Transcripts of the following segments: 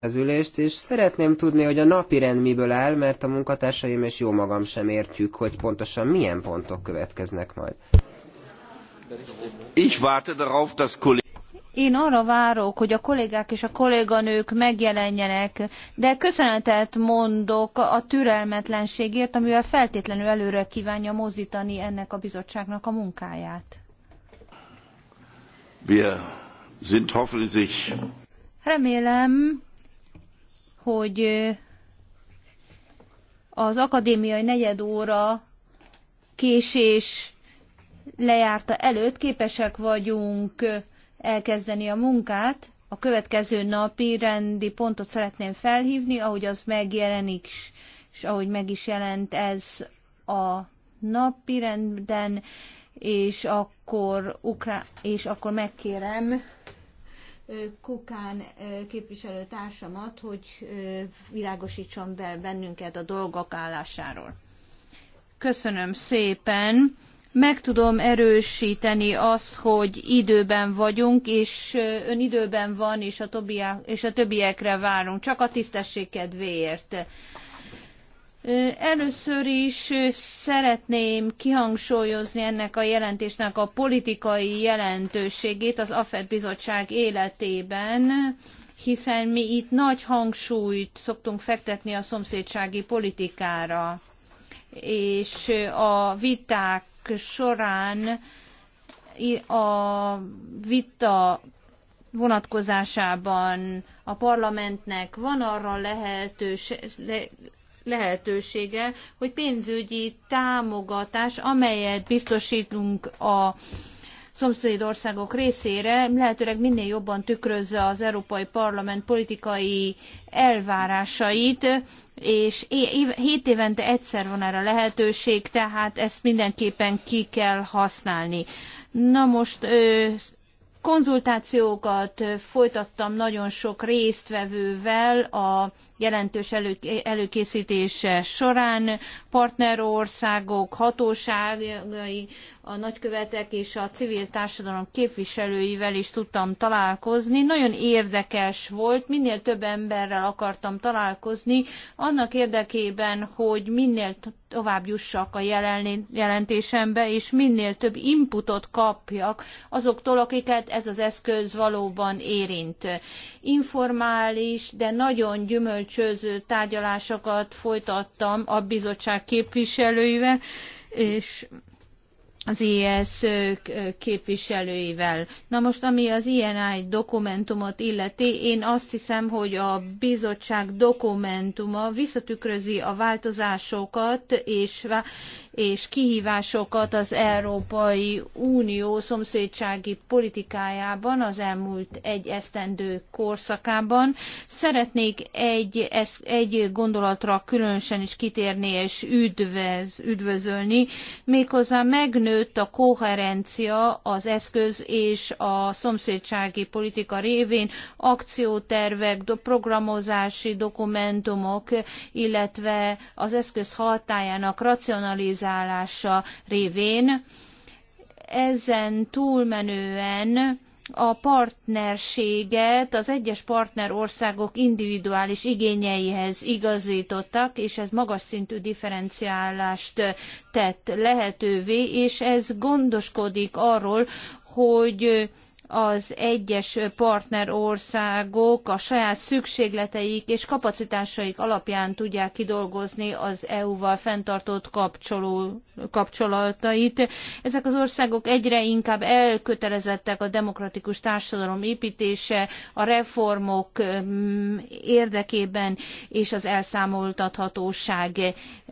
az ülést, és szeretném tudni, hogy a napi rend miből áll, mert a munkatársaim és jó magam sem értjük, hogy pontosan milyen pontok következnek majd. Ich warte darauf, dass én arra várok, hogy a kollégák és a kolléganők megjelenjenek, de köszönetet mondok a türelmetlenségért, amivel feltétlenül előre kívánja mozdítani ennek a bizottságnak a munkáját. Wir sind hoffentlich Remélem, hogy az akadémiai negyed óra késés lejárta előtt képesek vagyunk elkezdeni a munkát. A következő napi rendi pontot szeretném felhívni, ahogy az megjelenik, és ahogy meg is jelent ez a napi rendben, és akkor, ukrá- és akkor megkérem Kukán képviselő társamat, hogy világosítson be bennünket a dolgok állásáról. Köszönöm szépen! meg tudom erősíteni azt, hogy időben vagyunk, és ön időben van, és a, és a többiekre várunk, csak a tisztesség kedvéért. Először is szeretném kihangsúlyozni ennek a jelentésnek a politikai jelentőségét az AFED bizottság életében, hiszen mi itt nagy hangsúlyt szoktunk fektetni a szomszédsági politikára, és a viták során a vita vonatkozásában a parlamentnek van arra lehetőség, lehetősége, hogy pénzügyi támogatás, amelyet biztosítunk a szomszéd országok részére lehetőleg minél jobban tükrözze az Európai Parlament politikai elvárásait, és hét évente egyszer van erre lehetőség, tehát ezt mindenképpen ki kell használni. Na most konzultációkat folytattam nagyon sok résztvevővel a jelentős elő, előkészítése során, partnerországok, hatóságai, a nagykövetek és a civil társadalom képviselőivel is tudtam találkozni. Nagyon érdekes volt, minél több emberrel akartam találkozni, annak érdekében, hogy minél tovább jussak a jelentésembe, és minél több inputot kapjak azoktól, akiket ez az eszköz valóban érint. Informális, de nagyon gyümölcsöző tárgyalásokat folytattam a bizottság képviselőivel, és az IS e képviselőivel. Na most, ami az INI dokumentumot illeti, én azt hiszem, hogy a bizottság dokumentuma visszatükrözi a változásokat, és, és kihívásokat az Európai Unió szomszédsági politikájában az elmúlt egy esztendő korszakában. Szeretnék egy, egy gondolatra különösen is kitérni és üdvöz, üdvözölni, méghozzá megnőtt a koherencia az eszköz és a szomszédsági politika révén akciótervek, programozási dokumentumok, illetve az eszköz hatájának racionalizálása harmonizálása révén. Ezen túlmenően a partnerséget az egyes partnerországok individuális igényeihez igazítottak, és ez magas szintű differenciálást tett lehetővé, és ez gondoskodik arról, hogy az egyes partnerországok a saját szükségleteik és kapacitásaik alapján tudják kidolgozni az EU-val fenntartott kapcsoló, kapcsolatait. Ezek az országok egyre inkább elkötelezettek a demokratikus társadalom építése, a reformok mm, érdekében és az elszámoltathatóság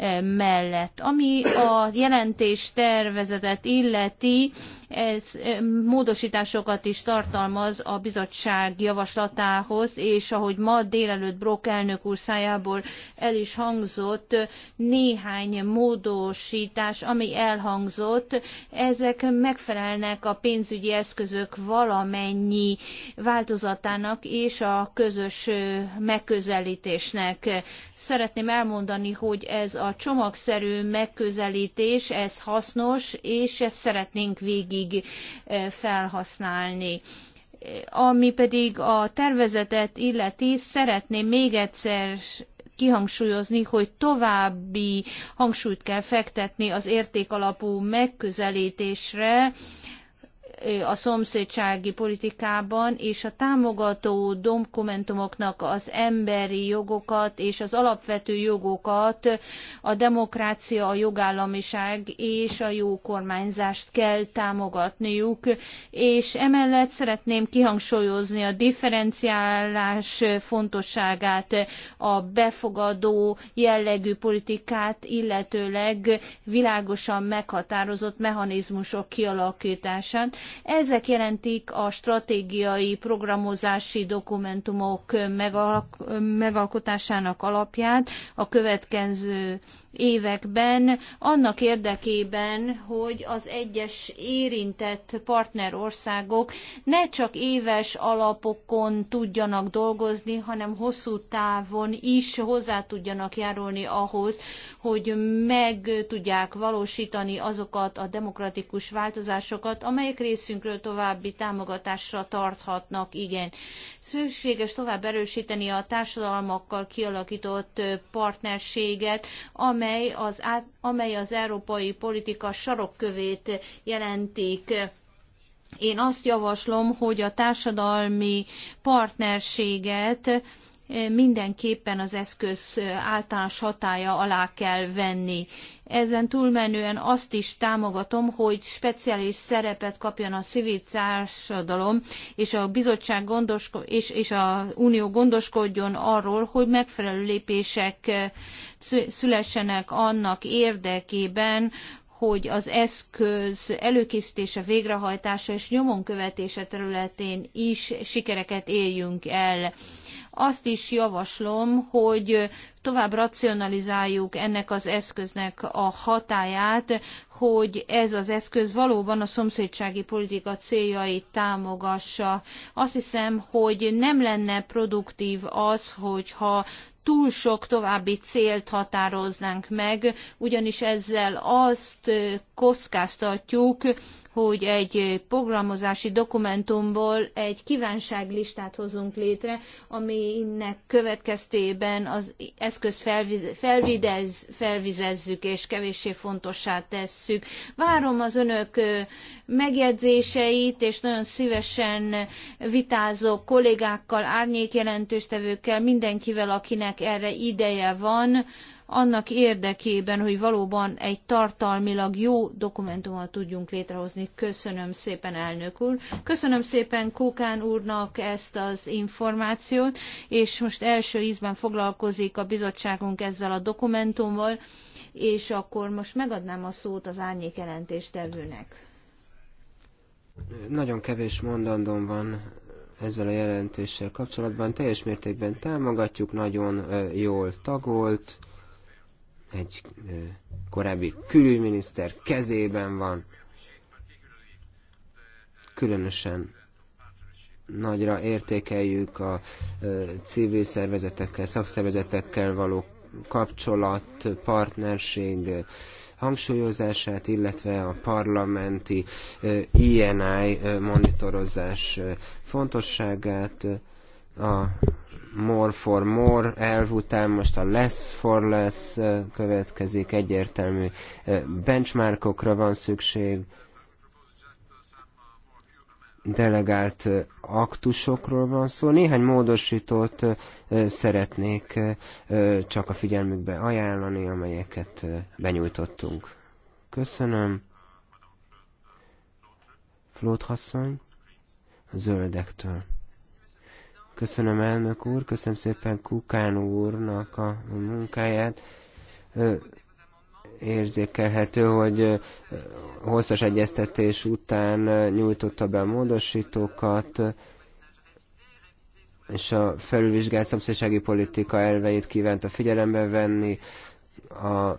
mm, mellett. Ami a jelentés tervezetet illeti, ez módosításokat is tartalmaz a bizottság javaslatához, és ahogy ma délelőtt Brok elnök úr szájából el is hangzott, néhány módosítás, ami elhangzott, ezek megfelelnek a pénzügyi eszközök valamennyi változatának és a közös megközelítésnek. Szeretném elmondani, hogy ez a csomagszerű megközelítés, ez hasznos, és ezt szeretnénk végig végig eh, felhasználni ami pedig a tervezetet illeti, szeretném még egyszer kihangsúlyozni, hogy további hangsúlyt kell fektetni az értékalapú megközelítésre, a szomszédsági politikában, és a támogató dokumentumoknak az emberi jogokat és az alapvető jogokat, a demokrácia, a jogállamiság és a jó kormányzást kell támogatniuk, és emellett szeretném kihangsúlyozni a differenciálás fontosságát, a befogadó jellegű politikát, illetőleg világosan meghatározott mechanizmusok kialakítását, ezek jelentik a stratégiai programozási dokumentumok megalkotásának alapját a következő években annak érdekében, hogy az egyes érintett partnerországok ne csak éves alapokon tudjanak dolgozni, hanem hosszú távon is hozzá tudjanak járulni ahhoz, hogy meg tudják valósítani azokat a demokratikus változásokat, amelyek részünkről további támogatásra tarthatnak, igen. Szükséges tovább erősíteni a társadalmakkal kialakított partnerséget, amely az, amely az európai politika sarokkövét jelentik. Én azt javaslom, hogy a társadalmi partnerséget mindenképpen az eszköz általános hatája alá kell venni. Ezen túlmenően azt is támogatom, hogy speciális szerepet kapjon a civil társadalom, és a bizottság gondosko- és, és a unió gondoskodjon arról, hogy megfelelő lépések szülessenek annak érdekében, hogy az eszköz előkészítése, végrehajtása és nyomon követése területén is sikereket érjünk el. Azt is javaslom, hogy tovább racionalizáljuk ennek az eszköznek a hatáját, hogy ez az eszköz valóban a szomszédsági politika céljait támogassa. Azt hiszem, hogy nem lenne produktív az, hogyha túl sok további célt határoznánk meg, ugyanis ezzel azt kockáztatjuk, hogy egy programozási dokumentumból egy kívánságlistát hozunk létre, aminek következtében az eszköz felvidez, felvizezzük és kevéssé fontossá tesszük. Várom az önök megjegyzéseit, és nagyon szívesen vitázok kollégákkal, árnyékjelentőstevőkkel, mindenkivel, akinek erre ideje van, annak érdekében, hogy valóban egy tartalmilag jó dokumentumot tudjunk létrehozni. Köszönöm szépen, elnök úr. Köszönöm szépen Kukán úrnak ezt az információt, és most első ízben foglalkozik a bizottságunk ezzel a dokumentummal, és akkor most megadnám a szót az árnyékjelentéstevőnek. Nagyon kevés mondandom van ezzel a jelentéssel kapcsolatban. Teljes mértékben támogatjuk, nagyon jól tagolt, egy korábbi külügyminiszter kezében van. Különösen nagyra értékeljük a civil szervezetekkel, szakszervezetekkel való kapcsolat, partnerség, hangsúlyozását, illetve a parlamenti INI monitorozás fontosságát, a more for more elv után most a less for less következik, egyértelmű benchmarkokra van szükség, delegált aktusokról van szó. Néhány uh, szeretnék csak a figyelmükbe ajánlani, amelyeket benyújtottunk. Köszönöm. Flóthasszony, a zöldektől. Köszönöm elnök úr, köszönöm szépen Kukán úrnak a munkáját érzékelhető, hogy hosszas egyeztetés után nyújtotta be a módosítókat, és a felülvizsgált szomszédsági politika elveit kívánta figyelembe venni, a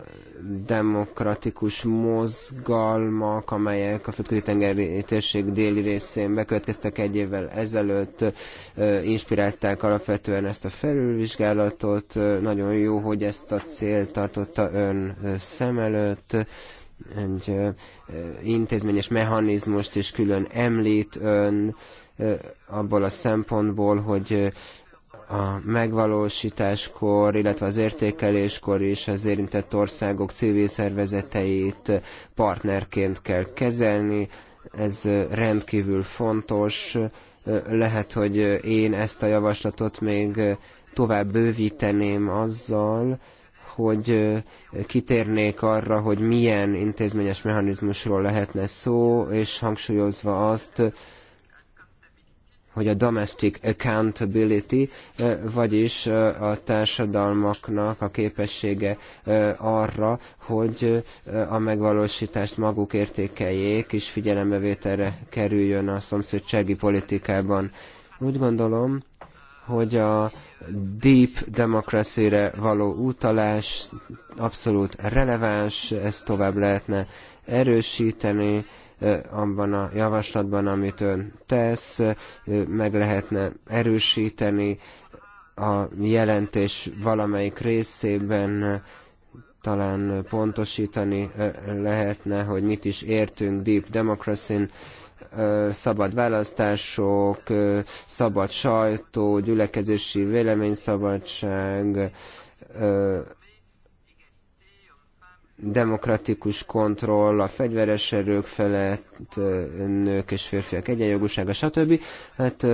demokratikus mozgalmak, amelyek a földközi tengeri térség déli részén bekövetkeztek egy évvel ezelőtt, inspirálták alapvetően ezt a felülvizsgálatot. Nagyon jó, hogy ezt a cél tartotta ön szem előtt. Egy intézményes mechanizmust is külön említ ön abból a szempontból, hogy a megvalósításkor, illetve az értékeléskor is az érintett országok civil szervezeteit partnerként kell kezelni. Ez rendkívül fontos. Lehet, hogy én ezt a javaslatot még tovább bővíteném azzal, hogy kitérnék arra, hogy milyen intézményes mechanizmusról lehetne szó, és hangsúlyozva azt, hogy a domestic accountability, eh, vagyis eh, a társadalmaknak a képessége eh, arra, hogy a megvalósítást maguk értékeljék, és figyelembevételre kerüljön a szomszédsági politikában. Úgy gondolom, hogy a deep democracy-re való utalás abszolút releváns, ezt tovább lehetne erősíteni, abban a javaslatban, amit ön tesz, meg lehetne erősíteni a jelentés valamelyik részében, talán pontosítani lehetne, hogy mit is értünk Deep Democracy-n, szabad választások, szabad sajtó, gyülekezési véleményszabadság, demokratikus kontroll, a fegyveres erők felett, nők és férfiak egyenjogúsága, stb. Hát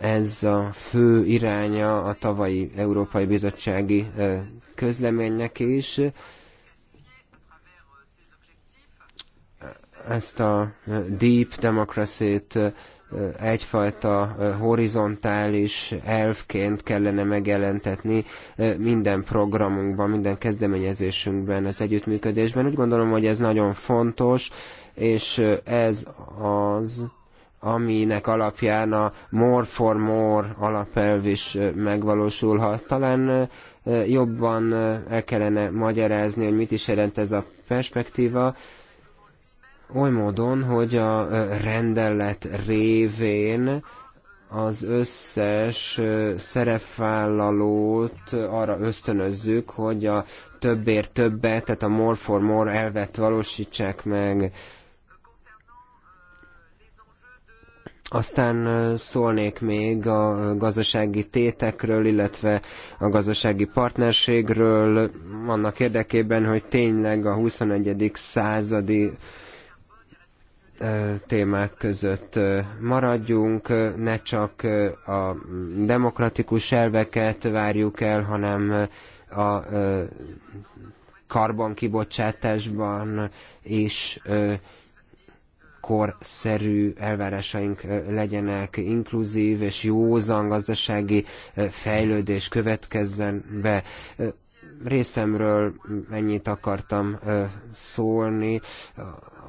ez a fő iránya a tavalyi Európai Bizottsági közleménynek is. Ezt a deep democracy-t egyfajta horizontális elvként kellene megjelentetni minden programunkban, minden kezdeményezésünkben, az együttműködésben. Úgy gondolom, hogy ez nagyon fontos, és ez az, aminek alapján a more for more alapelv is megvalósulhat. Talán jobban el kellene magyarázni, hogy mit is jelent ez a perspektíva, oly módon, hogy a rendelet révén az összes szerepvállalót arra ösztönözzük, hogy a többért többet, tehát a more for more elvet valósítsák meg. Aztán szólnék még a gazdasági tétekről, illetve a gazdasági partnerségről, annak érdekében, hogy tényleg a 21. századi témák között maradjunk, ne csak a demokratikus elveket várjuk el, hanem a karbonkibocsátásban is korszerű elvárásaink legyenek, inkluzív és józan gazdasági fejlődés következzen be. Részemről ennyit akartam szólni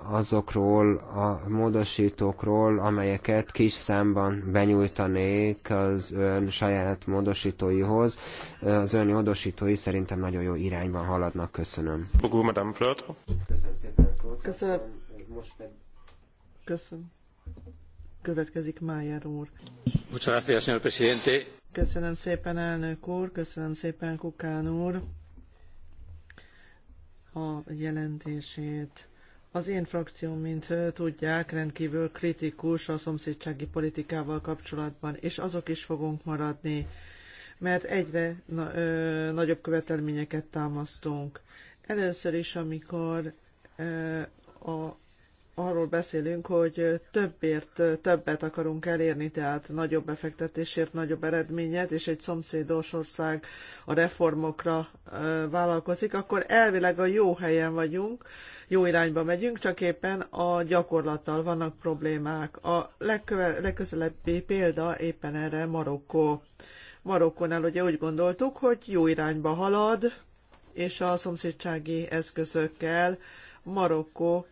azokról a módosítókról, amelyeket kis számban benyújtanék az ön saját módosítóihoz. Az ön módosítói szerintem nagyon jó irányban haladnak. Köszönöm. Köszönöm szépen, Köszönöm. Most pedig... Köszönöm. Következik Májer úr. Köszönöm szépen, elnök úr. Köszönöm szépen, Kukán úr a jelentését. Az én frakcióm, mint tudják, rendkívül kritikus a szomszédsági politikával kapcsolatban, és azok is fogunk maradni, mert egyre na, ö, nagyobb követelményeket támasztunk. Először is, amikor ö, a arról beszélünk, hogy többért többet akarunk elérni, tehát nagyobb befektetésért nagyobb eredményet, és egy szomszédos ország a reformokra vállalkozik, akkor elvileg a jó helyen vagyunk, jó irányba megyünk, csak éppen a gyakorlattal vannak problémák. A legköve- legközelebbi példa éppen erre Marokkó. Marokkónál ugye úgy gondoltuk, hogy jó irányba halad, és a szomszédsági eszközökkel Marokkó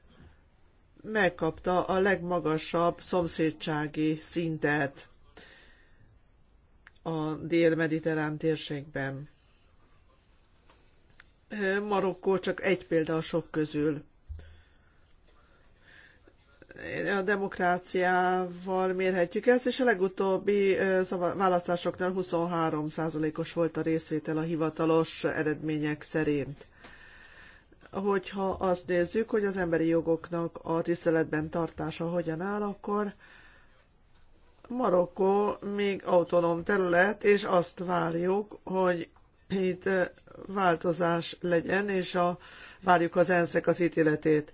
megkapta a legmagasabb szomszédsági szintet a dél-mediterrán térségben. Marokkó csak egy példa a sok közül. A demokráciával mérhetjük ezt, és a legutóbbi választásoknál 23%-os volt a részvétel a hivatalos eredmények szerint hogyha azt nézzük, hogy az emberi jogoknak a tiszteletben tartása hogyan áll, akkor Marokkó még autonóm terület, és azt várjuk, hogy itt változás legyen, és a, várjuk az ensz az ítéletét.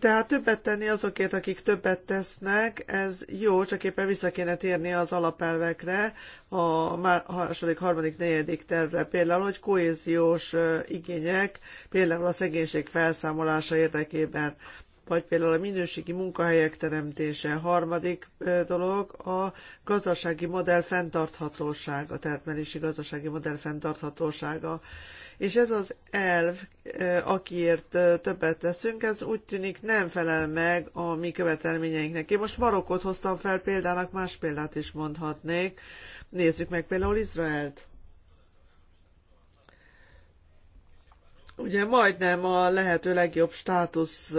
Tehát többet tenni azokért, akik többet tesznek, ez jó, csak éppen vissza kéne térni az alapelvekre, a második, harmadik, negyedik tervre, például, hogy kohéziós igények, például a szegénység felszámolása érdekében vagy például a minőségi munkahelyek teremtése. Harmadik dolog a gazdasági modell fenntarthatósága, termelési gazdasági modell fenntarthatósága. És ez az elv, akiért többet teszünk, ez úgy tűnik nem felel meg a mi követelményeinknek. Én most Marokkot hoztam fel példának, más példát is mondhatnék. Nézzük meg például Izraelt Ugye majdnem a lehető legjobb státuszt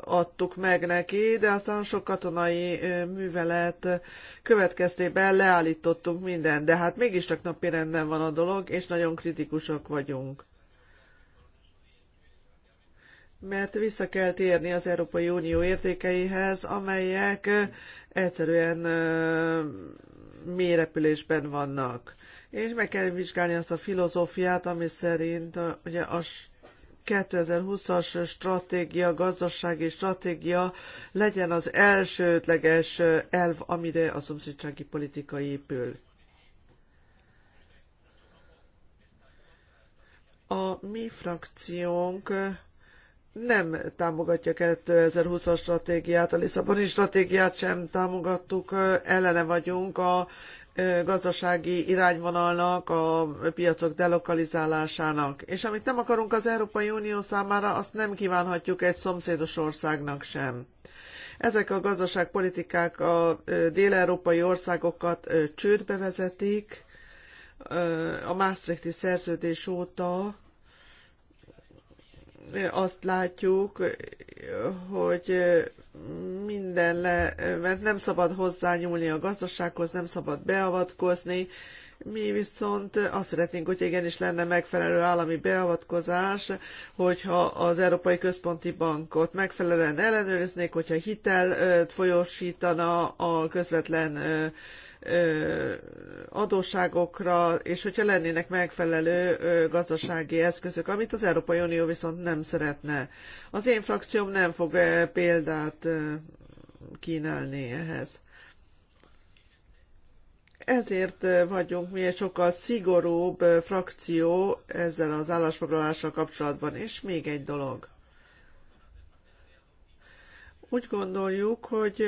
adtuk meg neki, de aztán sok katonai művelet következtében leállítottunk mindent, de hát mégiscsak napi renden van a dolog, és nagyon kritikusak vagyunk. Mert vissza kell térni az Európai Unió értékeihez, amelyek egyszerűen repülésben vannak és meg kell vizsgálni azt a filozófiát, ami szerint ugye a 2020-as stratégia, gazdasági stratégia legyen az elsődleges elv, amire a szomszédsági politika épül. A mi frakciónk nem támogatja 2020-as stratégiát, a Lisszaboni stratégiát sem támogattuk, ellene vagyunk a gazdasági irányvonalnak, a piacok delokalizálásának. És amit nem akarunk az Európai Unió számára, azt nem kívánhatjuk egy szomszédos országnak sem. Ezek a gazdaságpolitikák a dél-európai országokat csődbe vezetik. A Maastrichti szerződés óta azt látjuk, hogy minden le, mert nem szabad hozzányúlni a gazdasághoz, nem szabad beavatkozni, mi viszont azt szeretnénk, hogy igenis lenne megfelelő állami beavatkozás, hogyha az Európai Központi Bankot megfelelően ellenőriznék, hogyha hitel folyósítana a közvetlen adósságokra, és hogyha lennének megfelelő gazdasági eszközök, amit az Európai Unió viszont nem szeretne. Az én frakcióm nem fog példát kínálni ehhez ezért vagyunk mi egy sokkal szigorúbb frakció ezzel az állásfoglalással kapcsolatban. És még egy dolog. Úgy gondoljuk, hogy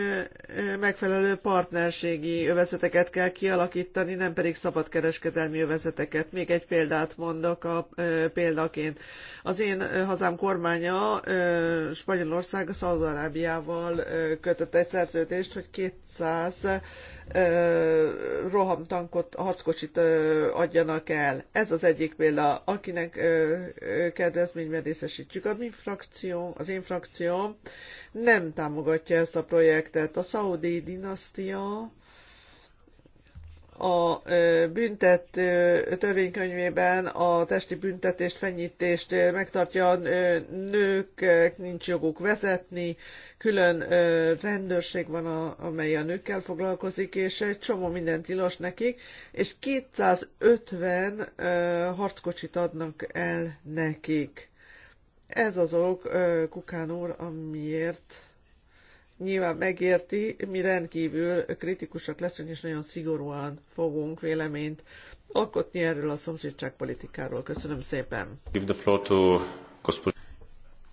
megfelelő partnerségi övezeteket kell kialakítani, nem pedig szabadkereskedelmi övezeteket. Még egy példát mondok a példaként. Az én hazám kormánya Spanyolország Szaudarábiával kötött egy szerződést, hogy 200 rohamtankot, harckocsit adjanak el. Ez az egyik példa, akinek kedvezményben részesítjük. A mi frakció, az én frakcióm nem támogatja ezt a projektet. A szaudi dinasztia a büntet törvénykönyvében a testi büntetést, fenyítést megtartja, nők nincs joguk vezetni, külön rendőrség van, a, amely a nőkkel foglalkozik, és egy csomó minden tilos nekik, és 250 harckocsit adnak el nekik. Ez az ok, Kukán úr, amiért nyilván megérti, mi rendkívül kritikusak leszünk, és nagyon szigorúan fogunk véleményt alkotni erről a szomszédságpolitikáról. Köszönöm szépen.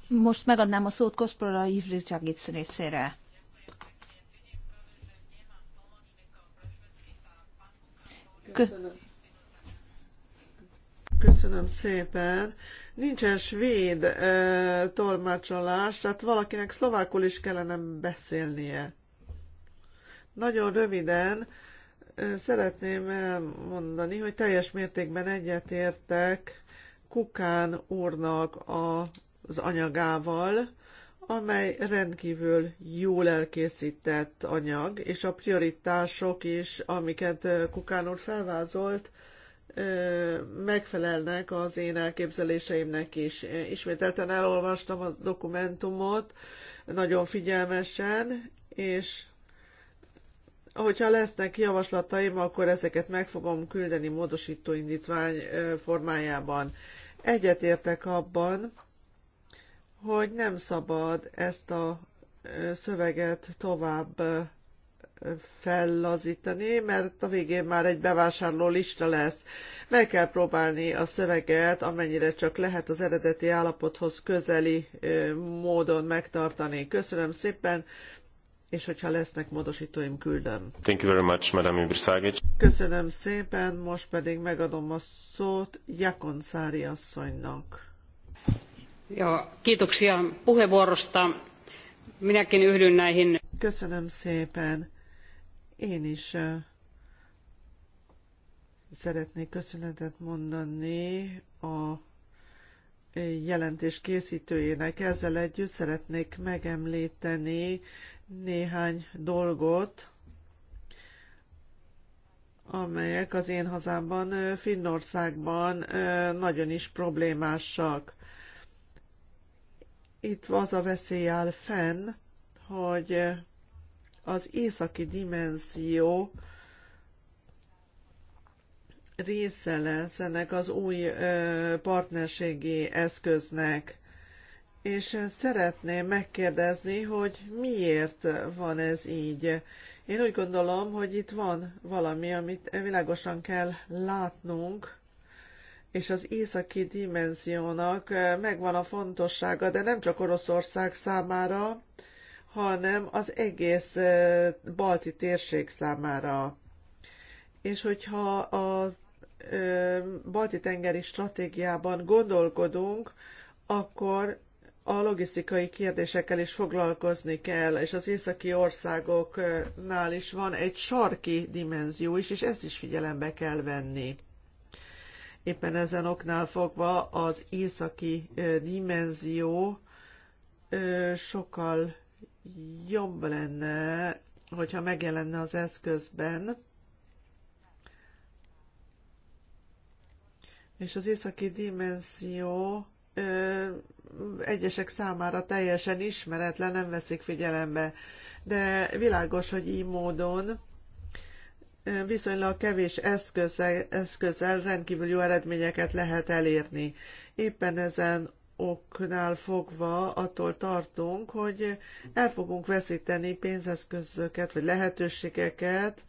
Most megadnám a szót Koszpora Ivricsagitsz részére. Köszönöm. Köszönöm szépen. Nincsen svéd e, tolmácsolás, tehát valakinek szlovákul is kellene beszélnie. Nagyon röviden e, szeretném elmondani, hogy teljes mértékben egyetértek Kukán úrnak a, az anyagával, amely rendkívül jól elkészített anyag, és a prioritások is, amiket Kukán úr felvázolt, megfelelnek az én elképzeléseimnek is. Ismételten elolvastam a dokumentumot nagyon figyelmesen, és hogyha lesznek javaslataim, akkor ezeket meg fogom küldeni módosító indítvány formájában. Egyetértek abban, hogy nem szabad ezt a szöveget tovább fellazítani, mert a végén már egy bevásárló lista lesz. Meg kell próbálni a szöveget, amennyire csak lehet az eredeti állapothoz közeli módon megtartani. Köszönöm szépen, és hogyha lesznek módosítóim, küldöm. Thank you very much, Madam Ibrisagic. Köszönöm szépen, most pedig megadom a szót Jakonszári asszonynak. Ja, kiitoksia puheenvuorosta. Minäkin yhdyn näihin. Köszönöm szépen én is szeretnék köszönetet mondani a jelentés készítőjének. Ezzel együtt szeretnék megemlíteni néhány dolgot, amelyek az én hazámban, Finnországban nagyon is problémásak. Itt az a veszély áll fenn, hogy az északi dimenzió része lesz ennek az új partnerségi eszköznek. És szeretném megkérdezni, hogy miért van ez így. Én úgy gondolom, hogy itt van valami, amit világosan kell látnunk, és az északi dimenziónak megvan a fontossága, de nem csak Oroszország számára, hanem az egész balti térség számára. És hogyha a balti tengeri stratégiában gondolkodunk, akkor a logisztikai kérdésekkel is foglalkozni kell, és az északi országoknál is van egy sarki dimenzió is, és ezt is figyelembe kell venni. Éppen ezen oknál fogva az északi dimenzió sokkal jobb lenne, hogyha megjelenne az eszközben, és az északi dimenzió ö, egyesek számára teljesen ismeretlen, nem veszik figyelembe. De világos, hogy így módon ö, viszonylag kevés eszközzel, eszközzel rendkívül jó eredményeket lehet elérni. Éppen ezen oknál fogva attól tartunk, hogy el fogunk veszíteni pénzeszközöket vagy lehetőségeket,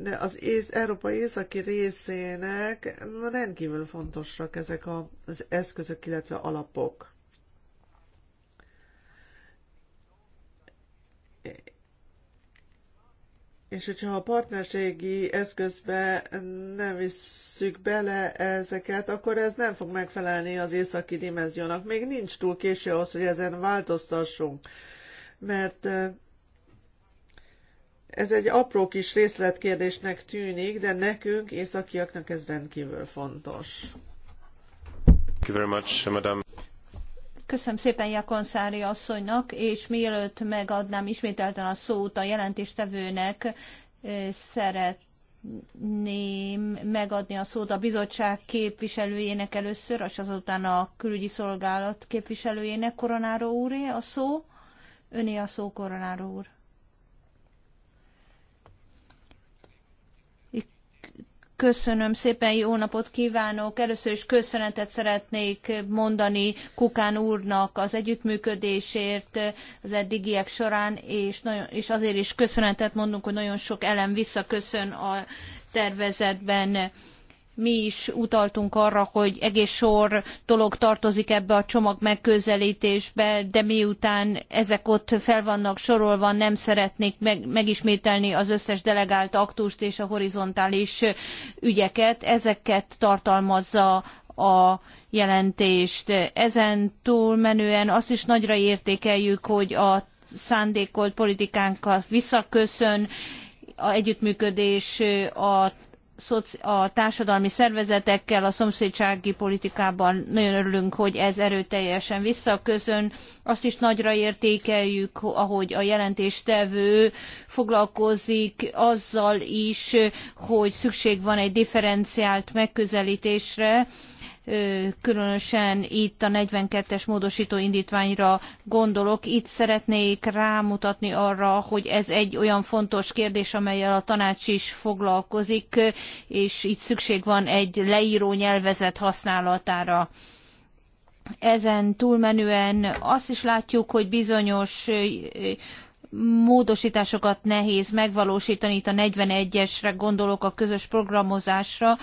de az ész, európai északi részének rendkívül fontosak ezek az eszközök, illetve alapok. És hogyha a partnerségi eszközbe nem visszük bele ezeket, akkor ez nem fog megfelelni az északi dimenziónak. Még nincs túl késő ahhoz, hogy ezen változtassunk, mert ez egy apró kis részletkérdésnek tűnik, de nekünk, északiaknak ez rendkívül fontos. Thank you very much, madam. Köszönöm szépen Jakonszári asszonynak, és mielőtt megadnám ismételten a szót a jelentéstevőnek, szeretném megadni a szót a bizottság képviselőjének először, és azután a külügyi szolgálat képviselőjének, Koronáró úré a szó. Öné a szó, Koronáró úr. Köszönöm szépen, jó napot kívánok! Először is köszönetet szeretnék mondani Kukán úrnak az együttműködésért az eddigiek során, és, nagyon, és azért is köszönetet mondunk, hogy nagyon sok elem visszaköszön a tervezetben mi is utaltunk arra, hogy egész sor dolog tartozik ebbe a csomag megközelítésbe, de miután ezek ott fel vannak sorolva, nem szeretnék meg, megismételni az összes delegált aktust és a horizontális ügyeket. Ezeket tartalmazza a jelentést. Ezen túlmenően azt is nagyra értékeljük, hogy a szándékolt politikánkat visszaköszön, a együttműködés a a társadalmi szervezetekkel, a szomszédsági politikában nagyon örülünk, hogy ez erőteljesen visszaköszön. Azt is nagyra értékeljük, ahogy a jelentéstevő foglalkozik azzal is, hogy szükség van egy differenciált megközelítésre, különösen itt a 42-es módosító indítványra gondolok. Itt szeretnék rámutatni arra, hogy ez egy olyan fontos kérdés, amelyel a tanács is foglalkozik, és itt szükség van egy leíró nyelvezet használatára. Ezen túlmenően azt is látjuk, hogy bizonyos módosításokat nehéz megvalósítani, itt a 41-esre gondolok a közös programozásra,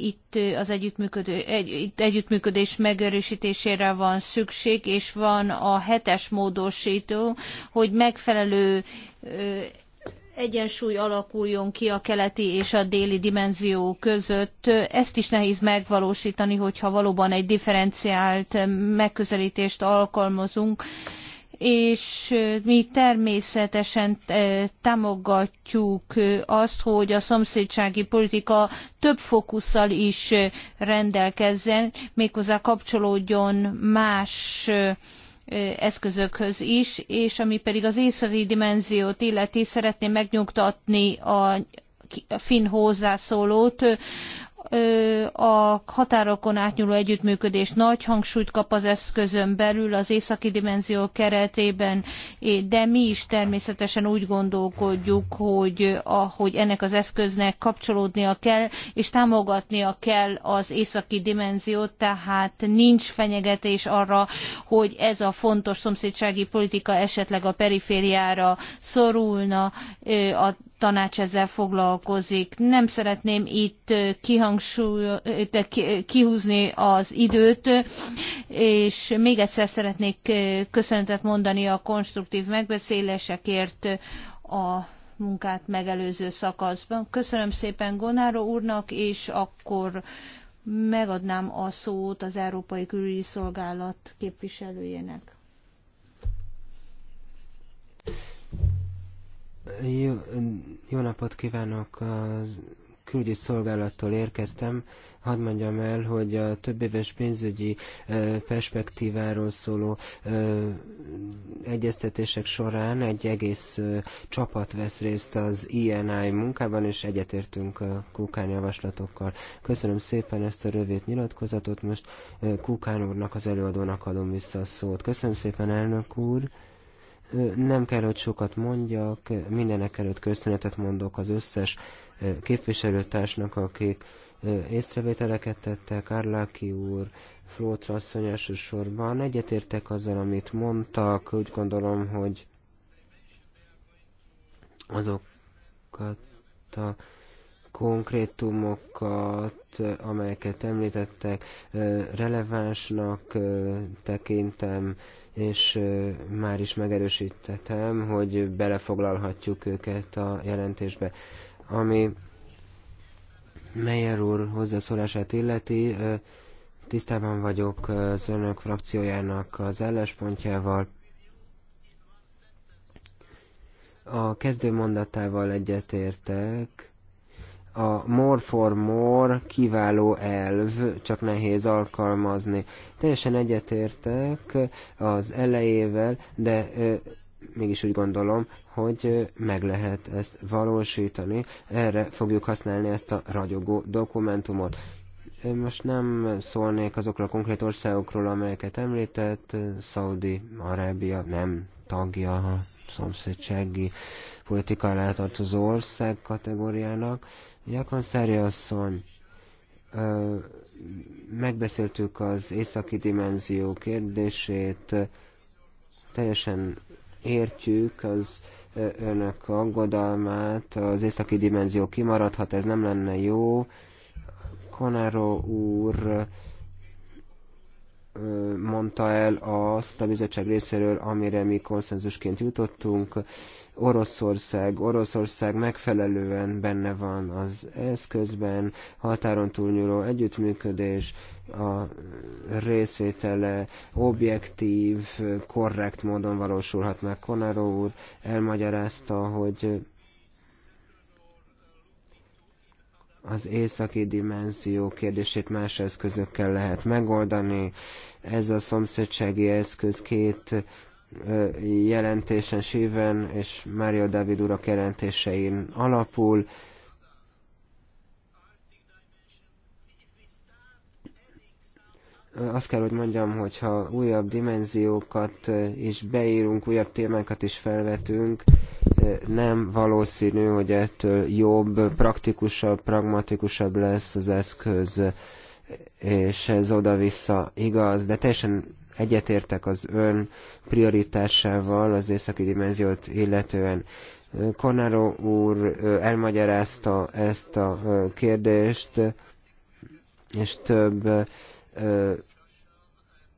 itt az együttműködő, egy, itt együttműködés megerősítésére van szükség, és van a hetes módosító, hogy megfelelő egyensúly alakuljon ki a keleti és a déli dimenzió között. Ezt is nehéz megvalósítani, hogyha valóban egy differenciált megközelítést alkalmazunk. Ö, és mi természetesen támogatjuk azt, hogy a szomszédsági politika több fókusszal is rendelkezzen, méghozzá kapcsolódjon más eszközökhöz is, és ami pedig az északi dimenziót illeti, szeretném megnyugtatni a finn hozzászólót a határokon átnyúló együttműködés nagy hangsúlyt kap az eszközön belül az északi dimenzió keretében, de mi is természetesen úgy gondolkodjuk, hogy, ahogy ennek az eszköznek kapcsolódnia kell, és támogatnia kell az északi dimenziót, tehát nincs fenyegetés arra, hogy ez a fontos szomszédsági politika esetleg a perifériára szorulna a tanács ezzel foglalkozik. Nem szeretném itt kihúzni az időt, és még egyszer szeretnék köszönetet mondani a konstruktív megbeszélésekért a munkát megelőző szakaszban. Köszönöm szépen Gonáro úrnak, és akkor megadnám a szót az Európai Külügyi Szolgálat képviselőjének. Jó, jó napot kívánok! A külügyi szolgálattól érkeztem. Hadd mondjam el, hogy a több éves pénzügyi perspektíváról szóló egyeztetések során egy egész csapat vesz részt az INI munkában, és egyetértünk a Kukán javaslatokkal. Köszönöm szépen ezt a rövid nyilatkozatot, most Kukán úrnak, az előadónak adom vissza a szót. Köszönöm szépen, elnök úr! nem kell, hogy sokat mondjak, mindenek előtt köszönetet mondok az összes képviselőtársnak, akik észrevételeket tettek, Kárláki úr, Flótra asszony elsősorban. Egyetértek azzal, amit mondtak, úgy gondolom, hogy azokat a konkrétumokat, amelyeket említettek, relevánsnak tekintem, és már is megerősítettem, hogy belefoglalhatjuk őket a jelentésbe. Ami Meyer úr hozzászólását illeti, tisztában vagyok az önök frakciójának az álláspontjával. A kezdő mondatával egyetértek, a more for more kiváló elv, csak nehéz alkalmazni. Teljesen egyetértek az elejével, de mégis úgy gondolom, hogy meg lehet ezt valósítani. Erre fogjuk használni ezt a ragyogó dokumentumot. Én most nem szólnék azokról a konkrét országokról, amelyeket említett, Szaudi, Arábia nem tagja a szomszédsági politikára tartozó ország kategóriának, Jakonszári asszony, megbeszéltük az északi dimenzió kérdését, teljesen értjük az önök aggodalmát, az északi dimenzió kimaradhat, ez nem lenne jó. Konero úr mondta el azt a bizottság részéről, amire mi konszenzusként jutottunk. Oroszország. Oroszország megfelelően benne van az eszközben, határon túlnyúló együttműködés, a részvétele objektív, korrekt módon valósulhat meg. Konaró úr elmagyarázta, hogy az északi dimenzió kérdését más eszközökkel lehet megoldani. Ez a szomszédsági eszköz két jelentésen, Síven és Mária Dávid urak jelentésein alapul. Azt kell, hogy mondjam, hogyha újabb dimenziókat is beírunk, újabb témákat is felvetünk, nem valószínű, hogy ettől jobb, praktikusabb, pragmatikusabb lesz az eszköz, és ez oda-vissza igaz, de teljesen Egyetértek az ön prioritásával az északi dimenziót illetően. Konáró úr elmagyarázta ezt a kérdést, és több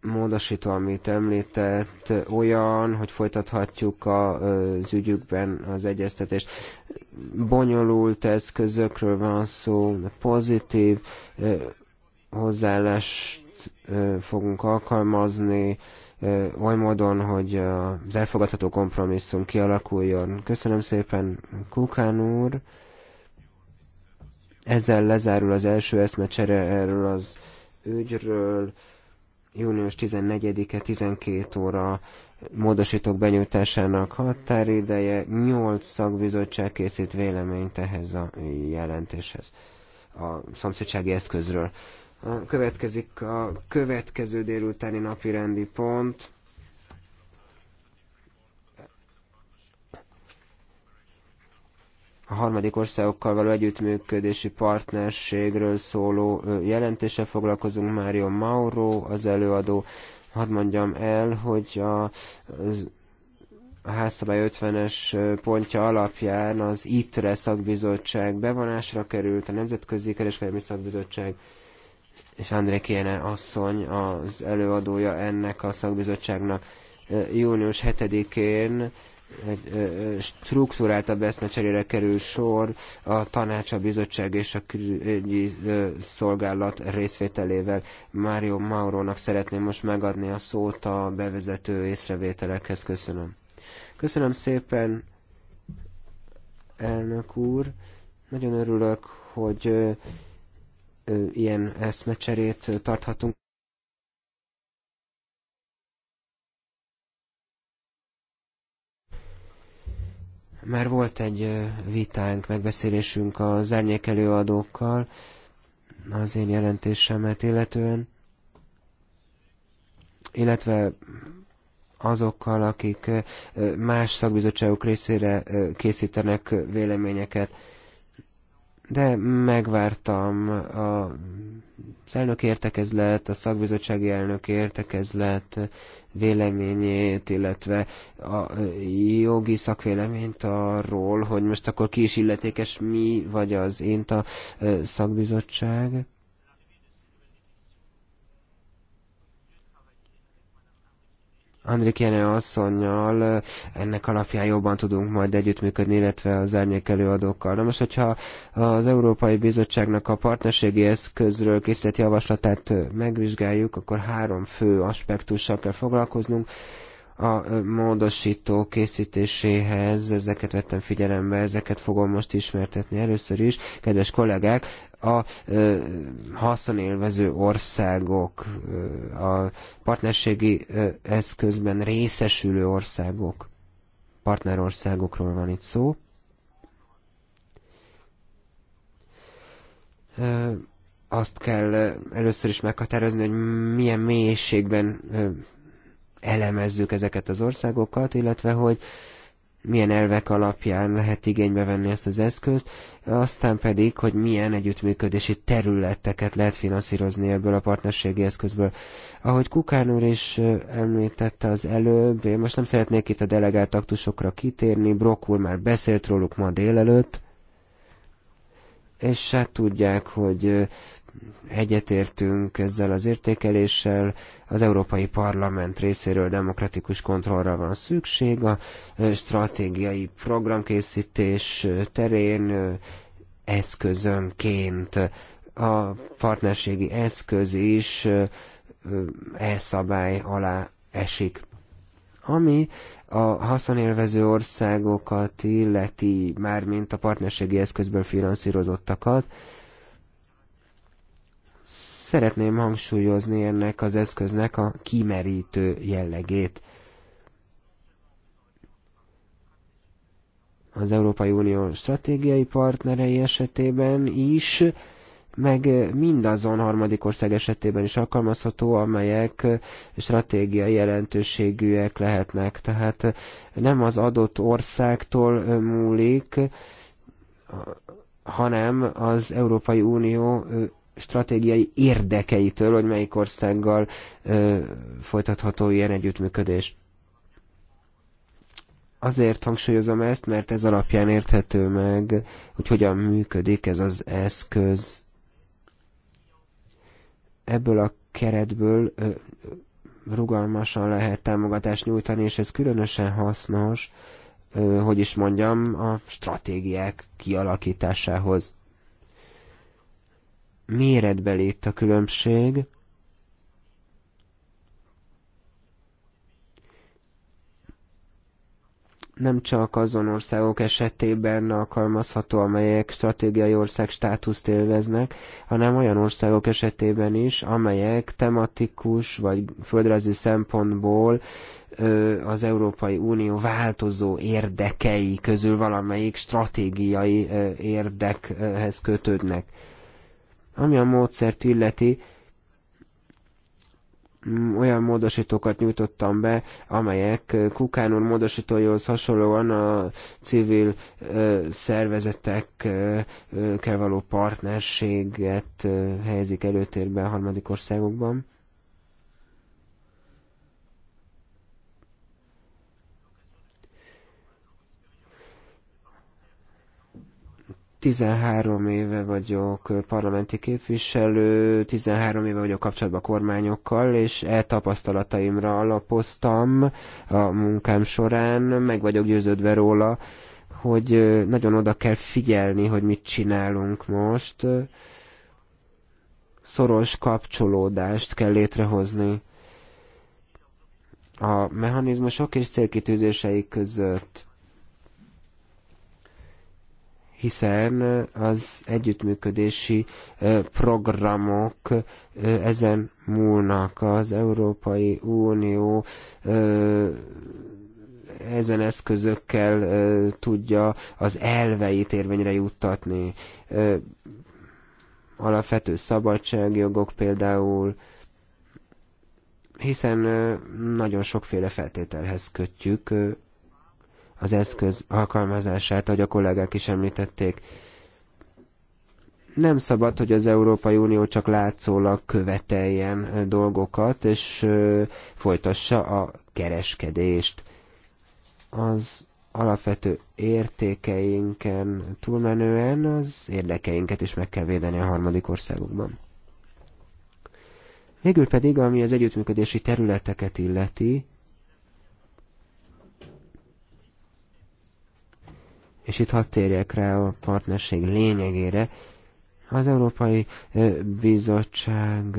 módosító, amit említett, olyan, hogy folytathatjuk az ügyükben az egyeztetést. Bonyolult eszközökről van szó, pozitív hozzáállást fogunk alkalmazni, oly módon, hogy az elfogadható kompromisszum kialakuljon. Köszönöm szépen, Kukán úr! Ezzel lezárul az első eszmecsere erről az ügyről. Június 14-e 12 óra módosítók benyújtásának határideje. 8 szakbizottság készít véleményt ehhez a jelentéshez a szomszédsági eszközről. A következik a következő délutáni napi rendi pont. a harmadik országokkal való együttműködési partnerségről szóló jelentéssel foglalkozunk. Mário Mauro, az előadó. Hadd mondjam el, hogy a, a házszabály 50-es pontja alapján az ITRE szakbizottság bevonásra került, a Nemzetközi Kereskedelmi Szakbizottság és André Kéne asszony az előadója ennek a szakbizottságnak június 7-én egy struktúráltabb eszmecserére kerül sor a tanács, a bizottság és a külügyi szolgálat részvételével. Mário Maurónak szeretném most megadni a szót a bevezető észrevételekhez. Köszönöm. Köszönöm szépen, elnök úr. Nagyon örülök, hogy ilyen eszmecserét tarthatunk. Már volt egy vitánk, megbeszélésünk az árnyékelőadókkal az én jelentésemet illetően, illetve azokkal, akik más szakbizottságok részére készítenek véleményeket de megvártam a, az elnök értekezlet, a szakbizottsági elnök értekezlet véleményét, illetve a jogi szakvéleményt arról, hogy most akkor ki is illetékes, mi vagy az én a szakbizottság. Andrik Jelen asszonynal ennek alapján jobban tudunk majd együttműködni, illetve az árnyék előadókkal. Na most, hogyha az Európai Bizottságnak a partnerségi eszközről készített javaslatát megvizsgáljuk, akkor három fő aspektussal kell foglalkoznunk a módosító készítéséhez, ezeket vettem figyelembe, ezeket fogom most ismertetni először is. Kedves kollégák, a haszonélvező országok, a partnerségi eszközben részesülő országok, partnerországokról van itt szó. azt kell először is meghatározni, hogy milyen mélységben elemezzük ezeket az országokat, illetve hogy milyen elvek alapján lehet igénybe venni ezt az eszközt, aztán pedig, hogy milyen együttműködési területeket lehet finanszírozni ebből a partnerségi eszközből. Ahogy Kukán úr is említette az előbb, én most nem szeretnék itt a delegált aktusokra kitérni, Brok úr már beszélt róluk ma délelőtt, és se hát tudják, hogy egyetértünk ezzel az értékeléssel, az Európai Parlament részéről demokratikus kontrollra van szükség, a stratégiai programkészítés terén eszközönként a partnerségi eszköz is e szabály alá esik. Ami a haszonélvező országokat illeti, mármint a partnerségi eszközből finanszírozottakat, Szeretném hangsúlyozni ennek az eszköznek a kimerítő jellegét. Az Európai Unió stratégiai partnerei esetében is, meg mindazon harmadik ország esetében is alkalmazható, amelyek stratégiai jelentőségűek lehetnek. Tehát nem az adott országtól múlik, hanem az Európai Unió stratégiai érdekeitől, hogy melyik országgal ö, folytatható ilyen együttműködés. Azért hangsúlyozom ezt, mert ez alapján érthető meg, hogy hogyan működik ez az eszköz. Ebből a keretből ö, rugalmasan lehet támogatást nyújtani, és ez különösen hasznos, ö, hogy is mondjam, a stratégiák kialakításához méretbe itt a különbség. Nem csak azon országok esetében alkalmazható, amelyek stratégiai ország státuszt élveznek, hanem olyan országok esetében is, amelyek tematikus vagy földrajzi szempontból az Európai Unió változó érdekei közül valamelyik stratégiai érdekhez kötődnek. Ami a módszert illeti, olyan módosítókat nyújtottam be, amelyek Kukán úr módosítóihoz hasonlóan a civil ö, szervezetekkel való partnerséget ö, helyezik előtérbe a harmadik országokban. 13 éve vagyok parlamenti képviselő, 13 éve vagyok kapcsolatban a kormányokkal, és e tapasztalataimra alapoztam a munkám során, meg vagyok győződve róla, hogy nagyon oda kell figyelni, hogy mit csinálunk most. Szoros kapcsolódást kell létrehozni a mechanizmusok és célkitűzéseik között hiszen az együttműködési programok ezen múlnak. Az Európai Unió ezen eszközökkel tudja az elveit érvényre juttatni. Alapvető szabadságjogok például, hiszen nagyon sokféle feltételhez kötjük az eszköz alkalmazását, ahogy a kollégák is említették. Nem szabad, hogy az Európai Unió csak látszólag követeljen dolgokat, és folytassa a kereskedést. Az alapvető értékeinken túlmenően az érdekeinket is meg kell védeni a harmadik országokban. Végül pedig, ami az együttműködési területeket illeti, és itt hadd térjek rá a partnerség lényegére, az Európai Bizottság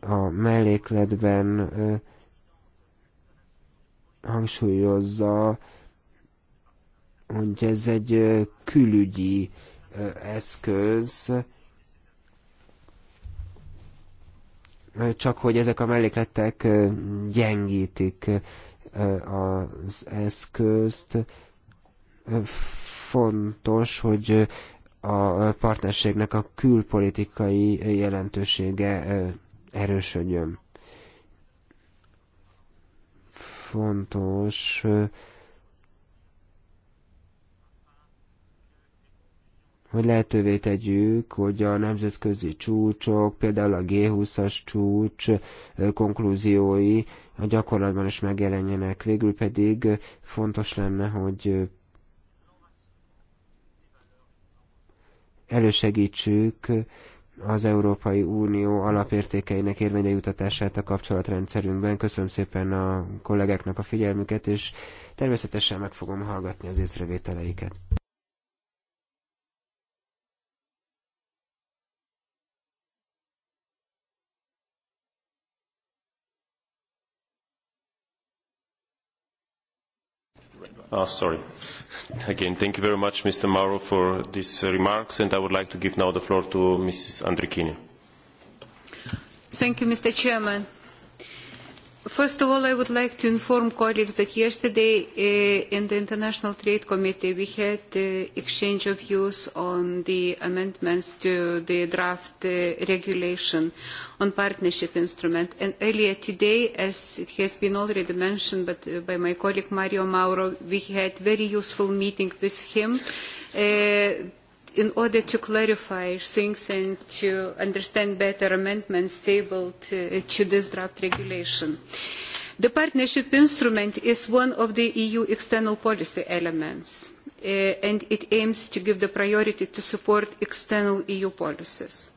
a mellékletben hangsúlyozza, hogy ez egy külügyi eszköz, csak hogy ezek a mellékletek gyengítik az eszközt, fontos, hogy a partnerségnek a külpolitikai jelentősége erősödjön. Fontos, hogy lehetővé tegyük, hogy a nemzetközi csúcsok, például a G20-as csúcs konklúziói a gyakorlatban is megjelenjenek. Végül pedig fontos lenne, hogy elősegítsük az Európai Unió alapértékeinek érvényre jutatását a kapcsolatrendszerünkben. Köszönöm szépen a kollégáknak a figyelmüket, és természetesen meg fogom hallgatni az észrevételeiket. Oh, sorry. Again, thank you very much, Mr. Mauro, for these uh, remarks, and I would like to give now the floor to Mrs. Andrikini. Thank you, Mr. Chairman. First of all, I would like to inform colleagues that yesterday uh, in the International Trade Committee we had uh, exchange of views on the amendments to the draft uh, regulation on partnership instrument. And earlier today, as it has been already mentioned but, uh, by my colleague Mario Mauro, we had very useful meeting with him uh, in order to clarify things and to understand better amendments tabled to, uh, to this draft regulation. The partnership instrument is one of the EU external policy elements, uh, and it aims to give the priority to support external EU policies.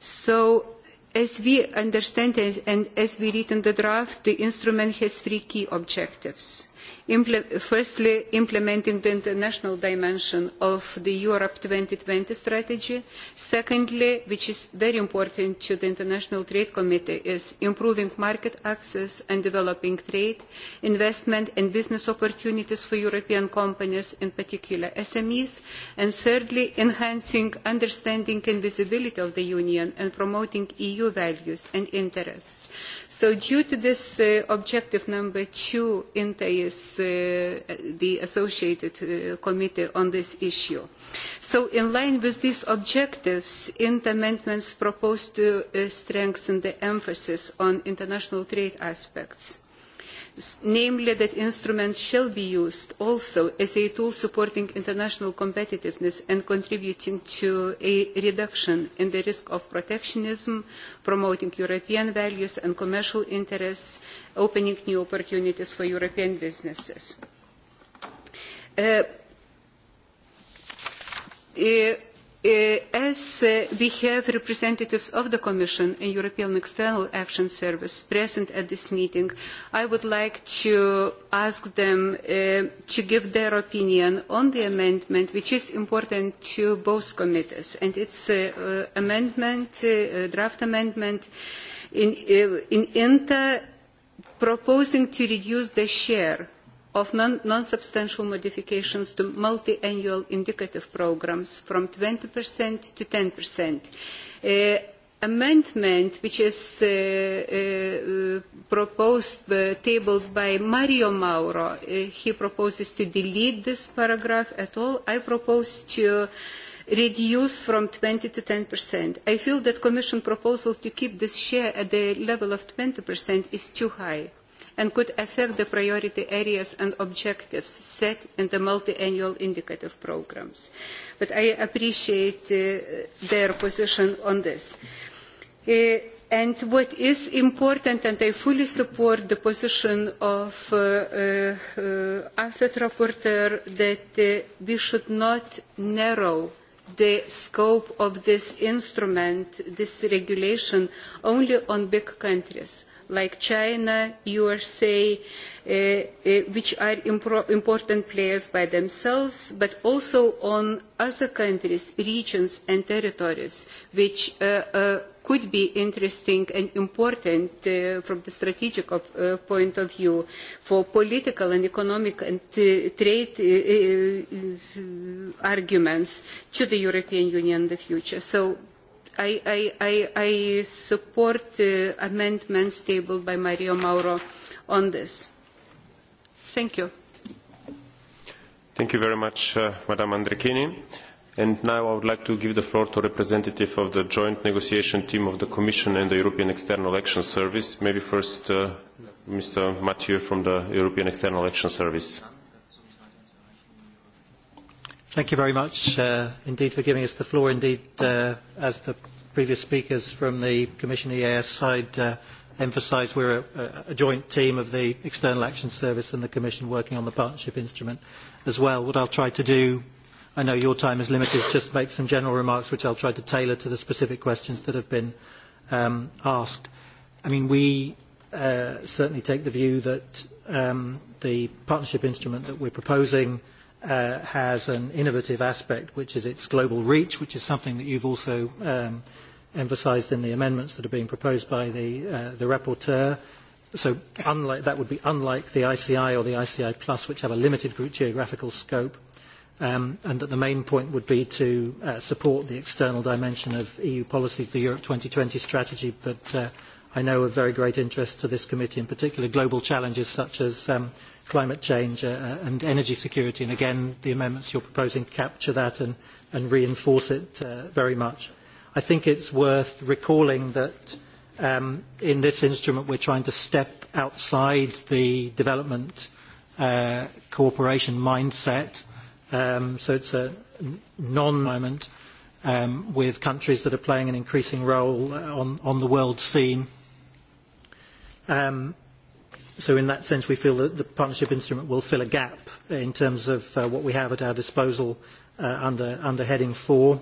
So as we understand it and as we read in the draft, the instrument has three key objectives firstly implementing the international dimension of the europe two thousand and twenty strategy secondly which is very important to the international trade committee improving market access and developing trade investment and business opportunities for european companies in particular smes and thirdly enhancing understanding and visibility of the union and promoting eu values and interests. so due to this uh, objective number two inta is Uh, the associated uh, committee on this issue. So in line with these objectives, in the amendments proposed to uh, strengthen the emphasis on international trade aspects namely that instrument shall be used also as a tool supporting international competitiveness and contributing to a reduction in the risk of protectionism, promoting European values and commercial interests, opening new opportunities for European businesses. Uh, uh, Uh, as uh, we have representatives of the Commission and European External Action Service present at this meeting, I would like to ask them uh, to give their opinion on the amendment, which is important to both committees. And it's uh, uh, amendment, uh, uh draft amendment in, uh, in INTA proposing to reduce the share of non-substantial modifications to multi-annual indicative programmes from 20% to 10%. Uh, amendment which is uh, uh, proposed, uh, tabled by Mario Mauro, uh, he proposes to delete this paragraph at all. I propose to reduce from 20 to 10%. I feel that Commission proposal to keep this share at the level of 20% is too high and could affect the priority areas and objectives set in the multiannual indicative programmes. But I appreciate uh, their position on this. Uh, and what is important, and I fully support the position of uh, uh, AFET rapporteur, that uh, we should not narrow the scope of this instrument, this regulation, only on big countries like China, USA, uh, uh, which are important players by themselves, but also on other countries, regions and territories, which uh, could be interesting and important uh, from the strategic of, uh, point of view for political and economic and uh, trade arguments to the European Union in the future. So I, I, I, I support uh, amendments tabled by Mario Mauro on this. Thank you. Thank you very much, uh, Madam Andrikini. And now I would like to give the floor to representative of the joint negotiation team of the Commission and the European External Action Service. Maybe first uh, Mr. Mathieu from the European External Action Service. Thank you very much uh, indeed for giving us the floor. Indeed, uh, as the previous speakers from the Commission EAS side uh, emphasised, we're a, a joint team of the External Action Service and the Commission working on the partnership instrument as well. What I'll try to do, I know your time is limited, is just make some general remarks which I'll try to tailor to the specific questions that have been um, asked. I mean, we uh, certainly take the view that um, the partnership instrument that we're proposing – uh, has an innovative aspect, which is its global reach, which is something that you've also um, emphasized in the amendments that are being proposed by the, uh, the rapporteur. So unlike, that would be unlike the ICI or the ICI Plus, which have a limited geographical scope, um, and that the main point would be to uh, support the external dimension of EU policies, the Europe 2020 strategy, but uh, I know of very great interest to this committee, in particular global challenges such as um, climate change uh, uh, and energy security. And again, the amendments you're proposing capture that and, and reinforce it uh, very much. I think it's worth recalling that um, in this instrument we're trying to step outside the development uh, cooperation mindset. Um, so it's a non-moment um, with countries that are playing an increasing role uh, on, on the world scene. Um, So in that sense, we feel that the partnership instrument will fill a gap in terms of uh, what we have at our disposal uh, under, under heading 4.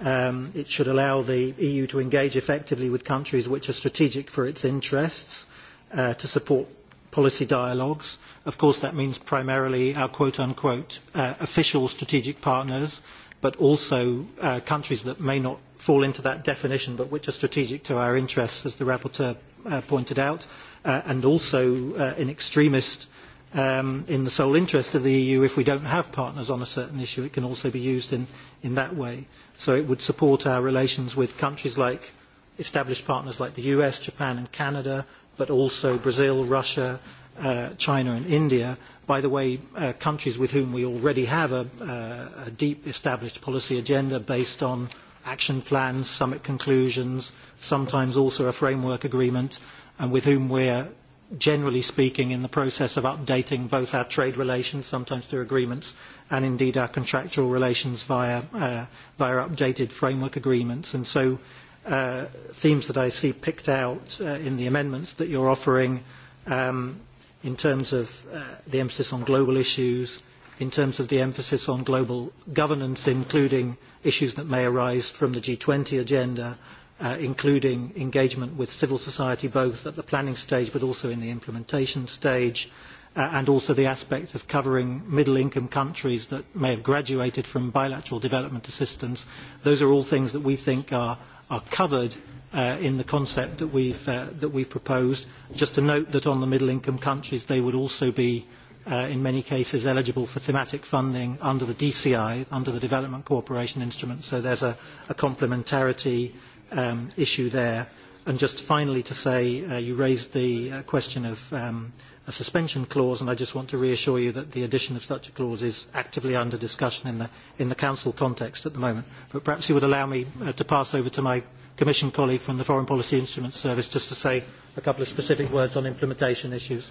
Um, it should allow the EU to engage effectively with countries which are strategic for its interests uh, to support policy dialogues. Of course, that means primarily our quote-unquote uh, official strategic partners, but also uh, countries that may not fall into that definition, but which are strategic to our interests, as the rapporteur uh, pointed out, uh, and also uh, an extremist um, in the sole interest of the EU if we don't have partners on a certain issue. It can also be used in, in that way. So it would support our relations with countries like established partners like the US, Japan and Canada, but also Brazil, Russia, uh, China and India. By the way, uh, countries with whom we already have a, uh, a deep established policy agenda based on action plans, summit conclusions, sometimes also a framework agreement and with whom we're generally speaking in the process of updating both our trade relations, sometimes through agreements, and indeed our contractual relations via, uh, via updated framework agreements. And so uh, themes that I see picked out uh, in the amendments that you're offering um, in terms of uh, the emphasis on global issues, in terms of the emphasis on global governance, including issues that may arise from the G20 agenda, uh, including engagement with civil society both at the planning stage but also in the implementation stage, uh, and also the aspect of covering middle-income countries that may have graduated from bilateral development assistance. Those are all things that we think are, are covered Uh, in the concept that we've, uh, that we've proposed. Just to note that on the middle-income countries, they would also be, uh, in many cases, eligible for thematic funding under the DCI, under the Development Cooperation Instrument. So there's a, a complementarity um, issue there. And just finally to say, uh, you raised the uh, question of um, a suspension clause, and I just want to reassure you that the addition of such a clause is actively under discussion in the, in the Council context at the moment. But perhaps you would allow me uh, to pass over to my Commission colleague from the Foreign Policy Instruments Service just to say a couple of specific words on implementation issues.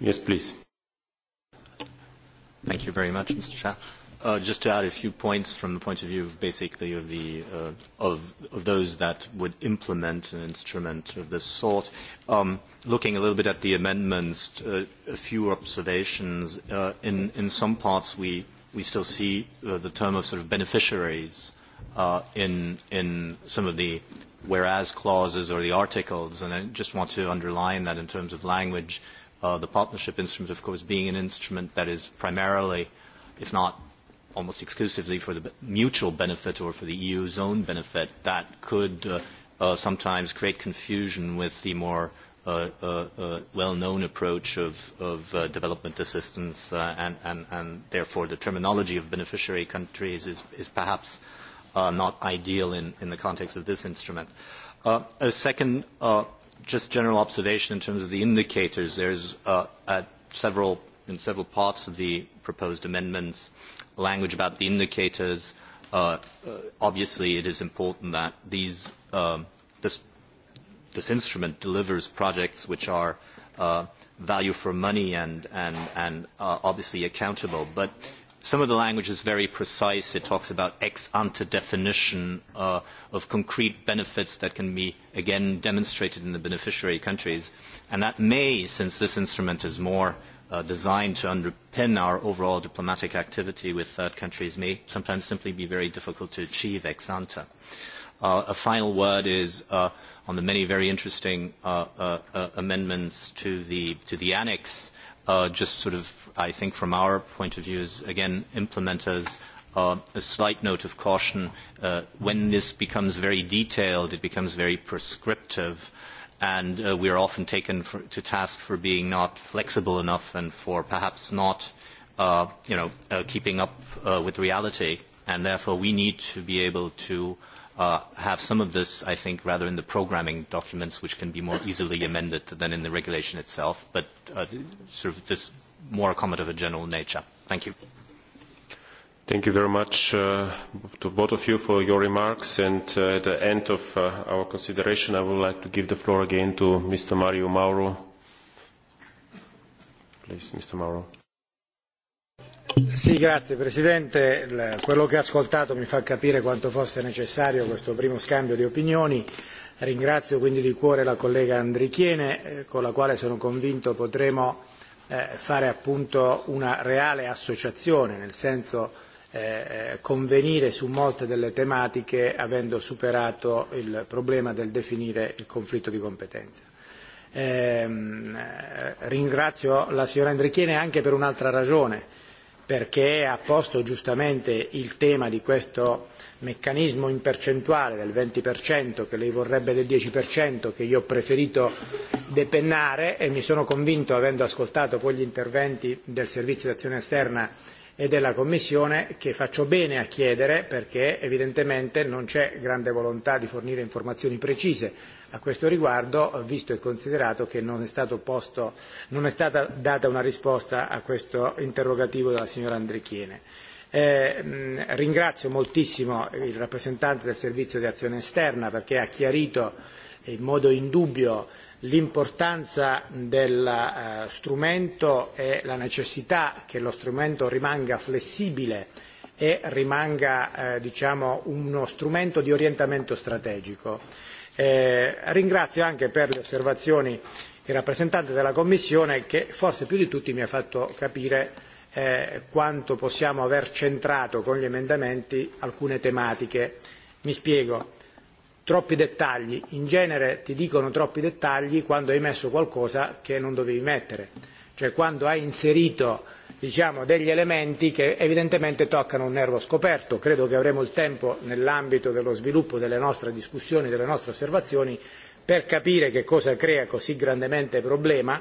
Yes, please. Thank you very much, Mr. Chair. Uh, just to add a few points from the point of view of basically of the uh, of of those that would implement an instrument of this sort. Um, looking a little bit at the amendments, uh, a few observations. Uh, in in some parts, we we still see uh, the term of sort of beneficiaries uh, in in some of the whereas clauses or the articles, and I just want to underline that in terms of language, uh, the partnership instrument, of course, being an instrument that is primarily, if not almost exclusively for the mutual benefit or for the EU's own benefit, that could uh, uh, sometimes create confusion with the more uh, uh, uh, well-known approach of, of uh, development assistance, uh, and, and, and therefore the terminology of beneficiary countries is, is perhaps uh, not ideal in, in the context of this instrument. Uh, a second, uh, just general observation in terms of the indicators. There's uh, at several, in several parts of the proposed amendments, uh, language about the indicators, uh, uh, obviously it is important that these, um, this, this instrument delivers projects which are uh, value for money and, and, and uh, obviously accountable. But some of the language is very precise. It talks about ex ante definition uh, of concrete benefits that can be, again, demonstrated in the beneficiary countries. And that may, since this instrument is more uh, designed to underpin our overall diplomatic activity with third countries may sometimes simply be very difficult to achieve ex ante. Uh, a final word is uh, on the many very interesting uh, uh, uh, amendments to the, to the annex. just sort of, I think, from our point of view, as again implementers, a slight note of caution. when this becomes very detailed, it becomes very prescriptive and uh, we are often taken for, to task for being not flexible enough and for perhaps not uh, you know, uh, keeping up uh, with reality. And therefore, we need to be able to uh, have some of this, I think, rather in the programming documents, which can be more easily amended than in the regulation itself, but uh, sort of just more a comment of a general nature. Thank you. Thank you very much uh, to both of you for your remarks. And uh, at the end of uh, our consideration, I would like to give the floor again to Mr. Mario Mauro. Please, Mr. Mauro. Sì, grazie Presidente. Quello che ho ascoltato mi fa capire quanto fosse necessario questo primo scambio di opinioni. Ringrazio quindi di cuore la collega Andrichiene, eh, con la quale sono convinto potremo eh, fare appunto una reale associazione, nel senso Eh, eh, convenire su molte delle tematiche avendo superato il problema del definire il conflitto di competenza. Ehm, eh, ringrazio la signora Andrichiene anche per un'altra ragione, perché ha posto giustamente il tema di questo meccanismo in percentuale del 20% che lei vorrebbe del 10% che io ho preferito depennare e mi sono convinto, avendo ascoltato poi gli interventi del Servizio d'azione esterna, e della Commissione che faccio bene a chiedere perché evidentemente non c'è grande volontà di fornire informazioni precise a questo riguardo, visto e considerato che non è, stato posto, non è stata data una risposta a questo interrogativo della signora Andrichiene. Eh, ringrazio moltissimo il rappresentante del Servizio di Azione Esterna perché ha chiarito in modo indubbio l'importanza del eh, strumento e la necessità che lo strumento rimanga flessibile e rimanga eh, diciamo, uno strumento di orientamento strategico. Eh, ringrazio anche per le osservazioni il rappresentante della Commissione che forse più di tutti mi ha fatto capire eh, quanto possiamo aver centrato con gli emendamenti alcune tematiche. Mi spiego troppi dettagli. In genere ti dicono troppi dettagli quando hai messo qualcosa che non dovevi mettere, cioè quando hai inserito diciamo, degli elementi che evidentemente toccano un nervo scoperto. Credo che avremo il tempo, nell'ambito dello sviluppo delle nostre discussioni, delle nostre osservazioni, per capire che cosa crea così grandemente problema,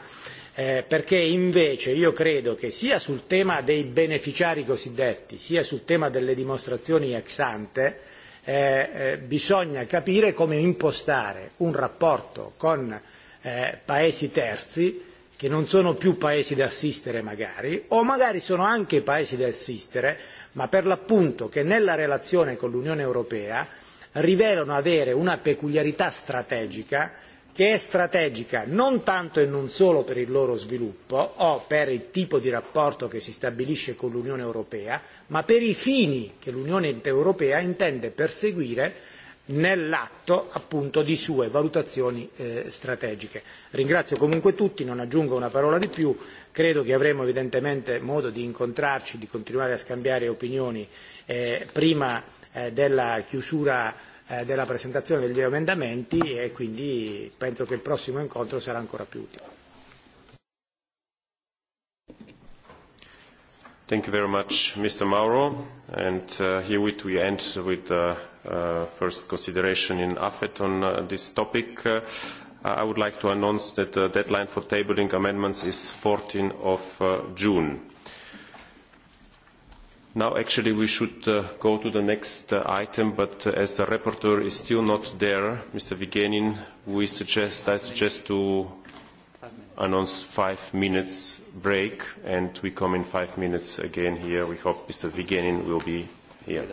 eh, perché invece io credo che sia sul tema dei beneficiari cosiddetti, sia sul tema delle dimostrazioni ex ante, Eh, eh, bisogna capire come impostare un rapporto con eh, paesi terzi che non sono più paesi da assistere magari, o magari sono anche paesi da assistere, ma per l'appunto che nella relazione con l'Unione Europea rivelano avere una peculiarità strategica che è strategica non tanto e non solo per il loro sviluppo o per il tipo di rapporto che si stabilisce con l'Unione Europea, ma per i fini che l'Unione Europea intende perseguire nell'atto appunto di sue valutazioni eh, strategiche. Ringrazio comunque tutti, non aggiungo una parola di più, credo che avremo evidentemente modo di incontrarci, di continuare a scambiare opinioni eh, prima eh, della chiusura eh, della presentazione degli emendamenti e quindi penso che il prossimo incontro sarà ancora più utile. Thank you very much, Mr. Mauro. And uh, here we, we end with the uh, uh, first consideration in AFET on uh, this topic. Uh, I would like to announce that the deadline for tabling amendments is 14th of uh, June Now, actually, we should uh, go to the next uh, item, but uh, as the rapporteur is still not there, Mr. Vigenin, we suggest, I suggest to announce five minutes break, and we come in five minutes again here. We hope Mr. Vigenin will be here.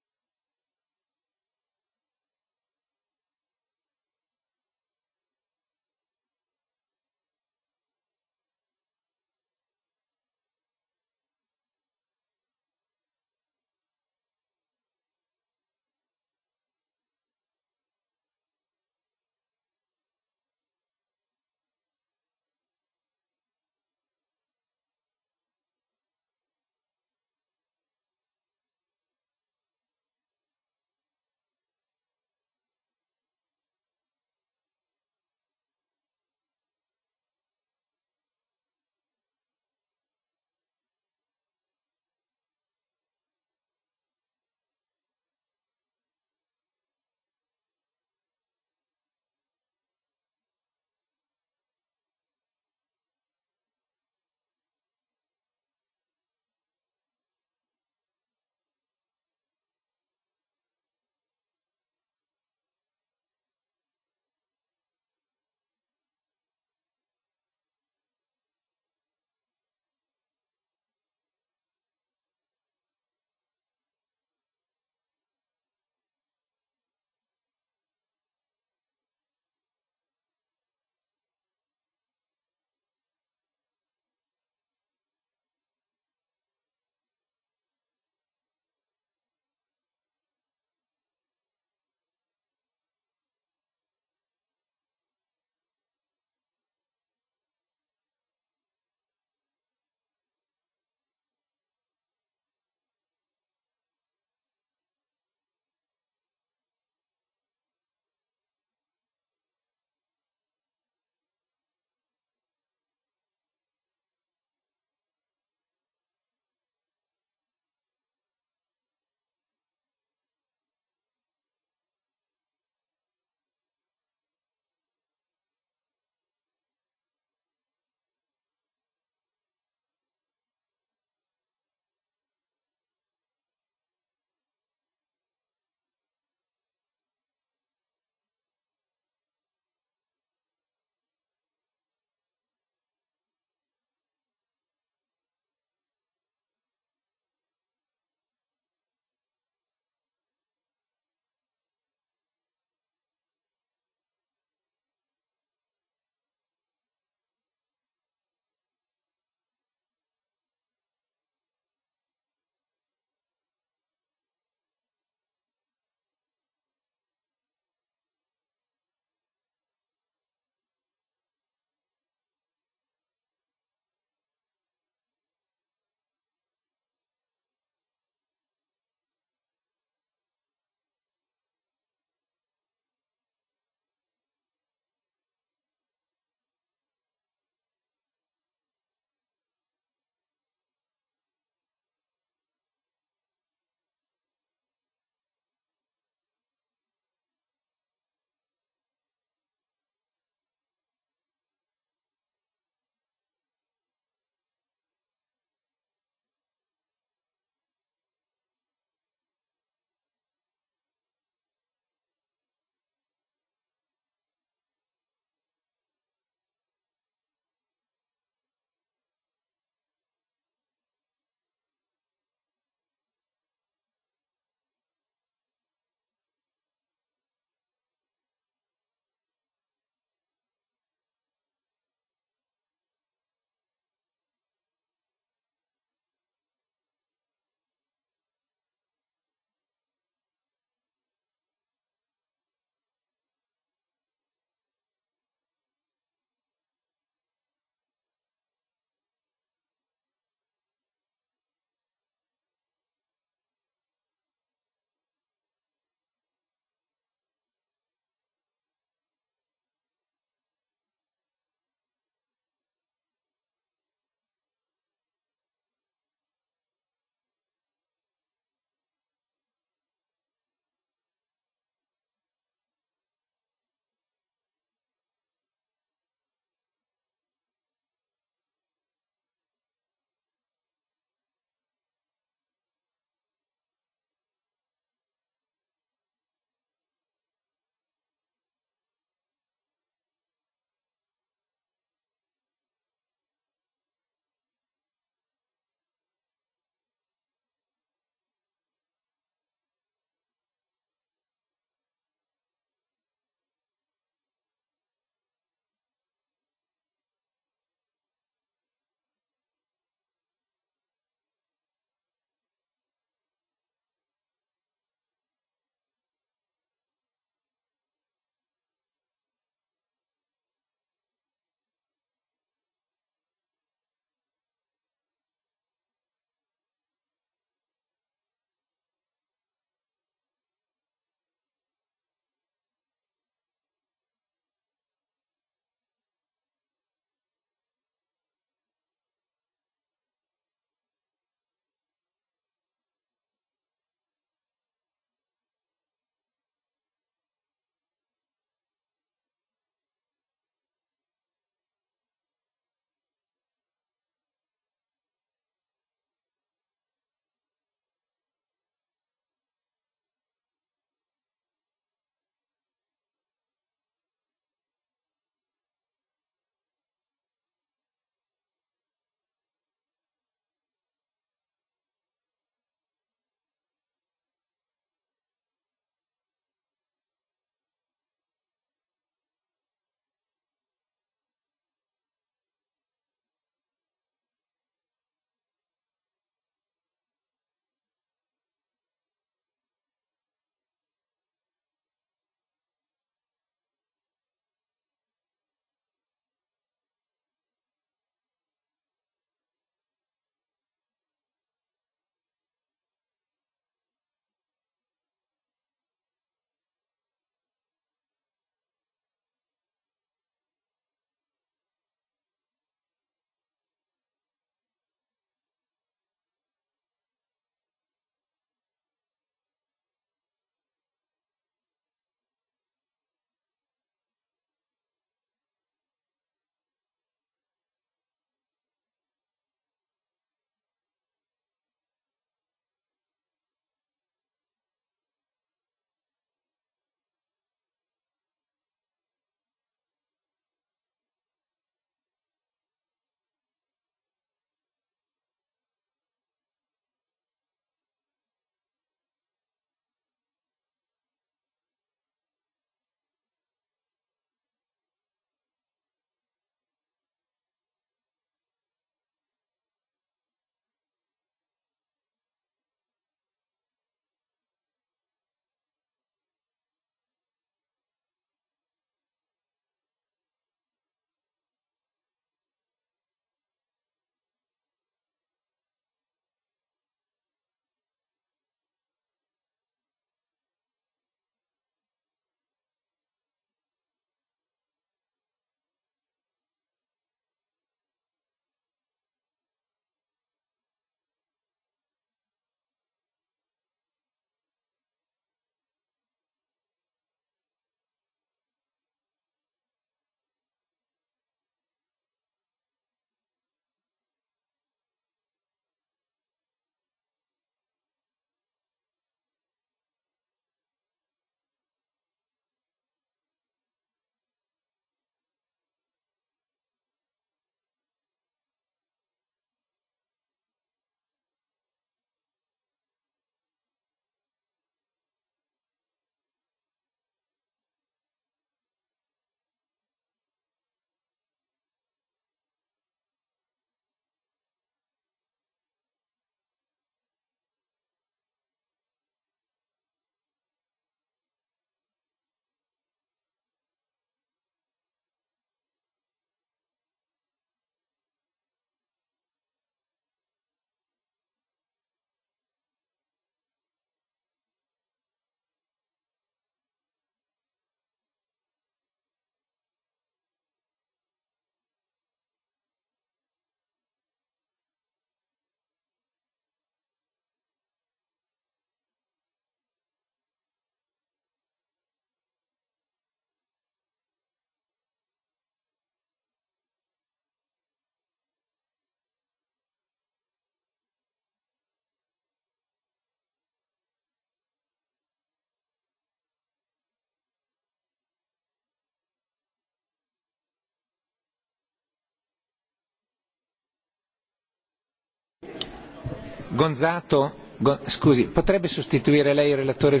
Gonzato, gon, scusi, potrebbe sostituire lei il relatore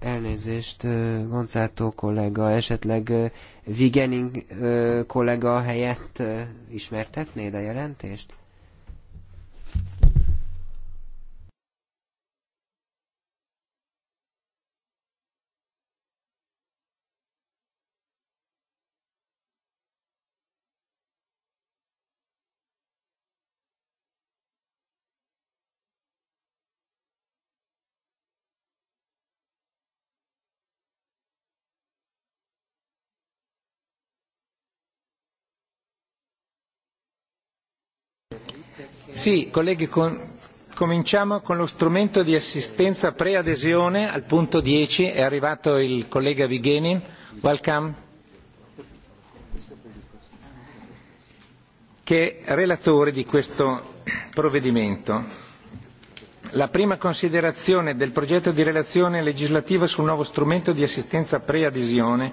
Elnézést, Gonzato kollega, esetleg Vigening kollega helyett ismertetnéd a jelentést? Sì, colleghi, con... cominciamo con lo strumento di assistenza preadesione al punto 10. È arrivato il collega Vigenin. Welcome. Che è relatore di questo provvedimento. La prima considerazione del progetto di relazione legislativa sul nuovo strumento di assistenza preadesione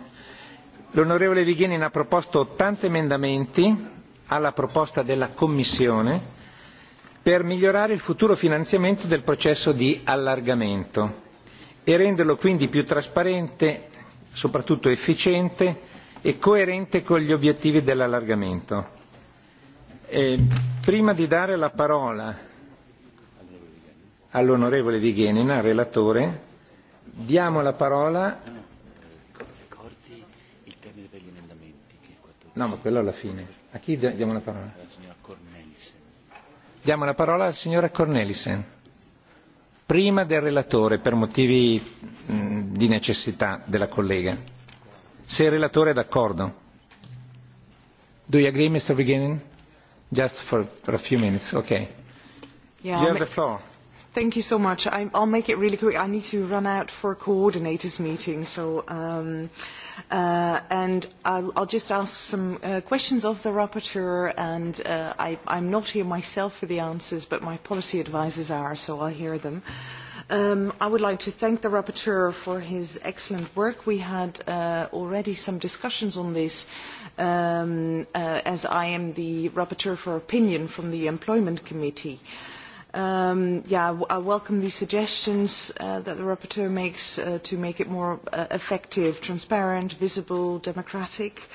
l'onorevole Vigenin ha proposto 80 emendamenti alla proposta della Commissione per migliorare il futuro finanziamento del processo di allargamento e renderlo quindi più trasparente, soprattutto efficiente e coerente con gli obiettivi dell'allargamento. Eh, prima di dare la parola all'onorevole Vigenina, relatore, diamo la parola. No, ma quello alla fine. A chi diamo la parola? Diamo la parola alla signora Cornelissen. Prima del relatore, per motivi mh, di necessità della collega. Se il relatore è d'accordo. Do you agree, Mr. Beginning? Just for, for a few minutes, okay. Yeah, you have the floor. Thank you so much. I, I'll make it really quick. I need to run out for a coordinators meeting, so... Um, Uh, and I'll, I'll just ask some uh, questions of the rapporteur, and uh, I, I'm not here myself for the answers, but my policy advisers are, so I'll hear them. Um, I would like to thank the rapporteur for his excellent work. We had uh, already some discussions on this, um, uh, as I am the rapporteur for opinion from the Employment Committee. Uh, Um, yeah, I welcome the suggestions uh, that the rapporteur makes uh, to make it more uh, effective, transparent, visible, democratic,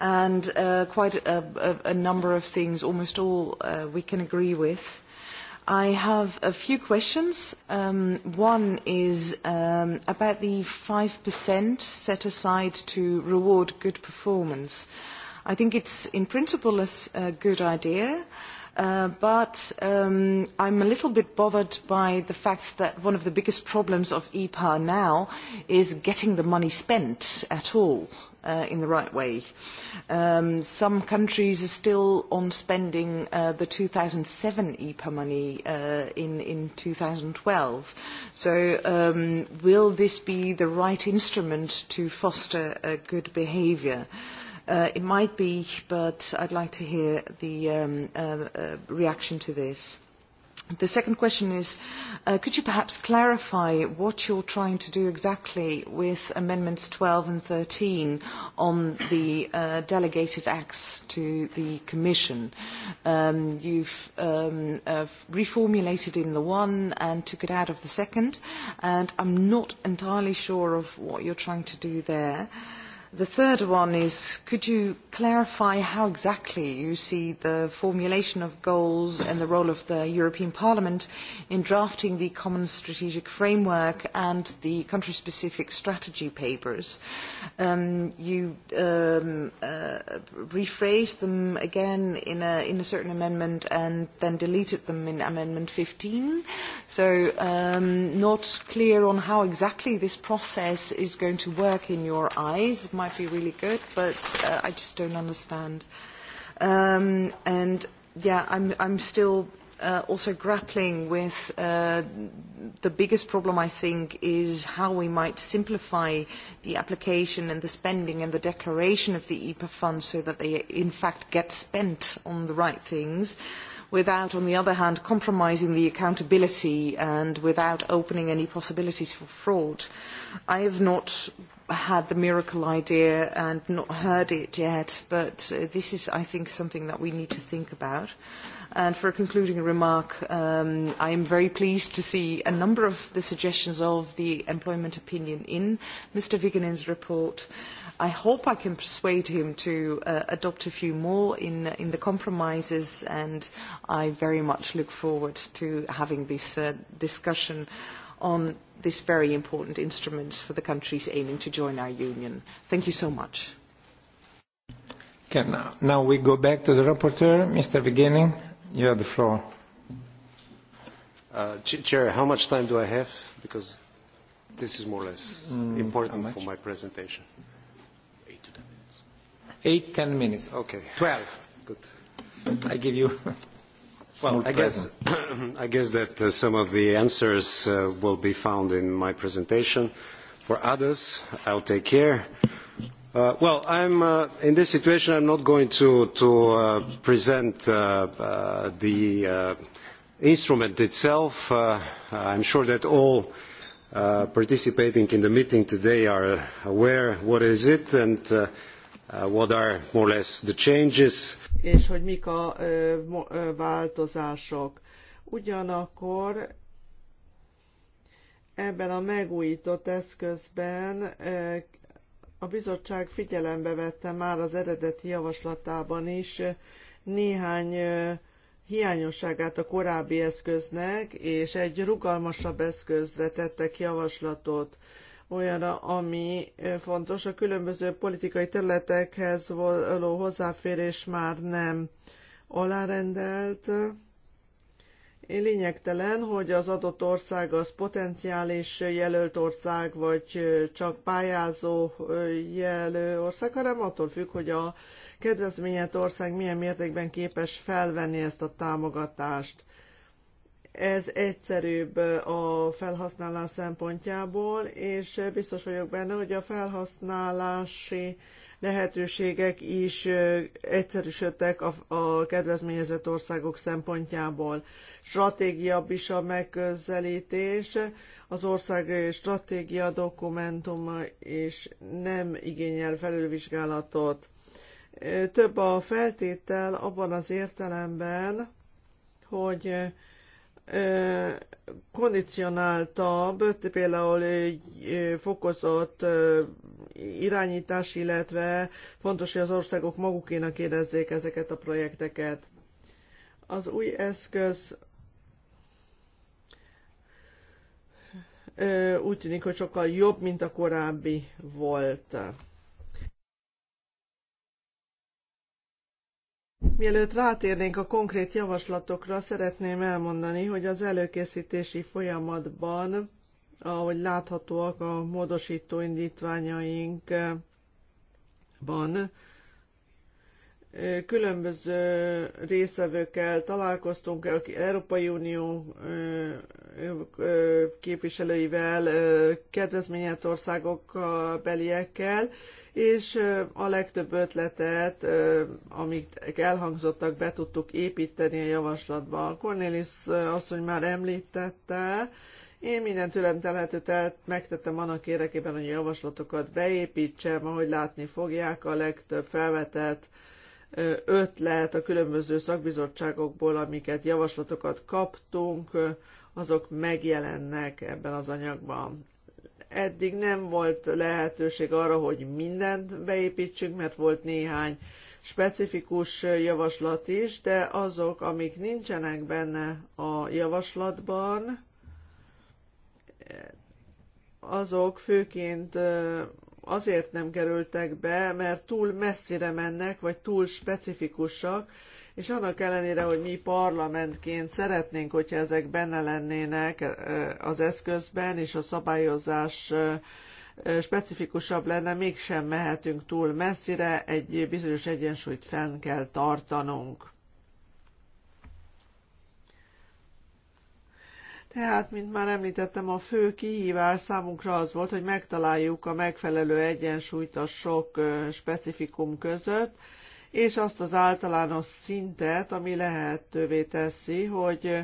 and uh, quite a, a, a number of things, almost all uh, we can agree with. I have a few questions. Um, one is um, about the 5% set aside to reward good performance. I think it's in principle a, a good idea. Uh, but um, I'm a little bit bothered by the fact that one of the biggest problems of EPA now is getting the money spent at all. Uh, in the right way. Um, some countries are still on spending uh, the 2007 EPA money uh, in, in 2012. So um, will this be the right instrument to foster uh, good behaviour? Uh, Uh, it might be, but I'd like to hear the um, uh, uh, reaction to this. The second question is, uh, could you perhaps clarify what you're trying to do exactly with Amendments 12 and 13 on the uh, delegated acts to the Commission? Um, you've um, uh, reformulated in the one and took it out of the second, and I'm not entirely sure of what you're trying to do there. Uh, The third one is, could you clarify how exactly you see the formulation of goals and the role of the European Parliament in drafting the common strategic framework and the country-specific strategy papers? Um, you um, uh, rephrased them again in a, in a, certain amendment and then deleted them in Amendment 15. So um, not clear on how exactly this process is going to work in your eyes might be really good, but uh, I just don't understand. Um, and yeah, I'm, I'm still uh, also grappling with uh, the biggest problem, I think, is how we might simplify the application and the spending and the declaration of the EPA funds so that they, in fact, get spent on the right things without, on the other hand, compromising the accountability and without opening any possibilities for fraud. I have not had the miracle idea and not heard it yet, but uh, this is, I think, something that we need to think about. And for a concluding remark, um, I am very pleased to see a number of the suggestions of the employment opinion in Mr. Vigenin's report. I hope I can persuade him to uh, adopt a few more in, in the compromises, and I very much look forward to having this uh, discussion on this very important instrument for the countries aiming to join our union. Thank you so much. Okay, now, now we go back to the rapporteur. Mr. Beginning, you have the floor. Uh, Chair, how much time do I have? Because this is more or less mm, important for my presentation. Eight to ten minutes. Eight, ten minutes. Okay. Twelve. Good. I give you Well, I guess, I guess that uh, some of the answers uh, will be found in my presentation. For others, I'll take care. Uh, well, I'm, uh, in this situation, I'm not going to, to uh, present uh, uh, the uh, instrument itself. Uh, I'm sure that all uh, participating in the meeting today are aware what is it and uh, Uh, what are more or less the changes. És hogy mik a változások. Ugyanakkor ebben a megújított eszközben a bizottság figyelembe vette már az eredeti javaslatában is néhány hiányosságát a korábbi eszköznek, és egy rugalmasabb eszközre tettek javaslatot olyanra, ami fontos. A különböző politikai területekhez való hozzáférés már nem alárendelt. Lényegtelen, hogy az adott ország az potenciális jelölt ország, vagy csak pályázó jelölő ország, hanem attól függ, hogy a kedvezményet ország milyen mértékben képes felvenni ezt a támogatást. Ez egyszerűbb a felhasználás szempontjából, és biztos vagyok benne, hogy a felhasználási lehetőségek is egyszerűsödtek a, a kedvezményezett országok szempontjából. Stratégiabb is a megközelítés, az ország stratégia dokumentuma és nem igényel felülvizsgálatot. Több a feltétel abban az értelemben, hogy kondicionáltabb, például fokozott irányítás, illetve fontos, hogy az országok magukénak érezzék ezeket a projekteket. Az új eszköz úgy tűnik, hogy sokkal jobb, mint a korábbi volt. Mielőtt rátérnénk a konkrét javaslatokra, szeretném elmondani, hogy az előkészítési folyamatban, ahogy láthatóak a módosító indítványainkban, különböző részevőkkel találkoztunk, Európai Unió képviselőivel, kedvezményelt országok beliekkel, és a legtöbb ötletet, amik elhangzottak, be tudtuk építeni a javaslatba. Cornelis asszony már említette, én minden tőlem telhetőt megtettem annak érdekében, hogy a javaslatokat beépítsem, ahogy látni fogják a legtöbb felvetett ötlet a különböző szakbizottságokból, amiket javaslatokat kaptunk, azok megjelennek ebben az anyagban eddig nem volt lehetőség arra, hogy mindent beépítsünk, mert volt néhány specifikus javaslat is, de azok, amik nincsenek benne a javaslatban, azok főként azért nem kerültek be, mert túl messzire mennek, vagy túl specifikusak, és annak ellenére, hogy mi parlamentként szeretnénk, hogyha ezek benne lennének az eszközben, és a szabályozás specifikusabb lenne, mégsem mehetünk túl messzire, egy bizonyos egyensúlyt fenn kell tartanunk. Tehát, mint már említettem, a fő kihívás számunkra az volt, hogy megtaláljuk a megfelelő egyensúlyt a sok specifikum között, és azt az általános szintet, ami lehetővé teszi, hogy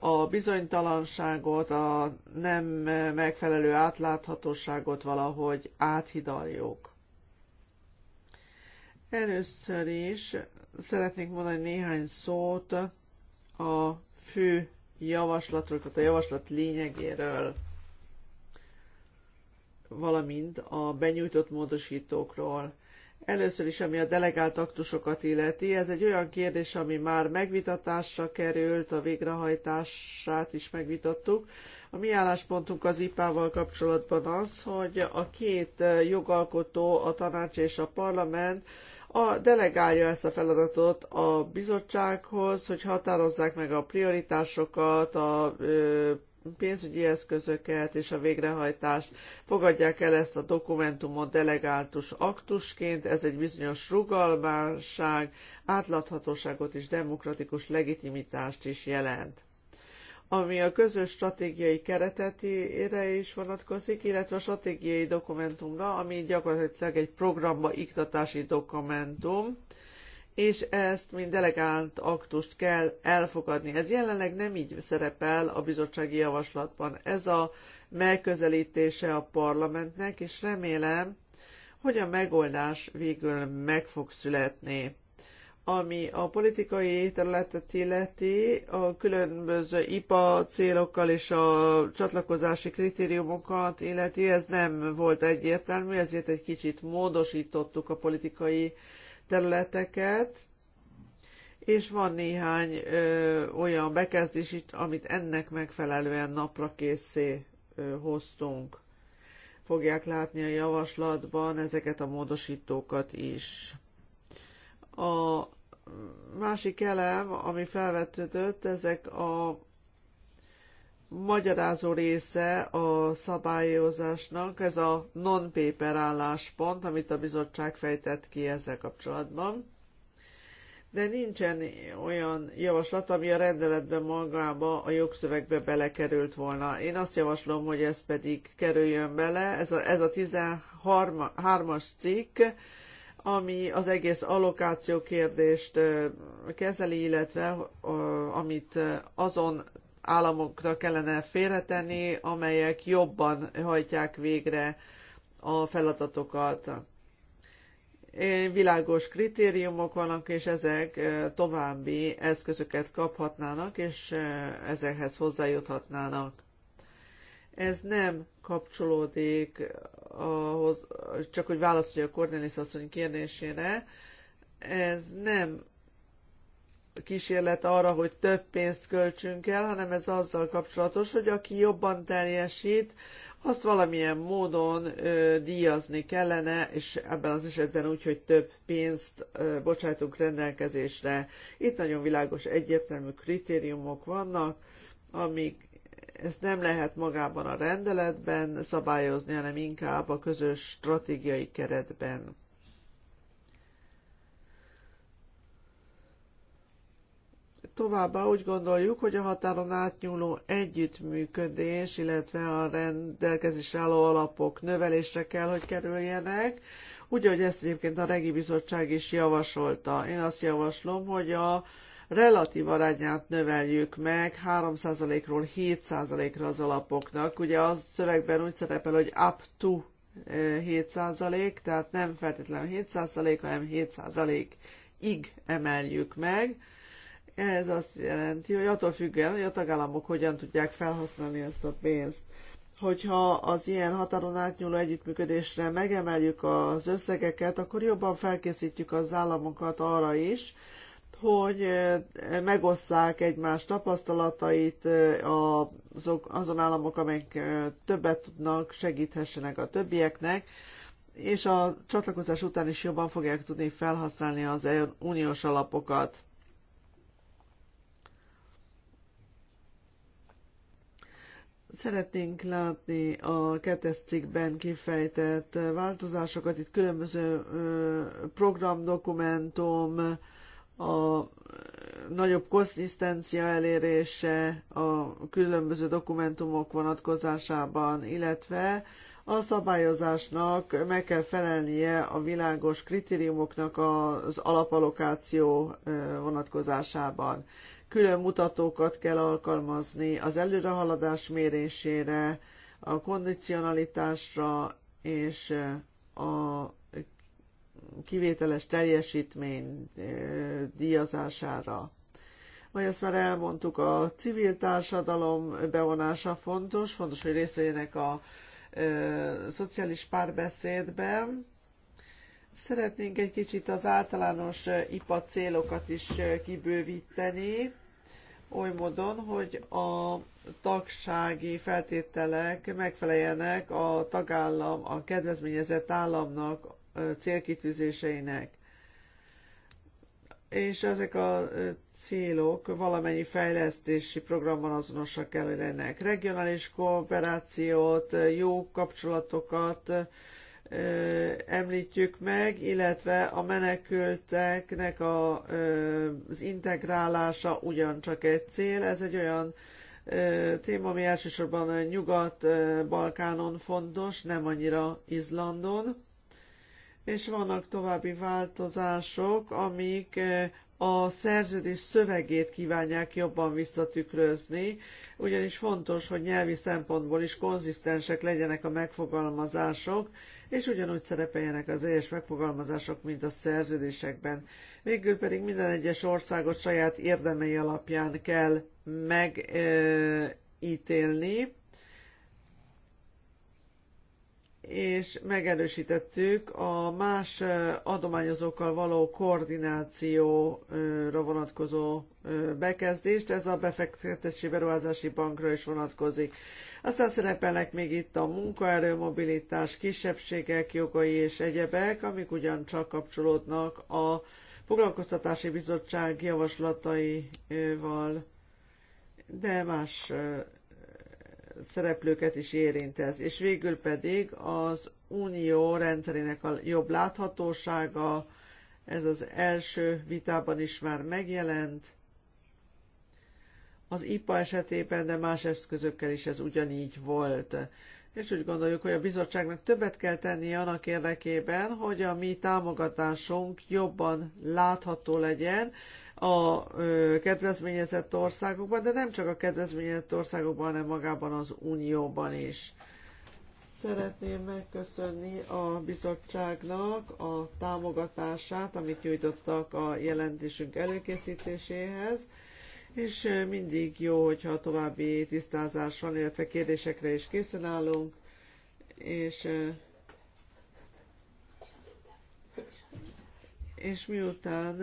a bizonytalanságot, a nem megfelelő átláthatóságot valahogy áthidaljuk. Először is szeretnék mondani néhány szót a fő javaslatról, tehát a javaslat lényegéről, valamint a benyújtott módosítókról. Először is, ami a delegált aktusokat illeti, ez egy olyan kérdés, ami már megvitatásra került, a végrehajtását is megvitattuk. A mi álláspontunk az IPA-val kapcsolatban az, hogy a két jogalkotó, a tanács és a parlament a, delegálja ezt a feladatot a bizottsághoz, hogy határozzák meg a prioritásokat, a ö, pénzügyi eszközöket és a végrehajtást. Fogadják el ezt a dokumentumot delegáltus aktusként, ez egy bizonyos rugalmasság, átláthatóságot és demokratikus legitimitást is jelent ami a közös stratégiai keretetére is vonatkozik, illetve a stratégiai dokumentumra, ami gyakorlatilag egy programba iktatási dokumentum, és ezt mind delegált aktust kell elfogadni. Ez jelenleg nem így szerepel a bizottsági javaslatban. Ez a megközelítése a parlamentnek, és remélem, hogy a megoldás végül meg fog születni. Ami a politikai területet illeti, a különböző IPA célokkal és a csatlakozási kritériumokat illeti, ez nem volt egyértelmű, ezért egy kicsit módosítottuk a politikai uh, területeket, és van néhány ö, olyan bekezdés itt, amit ennek megfelelően napra készé ö, hoztunk. Fogják látni a javaslatban ezeket a módosítókat is. A másik elem, ami felvetődött, ezek a magyarázó része a szabályozásnak, ez a non-paper álláspont, amit a bizottság fejtett ki ezzel kapcsolatban. De nincsen olyan javaslat, ami a rendeletben magába, a jogszövegbe belekerült volna. Én azt javaslom, hogy ez pedig kerüljön bele. Ez a, ez a 13-as cikk, ami az egész allokáció kérdést kezeli, illetve amit azon államoknak kellene félretenni, amelyek jobban hajtják végre a feladatokat. Világos kritériumok vannak, és ezek további eszközöket kaphatnának, és ezekhez hozzájuthatnának. Ez nem kapcsolódik ahhoz, csak hogy válaszolja a Cornelis asszony kérdésére, ez nem kísérlet arra, hogy több pénzt költsünk el, hanem ez azzal kapcsolatos, hogy aki jobban teljesít, azt valamilyen módon ö, díjazni kellene, és ebben az esetben úgy, hogy több pénzt ö, bocsájtunk rendelkezésre. Itt nagyon világos, egyértelmű kritériumok vannak, amik ezt nem lehet magában a rendeletben szabályozni, hanem inkább a közös stratégiai keretben. Továbbá úgy gondoljuk, hogy a határon átnyúló együttműködés, illetve a rendelkezésre álló alapok növelésre kell, hogy kerüljenek, úgy, ahogy ezt egyébként a Regi Bizottság is javasolta. Én azt javaslom, hogy a relatív arányát növeljük meg 3%-ról 7%-ra az alapoknak. Ugye a szövegben úgy szerepel, hogy up to 7%, eh, tehát nem feltétlenül 7%, hanem 7%-ig emeljük meg ez azt jelenti, hogy attól függően, hogy a tagállamok hogyan tudják felhasználni ezt a pénzt. Hogyha az ilyen határon átnyúló együttműködésre megemeljük az összegeket, akkor jobban felkészítjük az államokat arra is, hogy eh, megosszák egymás tapasztalatait eh, azok, azon államok, amelyek eh, többet tudnak, segíthessenek a többieknek, és a csatlakozás után is jobban fogják tudni felhasználni az uniós alapokat. Szeretnénk látni a kettes cikkben kifejtett változásokat, itt különböző programdokumentum, a nagyobb konszisztencia elérése a különböző dokumentumok vonatkozásában, illetve a szabályozásnak meg kell felelnie a világos kritériumoknak az alapalokáció vonatkozásában külön mutatókat kell alkalmazni az előrehaladás mérésére, a kondicionalitásra és a kivételes teljesítmény eh, díjazására. Vagy ezt már elmondtuk, a civil társadalom bevonása fontos, fontos, hogy részt vegyenek a ö, eh, szociális párbeszédben. Szeretnénk egy kicsit az általános eh, IPA célokat is kibővíteni oly módon, hogy a tagsági feltételek megfeleljenek a tagállam, a kedvezményezett államnak célkitűzéseinek. És ezek a célok valamennyi fejlesztési programban azonosak kell, hogy legyenek. Regionális kooperációt, jó kapcsolatokat, említjük meg, illetve a menekülteknek a, az integrálása ugyancsak egy cél. Ez egy olyan téma, ami elsősorban a Nyugat-Balkánon fontos, nem annyira Izlandon. És vannak további változások, amik a szerződés szövegét kívánják jobban visszatükrözni, ugyanis fontos, hogy nyelvi szempontból is konzisztensek legyenek a megfogalmazások, és ugyanúgy szerepeljenek az egyes megfogalmazások, mint a szerződésekben. Végül pedig minden egyes országot saját érdemei alapján kell megítélni, és megerősítettük a más adományozókkal való koordinációra vonatkozó bekezdést, ez a befektetési beruházási bankra is vonatkozik. Aztán szerepelnek még itt a munkaerő, mobilitás, kisebbségek, jogai és egyebek, amik ugyancsak kapcsolódnak a foglalkoztatási bizottság javaslataival, de más szereplőket is érint ez. És végül pedig az unió rendszerének a jobb láthatósága, ez az első vitában is már megjelent. Az IPA esetében, de más eszközökkel is ez ugyanígy volt. És úgy gondoljuk, hogy a bizottságnak többet kell tennie annak érdekében, hogy a mi támogatásunk jobban látható legyen, a kedvezményezett országokban, de nem csak a kedvezményezett országokban, hanem magában az Unióban is. Szeretném megköszönni a bizottságnak a támogatását, amit nyújtottak a jelentésünk előkészítéséhez, és mindig jó, hogyha további tisztázás van, illetve kérdésekre is készen állunk, és és miután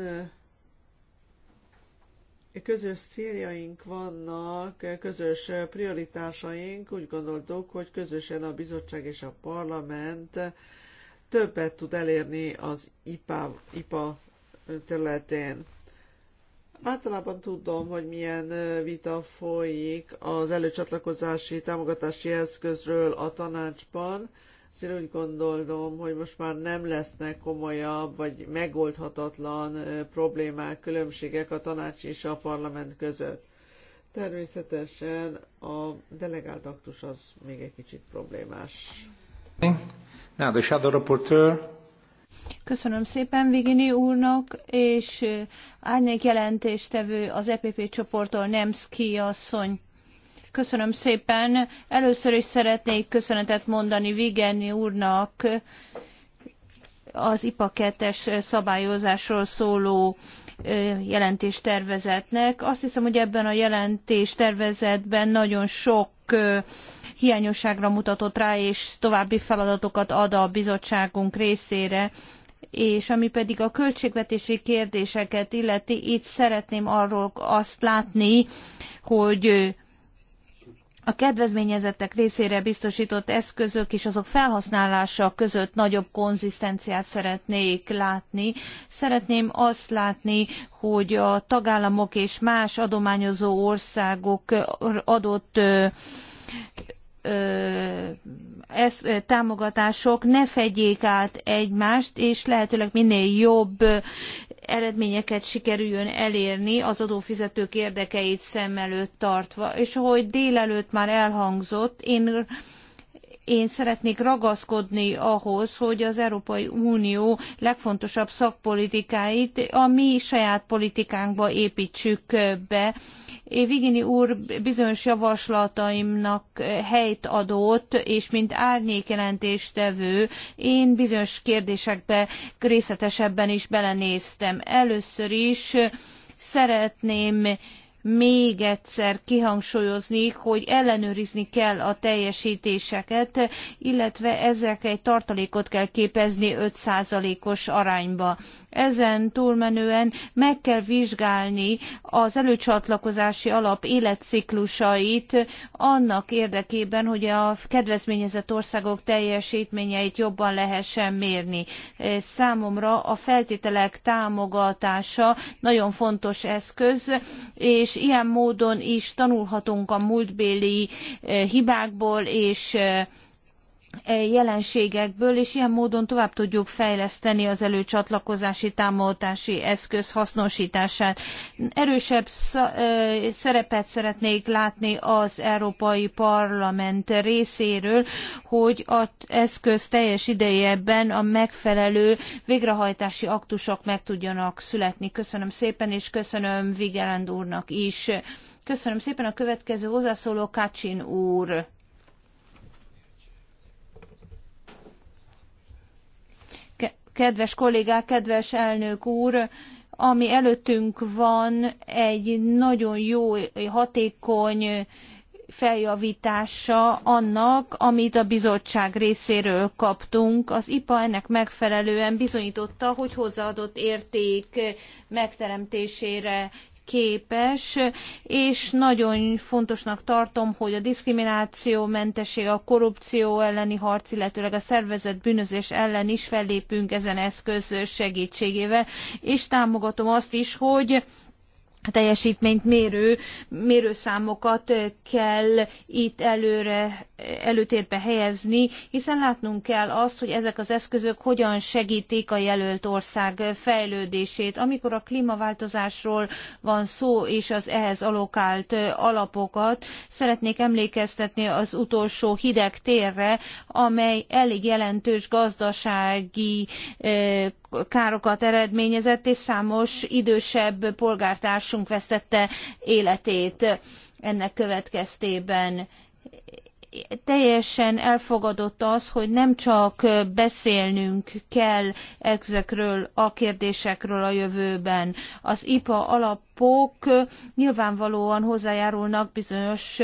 közös céljaink vannak, közös prioritásaink, úgy gondoltuk, hogy közösen a bizottság és a parlament többet tud elérni az IPA, IPA területén. Általában tudom, hogy milyen vita folyik az előcsatlakozási támogatási eszközről a tanácsban, Szóval úgy gondolom, hogy most már nem lesznek komolyabb vagy megoldhatatlan problémák, különbségek a tanács és a parlament között. Természetesen a delegált aktus az még egy kicsit problémás. Köszönöm szépen Vigini úrnak, és árnyék jelentéstevő az EPP csoporttól Nemszki asszony. Köszönöm szépen. Először is szeretnék köszönetet mondani Vigeni úrnak az IPA 2-es szabályozásról szóló jelentéstervezetnek. Azt hiszem, hogy ebben a jelentéstervezetben nagyon sok hiányosságra mutatott rá, és további feladatokat ad a bizottságunk részére. És ami pedig a költségvetési kérdéseket illeti, itt szeretném arról azt látni, hogy a kedvezményezettek részére biztosított eszközök és azok felhasználása között nagyobb konzisztenciát szeretnék látni. Szeretném azt látni, hogy a tagállamok és más adományozó országok adott ez, támogatások ne fedjék át egymást, és lehetőleg minél jobb eredményeket sikerüljön elérni az adófizetők érdekeit szem előtt tartva. És ahogy délelőtt már elhangzott, én én szeretnék ragaszkodni ahhoz, hogy az Európai Unió legfontosabb szakpolitikáit a mi saját politikánkba építsük be, Vigini úr bizonyos javaslataimnak helyt adott, és mint árnyékjelentéstevő én bizonyos kérdésekbe részletesebben is belenéztem. Először is szeretném még egyszer kihangsúlyozni, hogy ellenőrizni kell a teljesítéseket, illetve ezek egy tartalékot kell képezni 5%-os arányba. Ezen túlmenően meg kell vizsgálni az előcsatlakozási alap életciklusait annak érdekében, hogy a kedvezményezett országok teljesítményeit jobban lehessen mérni. Számomra a feltételek támogatása nagyon fontos eszköz, és és ilyen módon is tanulhatunk a múltbéli eh, hibákból, és eh, E, jelenségekből, és ilyen módon tovább tudjuk fejleszteni az előcsatlakozási támogatási eszköz hasznosítását. Erősebb e, szerepet szeretnék látni az Európai Parlament részéről, hogy az eszköz teljes idejében a megfelelő végrehajtási aktusok meg tudjanak születni. Köszönöm szépen, és köszönöm Vigelend úrnak is. Köszönöm szépen a következő hozzászóló Kacsin úr. kedves kollégák, kedves elnök úr, ami előttünk van, egy nagyon jó, hatékony feljavítása annak, amit a bizottság részéről kaptunk. Az IPA ennek megfelelően bizonyította, hogy hozzáadott érték megteremtésére képes, és nagyon fontosnak tartom, hogy a diszkrimináció mentesség, a korrupció elleni harc, illetőleg a szervezett bűnözés ellen is fellépünk ezen eszköz segítségével, és támogatom azt is, hogy teljesítményt mérő mérőszámokat kell itt előre, előtérbe helyezni, hiszen látnunk kell azt, hogy ezek az eszközök hogyan segítik a jelölt ország fejlődését. Amikor a klímaváltozásról van szó és az ehhez alokált alapokat, szeretnék emlékeztetni az utolsó hideg térre, amely elég jelentős gazdasági károkat eredményezett, és számos idősebb polgártárs társunk vesztette életét ennek következtében teljesen elfogadott az, hogy nem csak beszélnünk kell ezekről a kérdésekről a jövőben. Az IPA alap alapok nyilvánvalóan hozzájárulnak bizonyos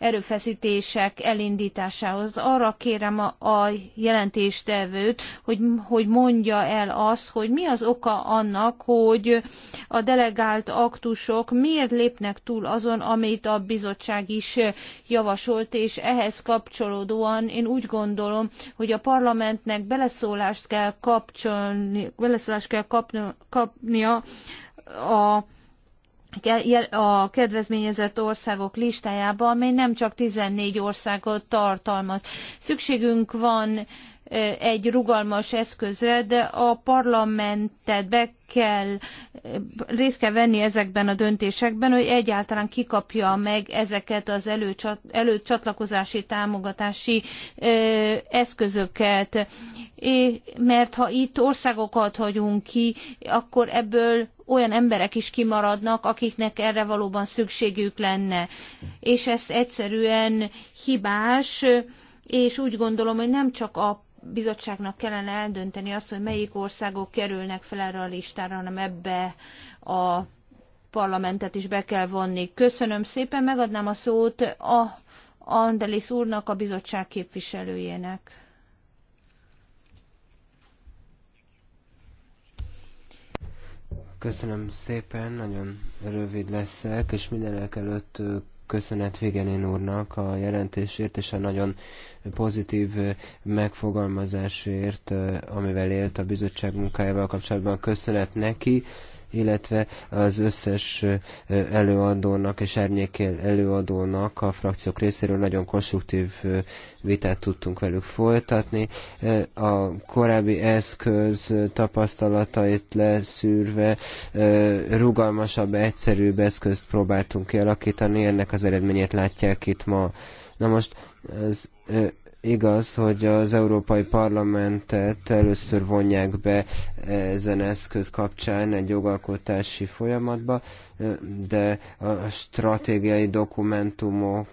erőfeszítések elindításához. Arra kérem a, a jelentéstevőt, hogy, hogy mondja el azt, hogy mi az oka annak, hogy a delegált aktusok miért lépnek túl azon, amit a bizottság is javasolt, és ehhez kapcsolódóan én úgy gondolom, hogy a parlamentnek beleszólást kell kapcsolni, beleszólást kell kapni, kapnia a a kedvezményezett országok listájába, amely nem csak 14 országot tartalmaz. Szükségünk van egy rugalmas eszközre, de a parlamentet be kell, részt kell venni ezekben a döntésekben, hogy egyáltalán kikapja meg ezeket az előcsatlakozási támogatási eszközöket. mert ha itt országokat hagyunk ki, akkor ebből olyan emberek is kimaradnak, akiknek erre valóban szükségük lenne. És ez egyszerűen hibás, és úgy gondolom, hogy nem csak a bizottságnak kellene eldönteni azt, hogy melyik országok kerülnek fel erre a listára, hanem ebbe a parlamentet is be kell vonni. Köszönöm szépen, megadnám a szót a Andelis úrnak, a bizottság képviselőjének. Köszönöm szépen, nagyon rövid leszek, és mindenek előtt köszönet Vigenén úrnak a jelentésért és a nagyon pozitív megfogalmazásért, eh, amivel élt a bizottság munkájával kapcsolatban. Köszönet neki illetve az összes előadónak és árnyékél előadónak a frakciók részéről nagyon konstruktív vitát tudtunk velük folytatni. A korábbi eszköz tapasztalatait leszűrve rugalmasabb, egyszerűbb eszközt próbáltunk kialakítani, ennek az eredményét látják itt ma. Na most az igaz, hogy az Európai Parlamentet először vonják be ezen eszköz kapcsán egy jogalkotási folyamatba, de a stratégiai dokumentumok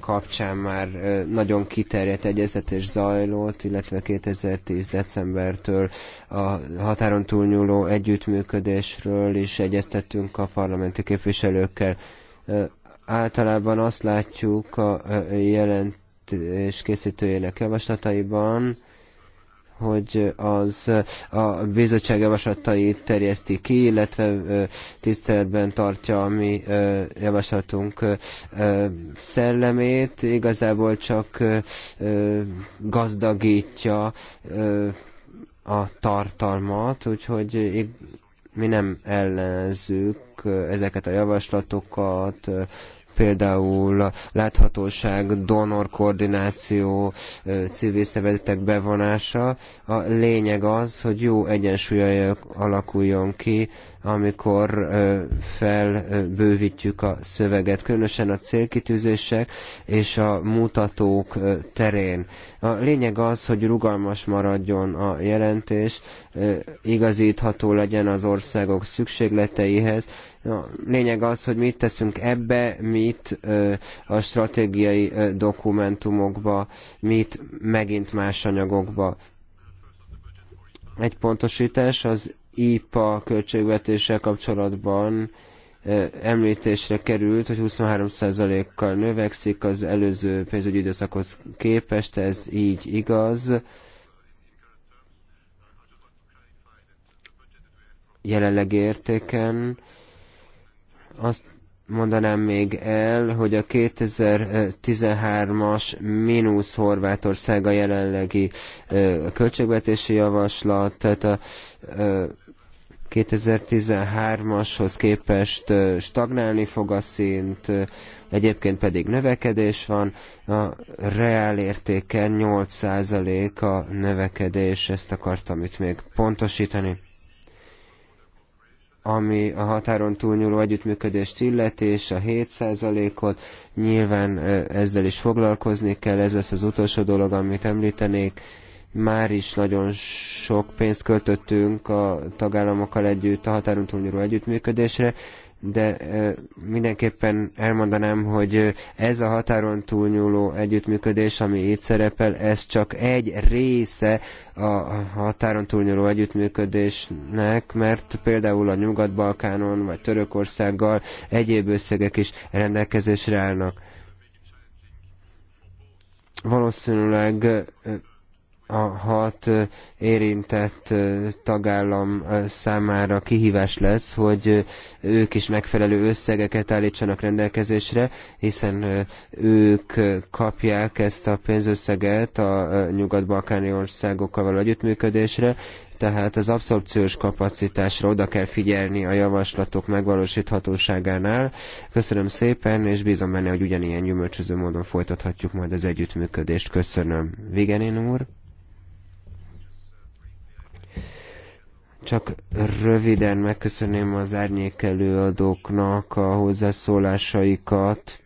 kapcsán már nagyon kiterjedt egyeztetés zajlott, illetve 2010. decembertől a határon túlnyúló együttműködésről is egyeztettünk a parlamenti képviselőkkel Általában azt látjuk a jelentés készítőjének javaslataiban, hogy az a bizottság javaslatait terjeszti ki, illetve tiszteletben tartja a mi javaslatunk szellemét, igazából csak gazdagítja a tartalmat, úgyhogy mi nem ellenezzük ezeket a javaslatokat, például a láthatóság, donor koordináció, civil szervezetek bevonása. A lényeg az, hogy jó egyensúly alakuljon ki, amikor felbővítjük a szöveget, különösen a célkitűzések és a mutatók terén. A lényeg az, hogy rugalmas maradjon a jelentés, igazítható legyen az országok szükségleteihez, a lényeg az, hogy mit teszünk ebbe, mit a stratégiai dokumentumokba, mit megint más anyagokba. Egy pontosítás az IPA költségvetéssel kapcsolatban említésre került, hogy 23%-kal növekszik az előző pénzügyi időszakhoz képest, ez így igaz. Jelenleg értéken azt mondanám még el, hogy a 2013-as mínusz Horvátország a jelenlegi költségvetési javaslat, tehát a 2013-ashoz képest stagnálni fog a szint, egyébként pedig növekedés van, a reál értéken 8% a növekedés, ezt akartam itt még pontosítani ami a határon túlnyúló együttműködést illeti, és a 7%-ot, nyilván ezzel is foglalkozni kell, ez lesz az utolsó dolog, amit említenék. Már is nagyon sok pénzt költöttünk a tagállamokkal együtt a határon túlnyúló együttműködésre, de mindenképpen elmondanám, hogy ez a határon túlnyúló együttműködés, ami itt szerepel, ez csak egy része a határon túlnyúló együttműködésnek, mert például a Nyugat-Balkánon vagy Törökországgal egyéb összegek is rendelkezésre állnak. Valószínűleg a hat érintett tagállam számára kihívás lesz, hogy ők is megfelelő összegeket állítsanak rendelkezésre, hiszen ők kapják ezt a pénzösszeget a nyugat-balkáni országokkal való együttműködésre, tehát az abszorpciós kapacitásra oda kell figyelni a javaslatok megvalósíthatóságánál. Köszönöm szépen, és bízom benne, hogy ugyanilyen gyümölcsöző módon folytathatjuk majd az együttműködést. Köszönöm. Vigenén úr? Csak röviden megköszönném az árnyék előadóknak a hozzászólásaikat.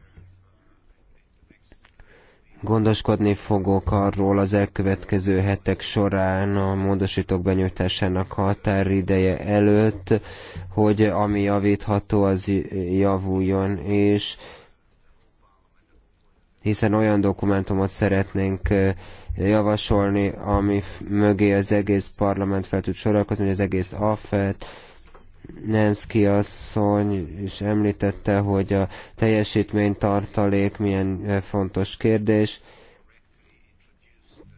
Gondoskodni fogok arról az elkövetkező hetek során a módosítók benyújtásának határideje előtt, hogy ami javítható, az javuljon, és hiszen olyan dokumentumot szeretnénk javasolni, ami mögé az egész parlament fel tud sorakozni, az egész AFET, Nenszki asszony is említette, hogy a teljesítménytartalék milyen eh, fontos kérdés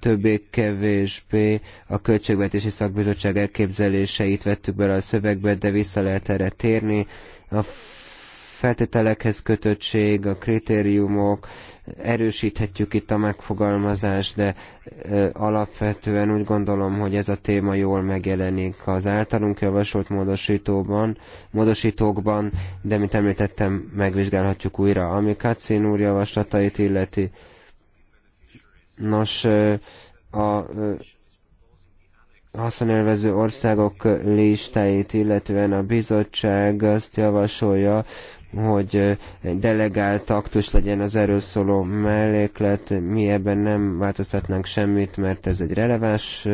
többé-kevésbé a Költségvetési Szakbizottság elképzeléseit vettük bele a szövegbe, de vissza lehet erre térni. A feltételekhez kötöttség, a kritériumok, erősíthetjük itt a megfogalmazást, de alapvetően úgy gondolom, hogy ez a téma jól megjelenik az általunk javasolt módosítóban, módosítókban, de mint említettem, megvizsgálhatjuk újra. Ami Kacin úr javaslatait illeti, nos, a haszonélvező országok listáit, illetően a bizottság azt javasolja, hogy delegált aktus legyen az erről szóló melléklet. Mi ebben nem változtatnánk semmit, mert ez egy releváns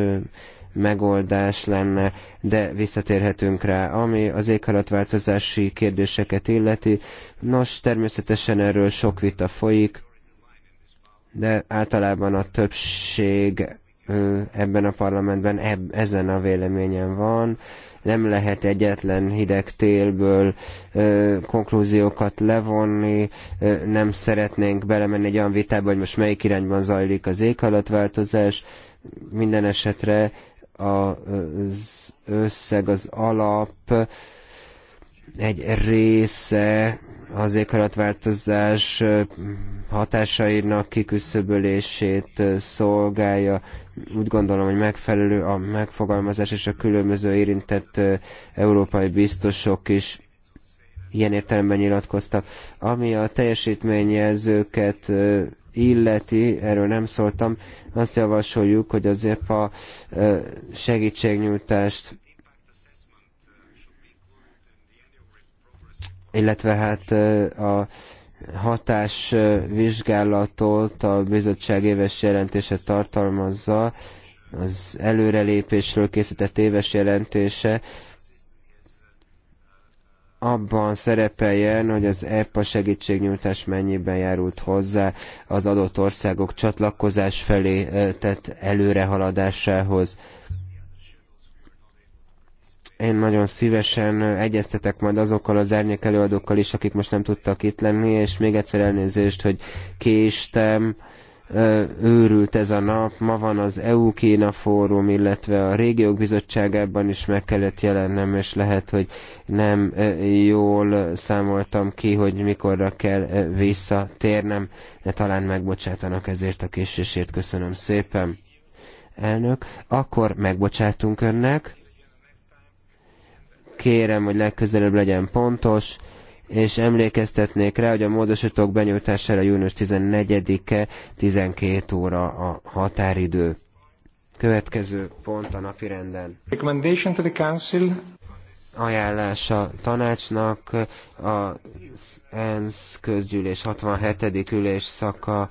megoldás lenne, de visszatérhetünk rá. Ami az éghajlatváltozási kérdéseket illeti, nos, természetesen erről sok vita folyik, de általában a többség ebben a parlamentben eb, ezen a véleményen van. Nem lehet egyetlen hideg télből ö, konklúziókat levonni, ö, nem szeretnénk belemenni egy olyan vitába, hogy most melyik irányban zajlik az éghajlatváltozás. Minden esetre az összeg, az alap egy része az éghajlatváltozás hatásainak kiküszöbölését szolgálja. Úgy gondolom, hogy megfelelő a megfogalmazás és a különböző érintett európai biztosok is ilyen értelemben nyilatkoztak. Ami a teljesítményjelzőket illeti, erről nem szóltam, azt javasoljuk, hogy az EPA segítségnyújtást illetve hát a vizsgálatot a bizottság éves jelentése tartalmazza, az előrelépésről készített éves jelentése abban szerepeljen, hogy az EPA segítségnyújtás mennyiben járult hozzá az adott országok csatlakozás felé tett előrehaladásához én nagyon szívesen egyeztetek majd azokkal az árnyék előadókkal is, akik most nem tudtak itt lenni, és még egyszer elnézést, hogy késtem, őrült ez a nap. Ma van az EU-Kína fórum, illetve a régiók bizottságában is meg kellett jelennem, és lehet, hogy nem jól számoltam ki, hogy mikorra kell visszatérnem, de talán megbocsátanak ezért a késésért. Köszönöm szépen. Elnök, akkor megbocsátunk önnek. Kérem, hogy legközelebb legyen pontos, és emlékeztetnék rá, hogy a módosítók benyújtására június 14-e 12 óra a határidő. Következő pont a napirenden. Recommendation to the Council ajánlás a tanácsnak a ENSZ közgyűlés 67. ülés szaka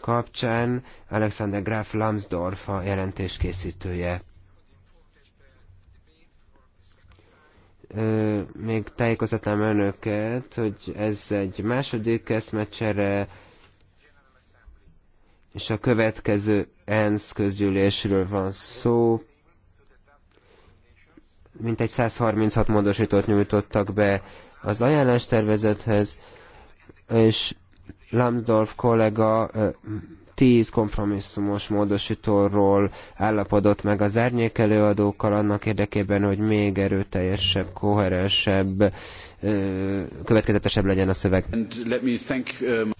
kapcsán Alexander Graf Lambsdorff a jelentés készítője. még tájékozatnám önöket, hogy ez egy második eszmecsere, és a következő ENSZ közgyűlésről van szó. Mintegy 136 módosítót nyújtottak be az ajánlástervezethez, és Lambsdorff kollega tíz kompromisszumos módosítóról állapodott meg az árnyékelőadókkal annak érdekében, hogy még erőteljesebb, koherensebb, következetesebb legyen a szöveg. Um,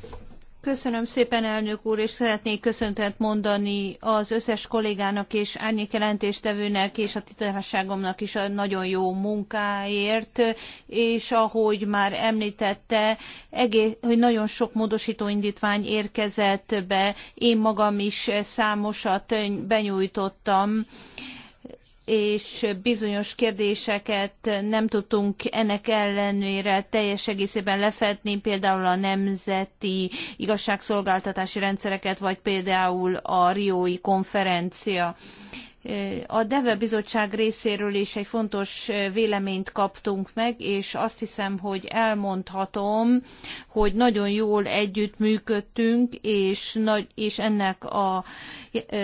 Köszönöm szépen, elnök úr, és szeretnék köszöntet mondani az összes kollégának és árnyékjelentéstevőnek és a titkárságomnak is a nagyon jó munkáért, és ahogy már említette, egész, hogy nagyon sok módosító indítvány érkezett be, én magam is számosat benyújtottam és bizonyos kérdéseket nem tudtunk ennek ellenére teljes egészében lefedni, például a nemzeti igazságszolgáltatási rendszereket, vagy például a Riói konferencia a DEVE bizottság részéről is egy fontos véleményt kaptunk meg, és azt hiszem, hogy elmondhatom, hogy nagyon jól együttműködtünk, és, nagy, és ennek a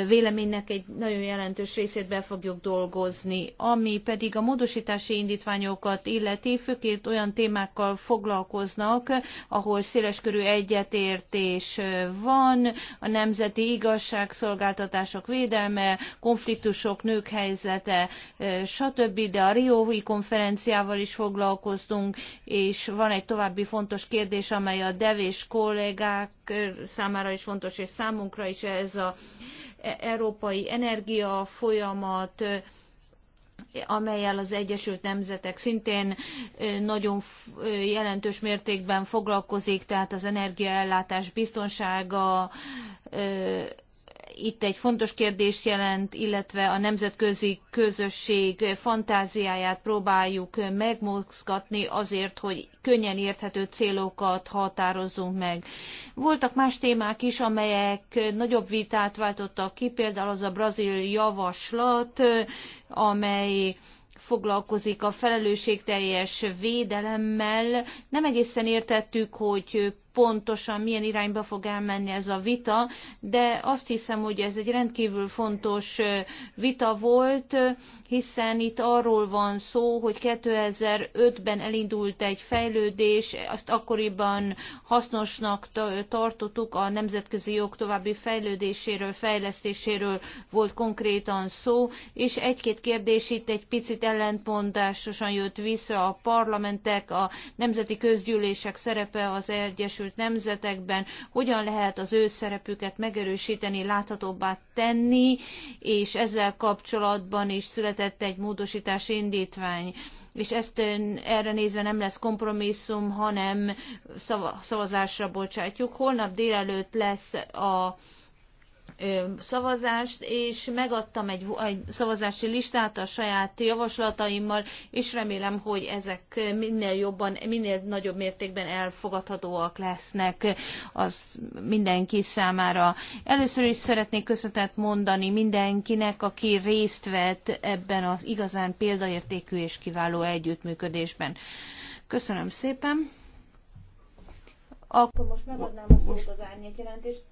véleménynek egy nagyon jelentős részét be fogjuk dolgozni. Ami pedig a módosítási indítványokat illeti, főként olyan témákkal foglalkoznak, ahol széleskörű egyetértés van, a nemzeti igazságszolgáltatások védelme, konfliktus konfliktusok, nők helyzete, stb. De a Riói konferenciával is foglalkoztunk, és van egy további fontos kérdés, amely a devés kollégák számára is fontos, és számunkra is ez a e- európai energia folyamat, amelyel az Egyesült Nemzetek szintén nagyon jelentős mértékben foglalkozik, tehát az energiaellátás biztonsága, itt egy fontos kérdés jelent, illetve a nemzetközi közösség fantáziáját próbáljuk megmozgatni azért, hogy könnyen érthető célokat határozzunk meg. Voltak más témák is, amelyek nagyobb vitát váltottak ki, például az a brazil javaslat, amely foglalkozik a felelősségteljes védelemmel. Nem egészen értettük, hogy pontosan milyen irányba fog elmenni ez a vita, de azt hiszem, hogy ez egy rendkívül fontos vita volt, hiszen itt arról van szó, hogy 2005-ben elindult egy fejlődés, azt akkoriban hasznosnak tartottuk, a nemzetközi jog további fejlődéséről, fejlesztéséről volt konkrétan szó, és egy-két kérdés itt egy picit ellentmondásosan jött vissza a parlamentek, a nemzeti közgyűlések szerepe az Egyesült Egyesült Nemzetekben, hogyan lehet az ő szerepüket megerősíteni, láthatóbbá tenni, és ezzel kapcsolatban is született egy módosítás indítvány és ezt erre nézve nem lesz kompromisszum, hanem szavazásra bocsátjuk. Holnap délelőtt lesz a szavazást, és megadtam egy, egy szavazási listát a saját javaslataimmal, és remélem, hogy ezek minél jobban, minél nagyobb mértékben elfogadhatóak lesznek az mindenki számára. Először is szeretnék köszönetet mondani mindenkinek, aki részt vett ebben az igazán példaértékű és kiváló együttműködésben. Köszönöm szépen! Akkor most megadnám a szót az árnyék jelentést.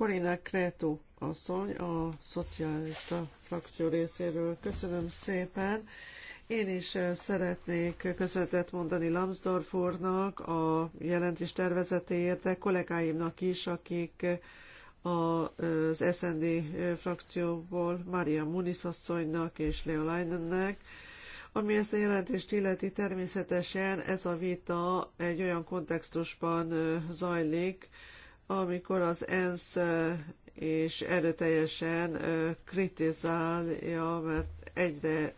Korina Kretó asszony a szocialista frakció részéről. Köszönöm szépen. Én is eh, szeretnék köszönetet mondani Lambsdorff úrnak a jelentés tervezetéért, de kollégáimnak is, akik eh, az SND eh, frakcióból, Mária Muniz asszonynak és Leo Leinennek, ami ezt a jelentést illeti, természetesen ez a vita egy olyan kontextusban zajlik, amikor az ENSZ és erőteljesen kritizálja, mert egyre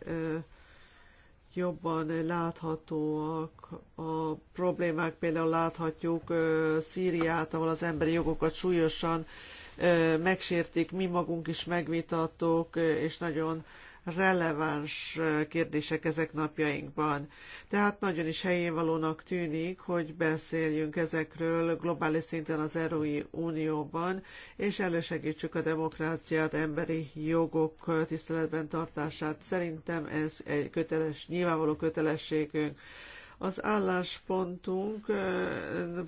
jobban láthatóak a problémák. Például láthatjuk Szíriát, ahol az emberi jogokat súlyosan megsértik, mi magunk is megvitattuk, és nagyon releváns kérdések ezek napjainkban. Tehát nagyon is helyén valónak tűnik, hogy beszéljünk ezekről globális szinten az Európai Unióban, és elősegítsük a demokráciát, emberi jogok tiszteletben tartását. Szerintem ez egy köteles, nyilvánvaló kötelességünk. Az álláspontunk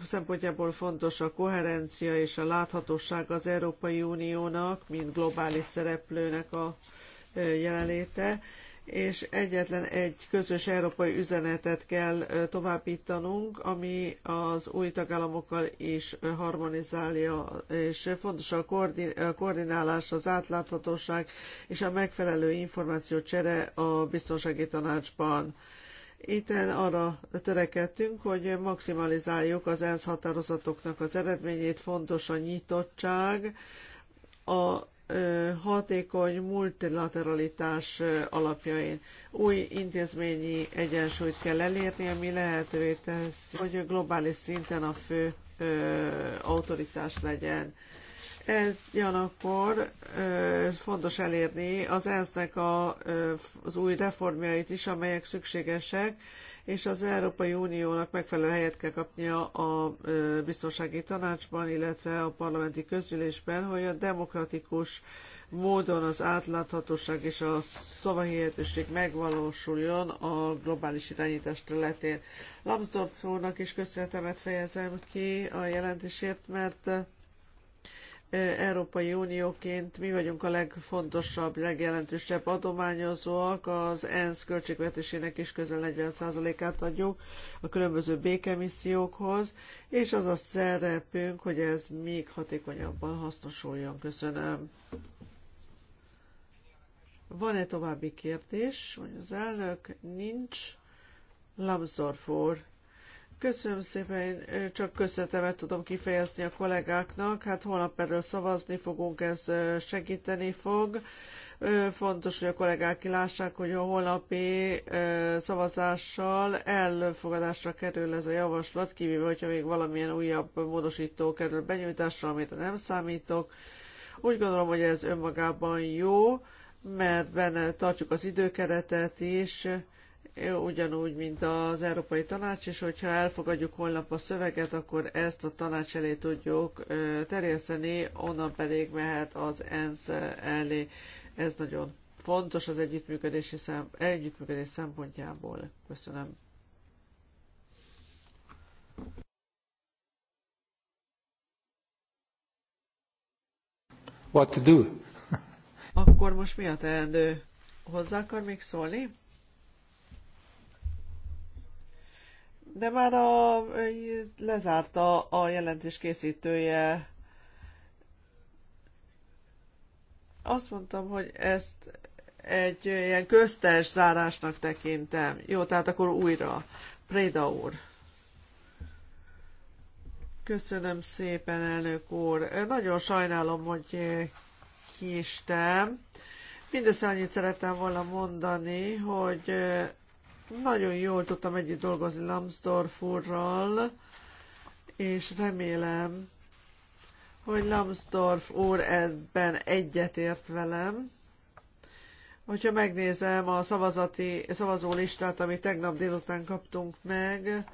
szempontjából fontos a koherencia és a láthatóság az Európai Uniónak, mint globális szereplőnek a jelenléte, és egyetlen egy közös európai üzenetet kell továbbítanunk, ami az új tagállamokkal is harmonizálja, és fontos a koordinálás, az átláthatóság és a megfelelő információ csere a biztonsági tanácsban. Itt arra törekedtünk, hogy maximalizáljuk az ENSZ határozatoknak az eredményét, fontos a nyitottság, a hatékony multilateralitás alapjain. Új intézményi egyensúlyt kell elérni, ami lehetővé tesz, hogy globális szinten a fő autoritás legyen. Egyanakkor fontos elérni az ENSZ-nek a, az új reformjait is, amelyek szükségesek, és az Európai Uniónak megfelelő helyet kell kapnia a biztonsági tanácsban, illetve a parlamenti közgyűlésben, hogy a demokratikus módon az átláthatóság és a szavahihetőség megvalósuljon a globális irányítás területén. Lambsdorff úrnak is köszönetemet fejezem ki a jelentésért, mert Európai Unióként mi vagyunk a legfontosabb, legjelentősebb adományozóak, az ENSZ költségvetésének is közel 40%-át adjuk a különböző békemissziókhoz, és az a szerepünk, hogy ez még hatékonyabban hasznosuljon. Köszönöm. Van-e további kérdés? Vagy az elnök? Nincs. Lamszorf úr. Köszönöm szépen, én csak köszönetemet tudom kifejezni a kollégáknak. Hát holnap erről szavazni fogunk, ez segíteni fog. Fontos, hogy a kollégák kilássák, hogy a holnapi szavazással elfogadásra kerül ez a javaslat, kivéve, hogyha még valamilyen újabb módosító kerül benyújtásra, amire nem számítok. Úgy gondolom, hogy ez önmagában jó, mert benne tartjuk az időkeretet is, ugyanúgy, mint az Európai Tanács, és hogyha elfogadjuk holnap a szöveget, akkor ezt a tanács elé tudjuk terjeszteni, onnan pedig mehet az ENSZ elé. Ez nagyon fontos az együttműködési szem, együttműködés szempontjából. Köszönöm. What to do? akkor most mi a teendő? Hozzá akar még szólni? De már a, lezárta a jelentés készítője. Azt mondtam, hogy ezt egy ilyen köztes zárásnak tekintem. Jó, tehát akkor újra. Préda úr. Köszönöm szépen, elnök úr. Nagyon sajnálom, hogy kiistem. Mindössze annyit szerettem volna mondani, hogy nagyon jól tudtam együtt dolgozni Lambsdorff úrral, és remélem, hogy Lambsdorff úr ebben egyetért velem. Hogyha megnézem a szavazati, szavazó listát, amit tegnap délután kaptunk meg,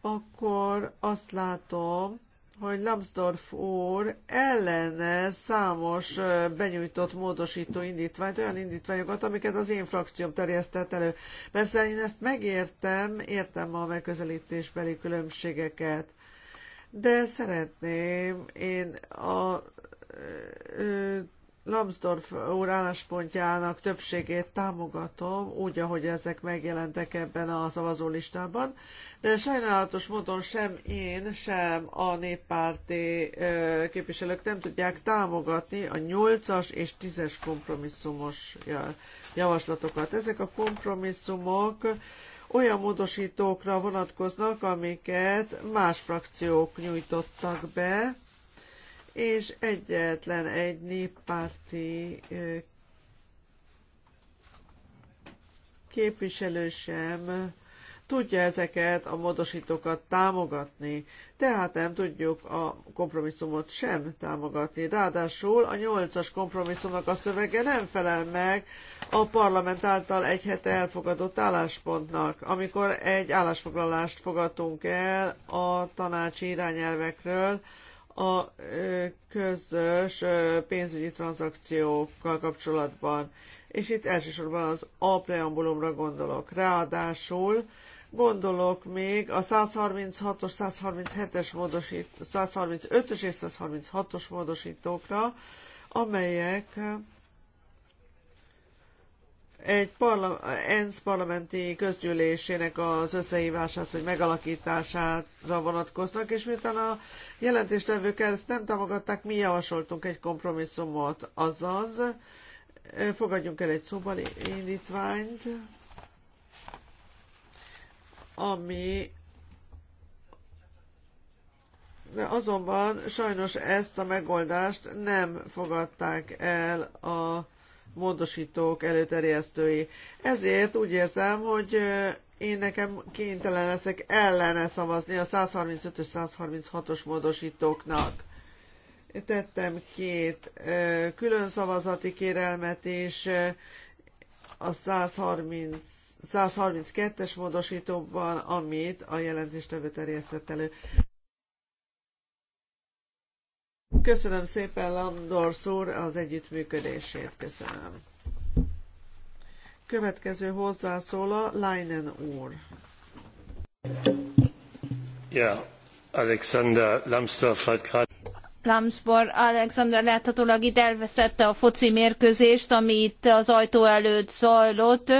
akkor azt látom, hogy Lambsdorff úr ellene számos benyújtott módosító indítványt, olyan indítványokat, amiket az én frakcióm terjesztett elő. Persze én ezt megértem, értem a megközelítésbeli különbségeket, de szeretném én a Lambsdorff úr álláspontjának többségét támogatom, úgy, ahogy ezek megjelentek ebben a szavazólistában, de sajnálatos módon sem én, sem a néppárti képviselők nem tudják támogatni a 8-as és 10-es kompromisszumos javaslatokat. Ezek a kompromisszumok olyan módosítókra vonatkoznak, amiket más frakciók nyújtottak be, és egyetlen egy néppárti képviselő sem tudja ezeket a módosítókat támogatni, tehát nem tudjuk a kompromisszumot sem támogatni. Ráadásul a nyolcas kompromisszumnak a szövege nem felel meg a parlament által egy hete elfogadott álláspontnak, amikor egy állásfoglalást fogadtunk el a tanácsi irányelvekről, a közös pénzügyi tranzakciókkal kapcsolatban. És itt elsősorban az A preambulumra gondolok. Ráadásul gondolok még a 136-os, 137-es módosít, 135-ös és 136-os módosítókra, amelyek egy parla- ENSZ parlamenti közgyűlésének az összehívását vagy megalakítására vonatkoznak, és miután a jelentéstevők ezt nem támogatták, mi javasoltunk egy kompromisszumot, azaz fogadjunk el egy szóbali indítványt, ami de azonban sajnos ezt a megoldást nem fogadták el a módosítók előterjesztői. Ezért úgy érzem, hogy én nekem kénytelen leszek ellene szavazni a 135 136-os módosítóknak. Tettem két külön szavazati kérelmet, és a 130 132-es módosítóban, amit a jelentéstevő terjesztett elő. Köszönöm szépen Landor úr az együttműködését. Köszönöm. Következő hozzászóla Leinen úr. Ja, Alexander Lamster hat gerade Plumsbor Alexander láthatólag itt elvesztette a foci mérkőzést, ami itt az ajtó előtt zajlott,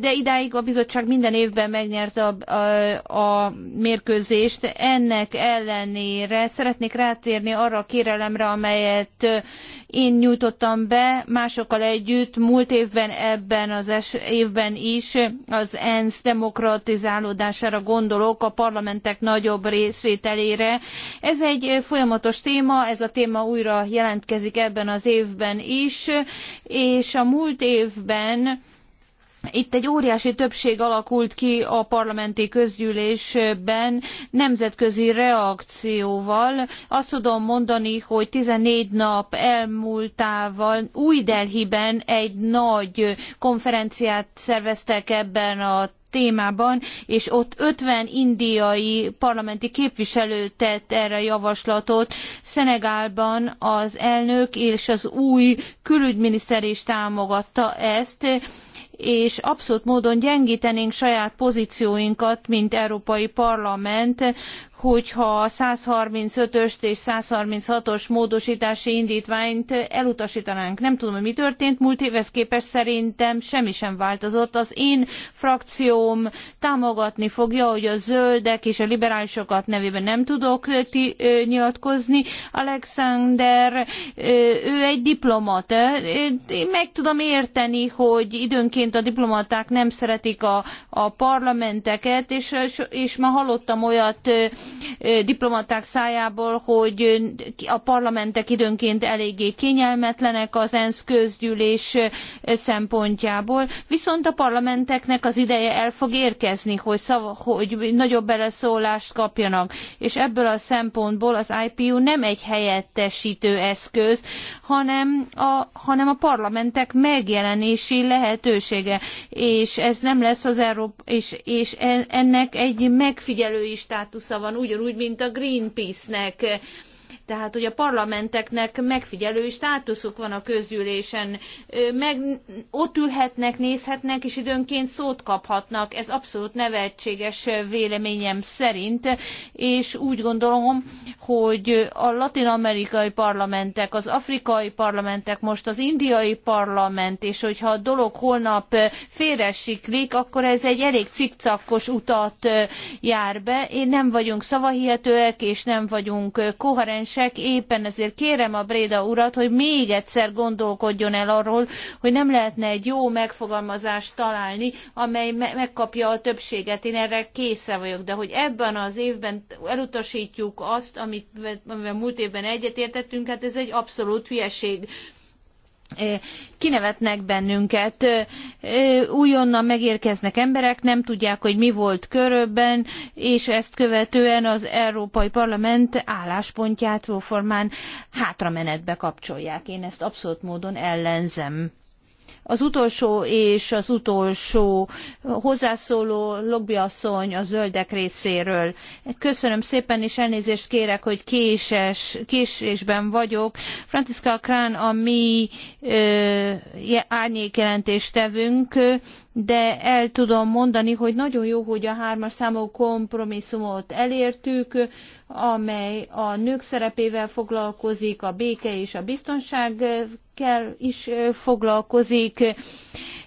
de idáig a bizottság minden évben megnyerte a, a, a mérkőzést. Ennek ellenére szeretnék rátérni arra a kérelemre, amelyet én nyújtottam be másokkal együtt múlt évben, ebben az es, évben is az ENSZ demokratizálódására gondolok, a parlamentek nagyobb részvételére. Ez egy folyamatos téma, ez a téma újra jelentkezik ebben az évben is, és a múlt évben itt egy óriási többség alakult ki a parlamenti közgyűlésben nemzetközi reakcióval. Azt tudom mondani, hogy 14 nap elmúltával új Delhiben egy nagy konferenciát szerveztek ebben a témában, és ott 50 indiai parlamenti képviselő tett erre javaslatot. Szenegálban az elnök és az új külügyminiszter is támogatta ezt és abszolút módon gyengítenénk saját pozícióinkat, mint Európai Parlament, hogyha a 135-öst és 136-os módosítási indítványt elutasítanánk. Nem tudom, hogy mi történt. Múlt évhez képest szerintem semmi sem változott. Az én frakcióm támogatni fogja, hogy a zöldek és a liberálisokat nevében nem tudok ti, ö, nyilatkozni. Alexander, ö, ő egy diplomata. Én meg tudom érteni, hogy időnként a diplomaták nem szeretik a, a parlamenteket, és, és ma hallottam olyat, diplomaták szájából, hogy a parlamentek időnként eléggé kényelmetlenek az ENSZ közgyűlés szempontjából, viszont a parlamenteknek az ideje el fog érkezni, hogy, szava, hogy nagyobb beleszólást kapjanak, és ebből a szempontból az IPU nem egy helyettesítő eszköz, hanem a, hanem a parlamentek megjelenési lehetősége, és ez nem lesz az Európa, és, és ennek egy megfigyelői státusza van, ugyanúgy, mint a Greenpeace-nek tehát, hogy a parlamenteknek megfigyelő státuszuk van a közgyűlésen, meg ott ülhetnek, nézhetnek, és időnként szót kaphatnak. Ez abszolút nevetséges véleményem szerint, és úgy gondolom, hogy a latin-amerikai parlamentek, az afrikai parlamentek, most az indiai parlament, és hogyha a dolog holnap félresiklik, akkor ez egy elég cikcakos utat jár be. Én nem vagyunk szavahihetőek, és nem vagyunk koherensek, kérdések. éppen ezért kérem a Bréda urat, hogy még egyszer gondolkodjon el arról, hogy nem lehetne egy jó megfogalmazást találni, amely me megkapja a többséget. Én erre készen vagyok, de hogy ebben az évben elutasítjuk azt, amit, amivel múlt évben egyetértettünk, hát ez egy abszolút hülyeség kinevetnek bennünket, újonnan megérkeznek emberek, nem tudják, hogy mi volt köröbben, és ezt követően az Európai Parlament álláspontját jóformán hátramenetbe kapcsolják. Én ezt abszolút módon ellenzem. Az utolsó és az utolsó hozzászóló asszony a zöldek részéről. Köszönöm szépen, és elnézést kérek, hogy késes, késésben vagyok. Franziska Krán a mi ö, de el tudom mondani, hogy nagyon jó, hogy a hármas számú kompromisszumot elértük, amely a nők szerepével foglalkozik, a béke és a biztonság gyerekekkel is foglalkozik.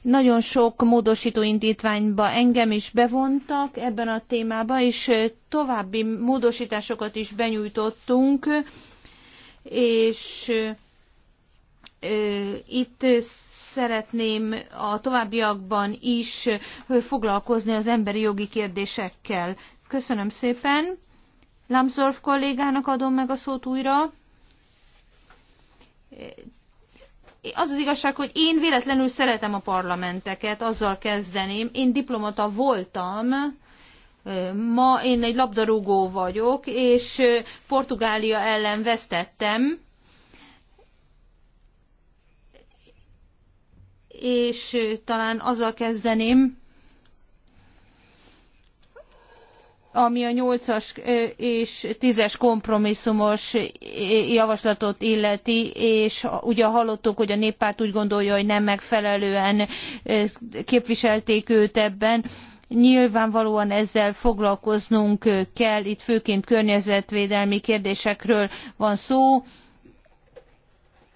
Nagyon sok módosító indítványba engem is bevontak ebben a témában, és további módosításokat is benyújtottunk, és itt szeretném a továbbiakban is foglalkozni az emberi jogi kérdésekkel. Köszönöm szépen. Lambsdorff kollégának adom meg a szót újra az az igazság, hogy én véletlenül szeretem a parlamenteket, azzal kezdeném. Én diplomata voltam, ma én egy labdarúgó vagyok, és Portugália ellen vesztettem, és talán azzal kezdeném, ami a nyolcas és tízes kompromisszumos javaslatot illeti, és ugye hallottuk, hogy a néppárt úgy gondolja, hogy nem megfelelően képviselték őt ebben. Nyilvánvalóan ezzel foglalkoznunk kell, itt főként környezetvédelmi kérdésekről van szó.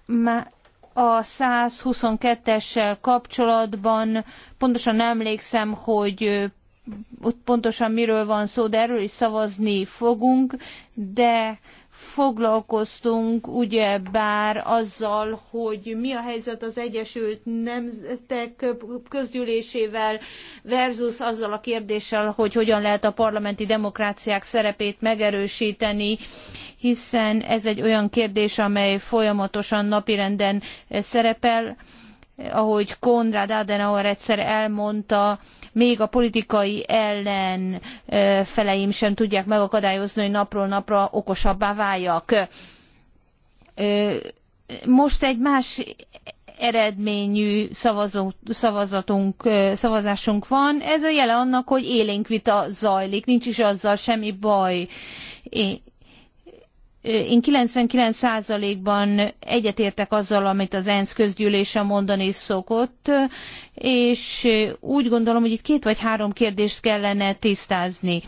Má a 122-essel kapcsolatban pontosan emlékszem, hogy ott pontosan miről van szó, de erről is szavazni fogunk, de foglalkoztunk ugye bár azzal, hogy mi a helyzet az Egyesült Nemzetek közgyűlésével versus azzal a kérdéssel, hogy hogyan lehet a parlamenti demokráciák szerepét megerősíteni, hiszen ez egy olyan kérdés, amely folyamatosan napirenden szerepel ahogy Konrad Adenauer egyszer elmondta, még a politikai ellen feleim sem tudják megakadályozni, hogy napról napra okosabbá váljak. Most egy más eredményű szavazatunk, szavazásunk van. Ez a jele annak, hogy élénk vita zajlik, nincs is azzal semmi baj. Én én 99%-ban egyetértek azzal, amit az ENSZ közgyűlése mondani szokott, és úgy gondolom, hogy itt két vagy három kérdést kellene tisztázni.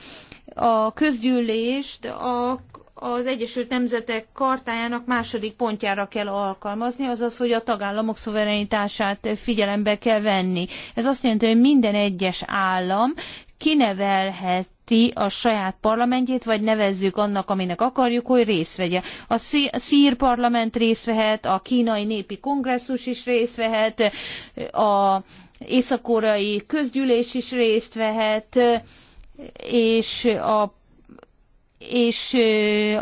A közgyűlést a az Egyesült Nemzetek kartájának második pontjára kell alkalmazni, azaz, hogy a tagállamok szuverenitását figyelembe kell venni. Ez azt jelenti, hogy minden egyes állam kinevelhet vezeti a saját parlamentjét, vagy nevezzük annak, aminek akarjuk, hogy részt vegye. A szír parlament részt vehet, a kínai népi kongresszus is részt vehet, a észak-koreai közgyűlés is részt vehet, és a és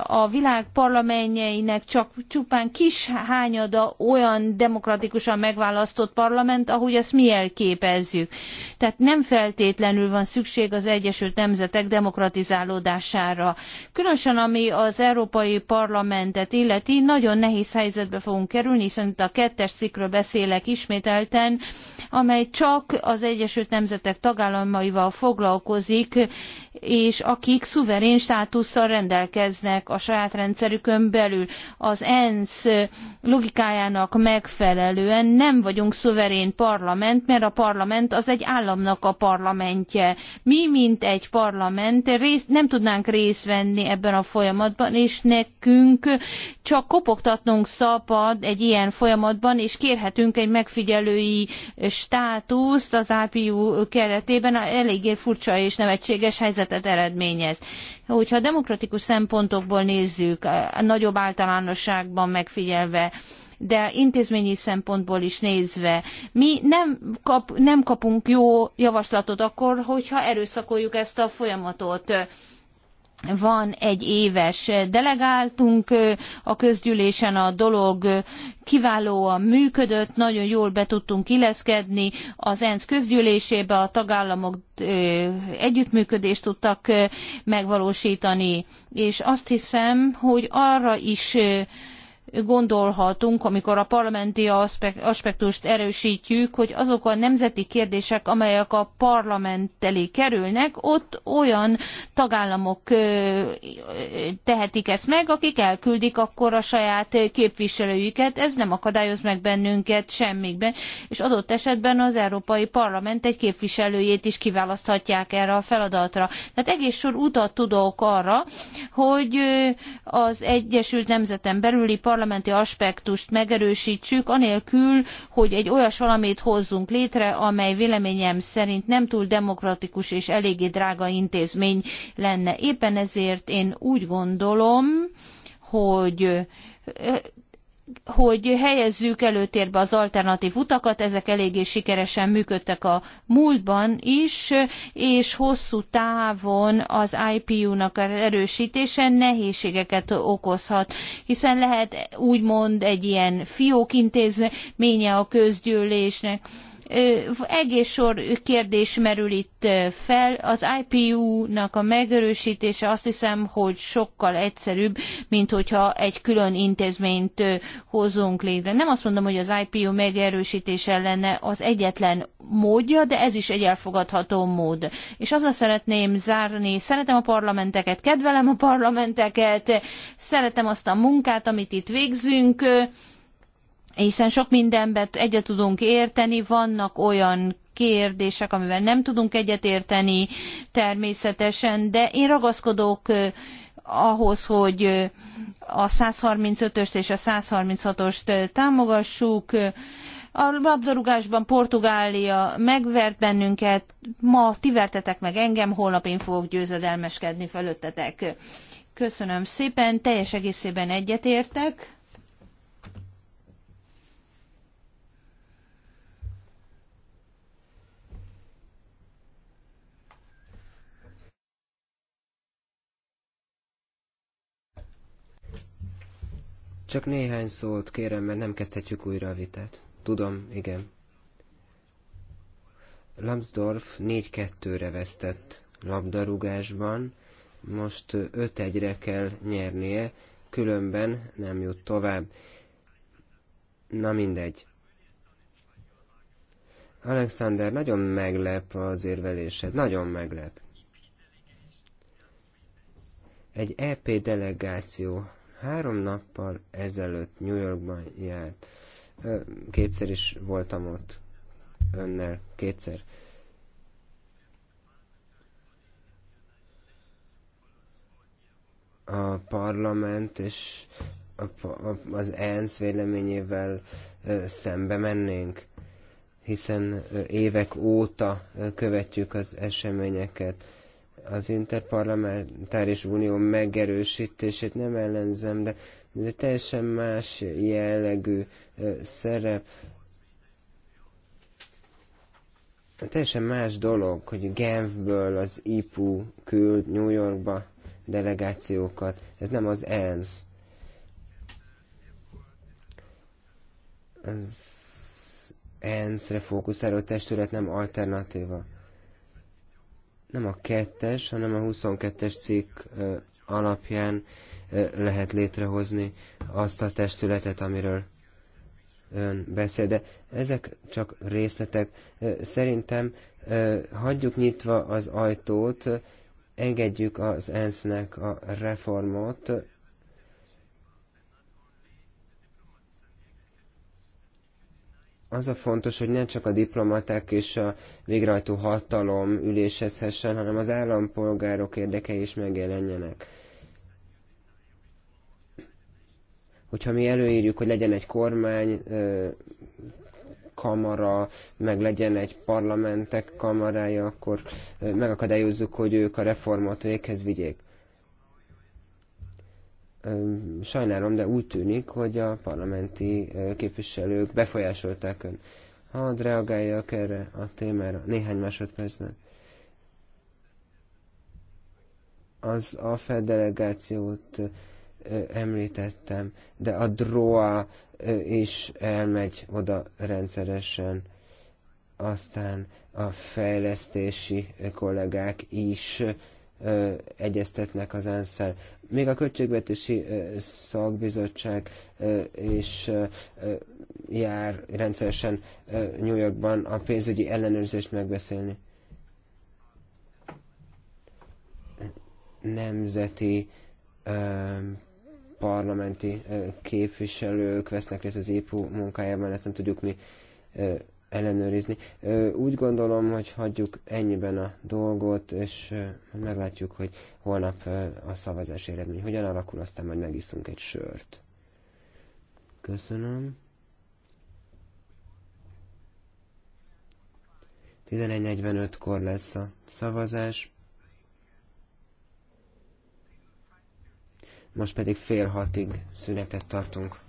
a világ parlamentjeinek csak csupán kis hányada olyan demokratikusan megválasztott parlament, ahogy ezt mi elképezzük. Tehát nem feltétlenül van szükség az Egyesült Nemzetek demokratizálódására. Különösen ami az Európai Parlamentet illeti, nagyon nehéz helyzetbe fogunk kerülni, hiszen itt a kettes cikkről beszélek ismételten, amely csak az Egyesült Nemzetek tagállamaival foglalkozik, és akik szuverén státusszal rendelkeznek a saját rendszerükön belül. Az ENSZ logikájának megfelelően nem vagyunk szuverén parlament, mert a parlament az egy államnak a parlamentje. Mi, mint egy parlament, részt, nem tudnánk részt venni ebben a folyamatban, és nekünk csak kopogtatnunk szabad egy ilyen folyamatban, és kérhetünk egy megfigyelői státuszt az IPU keretében, eléggé furcsa és nevetséges helyzet helyzetet eredményez. Hogyha demokratikus szempontokból nézzük, a nagyobb általánosságban megfigyelve, de intézményi szempontból is nézve, mi nem, kap, nem kapunk jó javaslatot akkor, hogyha erőszakoljuk ezt a folyamatot van egy éves delegáltunk a közgyűlésen, a dolog kiválóan működött, nagyon jól be tudtunk illeszkedni az ENSZ közgyűlésébe, a tagállamok együttműködést tudtak megvalósítani, és azt hiszem, hogy arra is gondolhatunk, amikor a parlamenti aspektust erősítjük, hogy azok a nemzeti kérdések, amelyek a parlament elé kerülnek, ott olyan tagállamok tehetik ezt meg, akik elküldik akkor a saját képviselőjüket. Ez nem akadályoz meg bennünket semmikben, és adott esetben az Európai Parlament egy képviselőjét is kiválaszthatják erre a feladatra. Tehát egész sor utat tudok arra, hogy az Egyesült Nemzeten belüli parlament parlamenti aspektust megerősítsük, anélkül, hogy egy olyas valamit hozzunk létre, amely véleményem szerint nem túl demokratikus és eléggé drága intézmény lenne. Éppen ezért én úgy gondolom, hogy hogy helyezzük előtérbe az alternatív utakat, ezek eléggé sikeresen működtek a múltban is, és hosszú távon az IPU-nak erősítése nehézségeket okozhat, hiszen lehet úgymond egy ilyen fiókintézménye a közgyűlésnek, egész sor kérdés merül itt fel. Az IPU-nak a megerősítése azt hiszem, hogy sokkal egyszerűbb, mint hogyha egy külön intézményt hozunk létre. Nem azt mondom, hogy az IPU megerősítése lenne az egyetlen módja, de ez is egy elfogadható mód. És azzal szeretném zárni, szeretem a parlamenteket, kedvelem a parlamenteket, szeretem azt a munkát, amit itt végzünk, hiszen sok mindenben egyet tudunk érteni, vannak olyan kérdések, amivel nem tudunk egyetérteni természetesen, de én ragaszkodok ahhoz, hogy a 135-öst és a 136-ost támogassuk. A labdarúgásban Portugália megvert bennünket, ma ti vertetek meg engem, holnap én fogok győzedelmeskedni fölöttetek. Köszönöm szépen, teljes egészében egyetértek Csak néhány szót kérem, mert nem kezdhetjük újra a vitát. Tudom, igen. Lambsdorff 4-2-re vesztett labdarúgásban, most 5-1-re kell nyernie, különben nem jut tovább. Na mindegy. Alexander, nagyon meglep az érvelésed, nagyon meglep. Egy EP delegáció Három nappal ezelőtt New Yorkban járt. Kétszer is voltam ott önnel, kétszer. A parlament és a az ENSZ véleményével szembe mennénk, hiszen évek óta követjük az eseményeket az interparlamentáris unió megerősítését nem ellenzem, de ez egy teljesen más jellegű szerep. Teljesen más dolog, hogy Genfből az IPU küld New Yorkba delegációkat. Ez nem az ENSZ. Az ENSZ-re fókuszáló testület nem alternatíva nem a kettes, hanem a 22-es cikk alapján lehet létrehozni azt a testületet, amiről ön beszél, de ezek csak részletek. Szerintem hagyjuk nyitva az ajtót, engedjük az ENSZ-nek a reformot, az a fontos, hogy ne csak a diplomaták és a végrehajtó hatalom ülésezhessen, hanem az állampolgárok érdeke is megjelenjenek. Hogyha mi előírjuk, hogy legyen egy kormány, kamara, meg legyen egy parlamentek kamarája, akkor megakadályozzuk, hogy ők a reformot véghez vigyék. Sajnálom, de úgy tűnik, hogy a parlamenti képviselők befolyásolták ön. Hadd reagáljak erre a témára néhány másodpercben. Az a e delegációt említettem, de a DROA is elmegy oda rendszeresen. Aztán a fejlesztési kollégák is egyeztetnek az ensz -el. Még a Költségvetési Szakbizottság is jár rendszeresen New Yorkban a pénzügyi ellenőrzést megbeszélni. Nemzeti parlamenti képviselők vesznek részt az IPU munkájában, ezt nem tudjuk mi ellenőrizni. Úgy gondolom, hogy hagyjuk ennyiben a dolgot, és meglátjuk, hogy holnap a szavazás eredmény hogyan alakul, aztán majd megiszunk egy sört. Köszönöm. 11.45-kor lesz a szavazás. Most pedig fél hatig szünetet tartunk.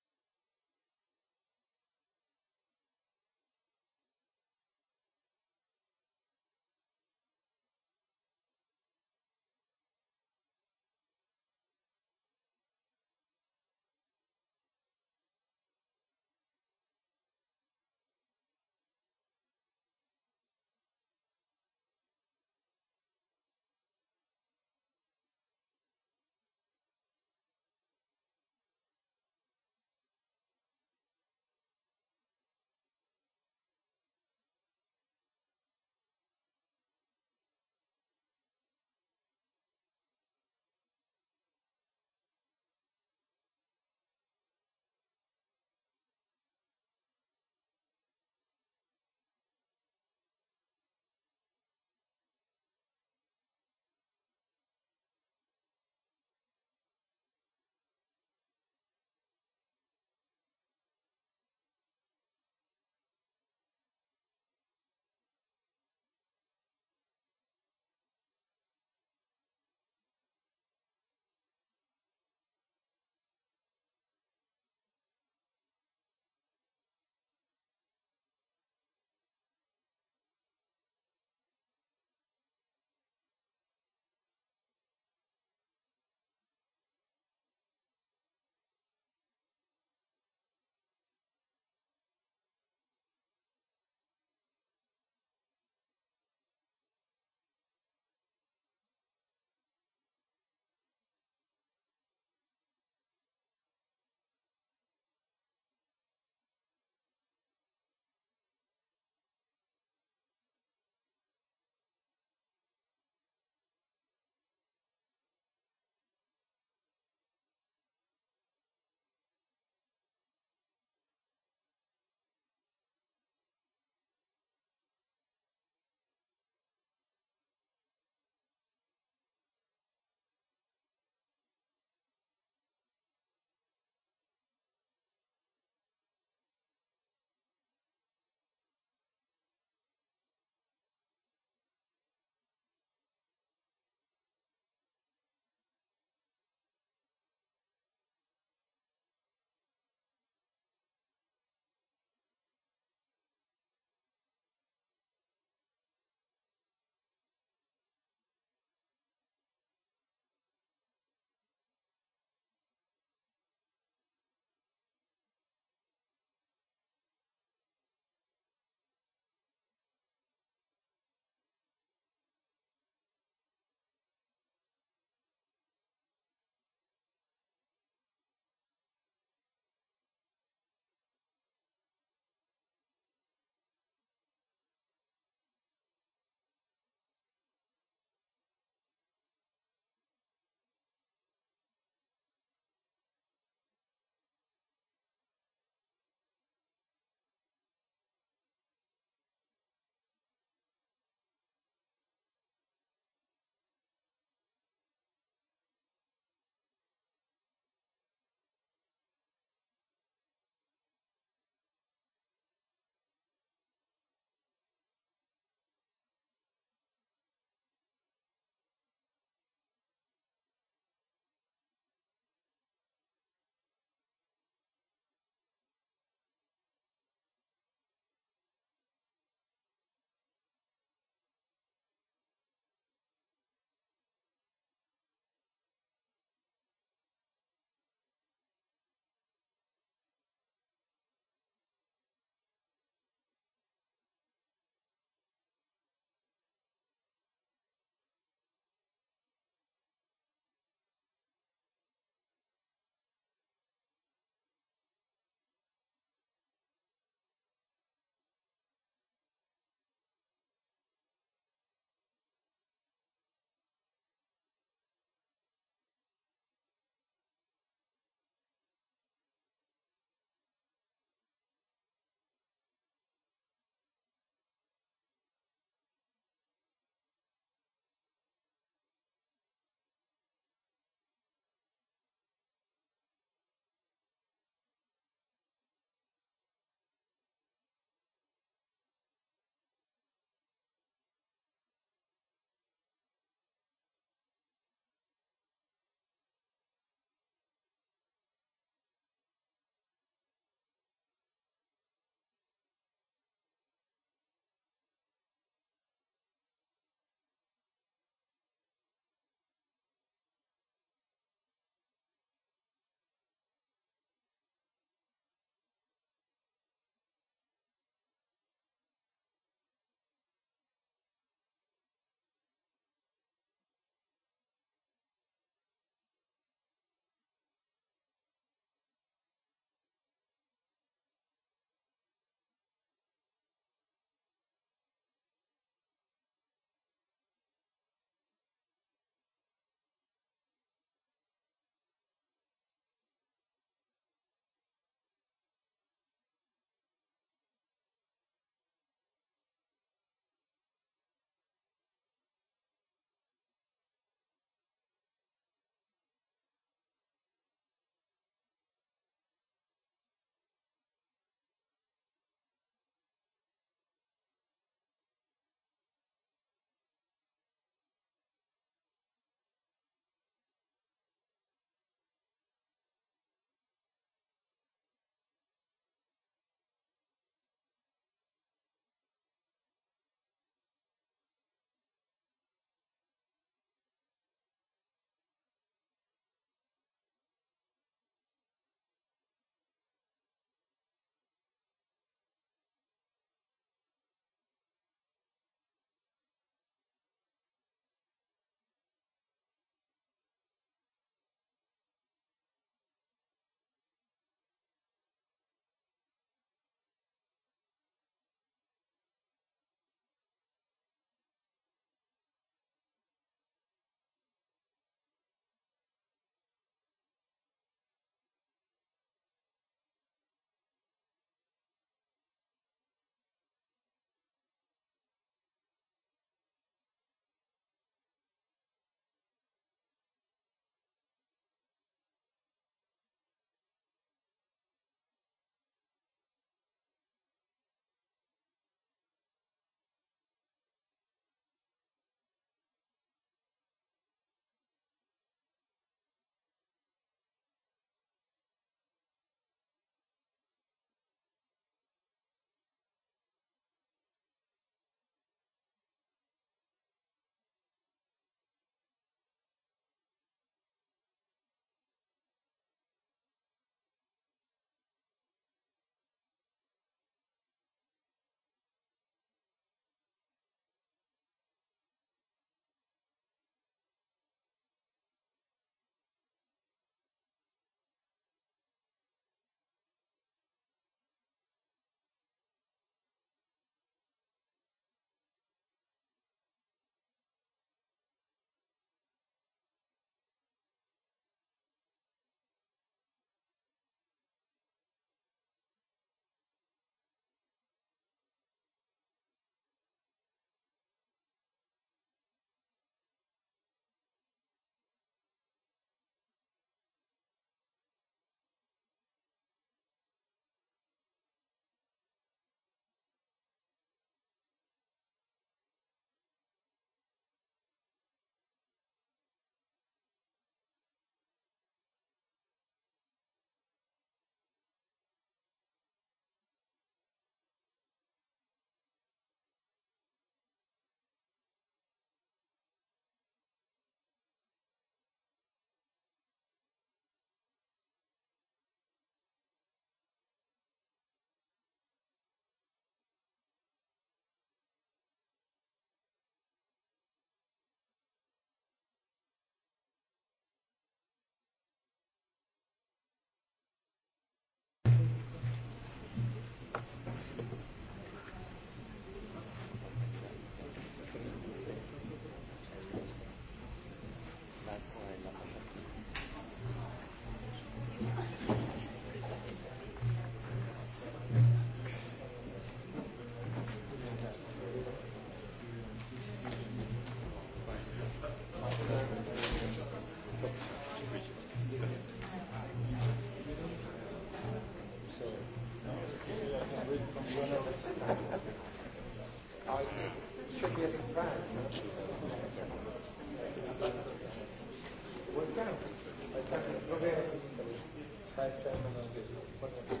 Köszönöm.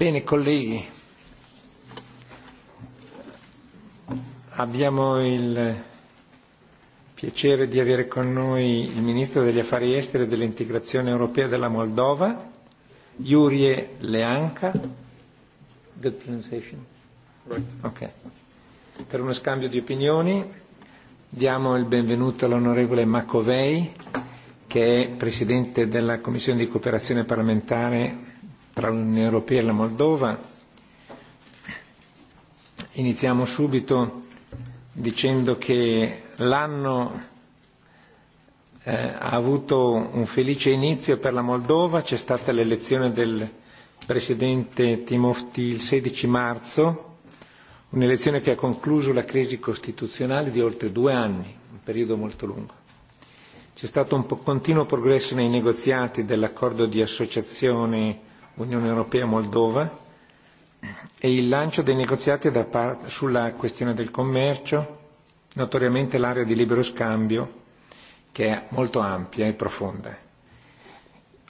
Bene, colleghi, abbiamo il piacere di avere con noi il Ministro degli Affari Esteri e dell'Integrazione Europea della Moldova, Jurie Leanca. Good pronunciation? Right. Ok. Per uno scambio di opinioni diamo il benvenuto all'onorevole Macovei, che è Presidente della Commissione di cooperazione parlamentare tra l'Unione Europea e la Moldova. Iniziamo subito dicendo che l'anno eh, ha avuto un felice inizio per la Moldova, c'è stata l'elezione del presidente Timofti il 16 marzo, un'elezione che ha concluso la crisi costituzionale di oltre due anni, un periodo molto lungo. C'è stato un continuo progresso nei negoziati dell'accordo di associazione Unione Europea e Moldova e il lancio dei negoziati da par- sulla questione del commercio, notoriamente l'area di libero scambio che è molto ampia e profonda.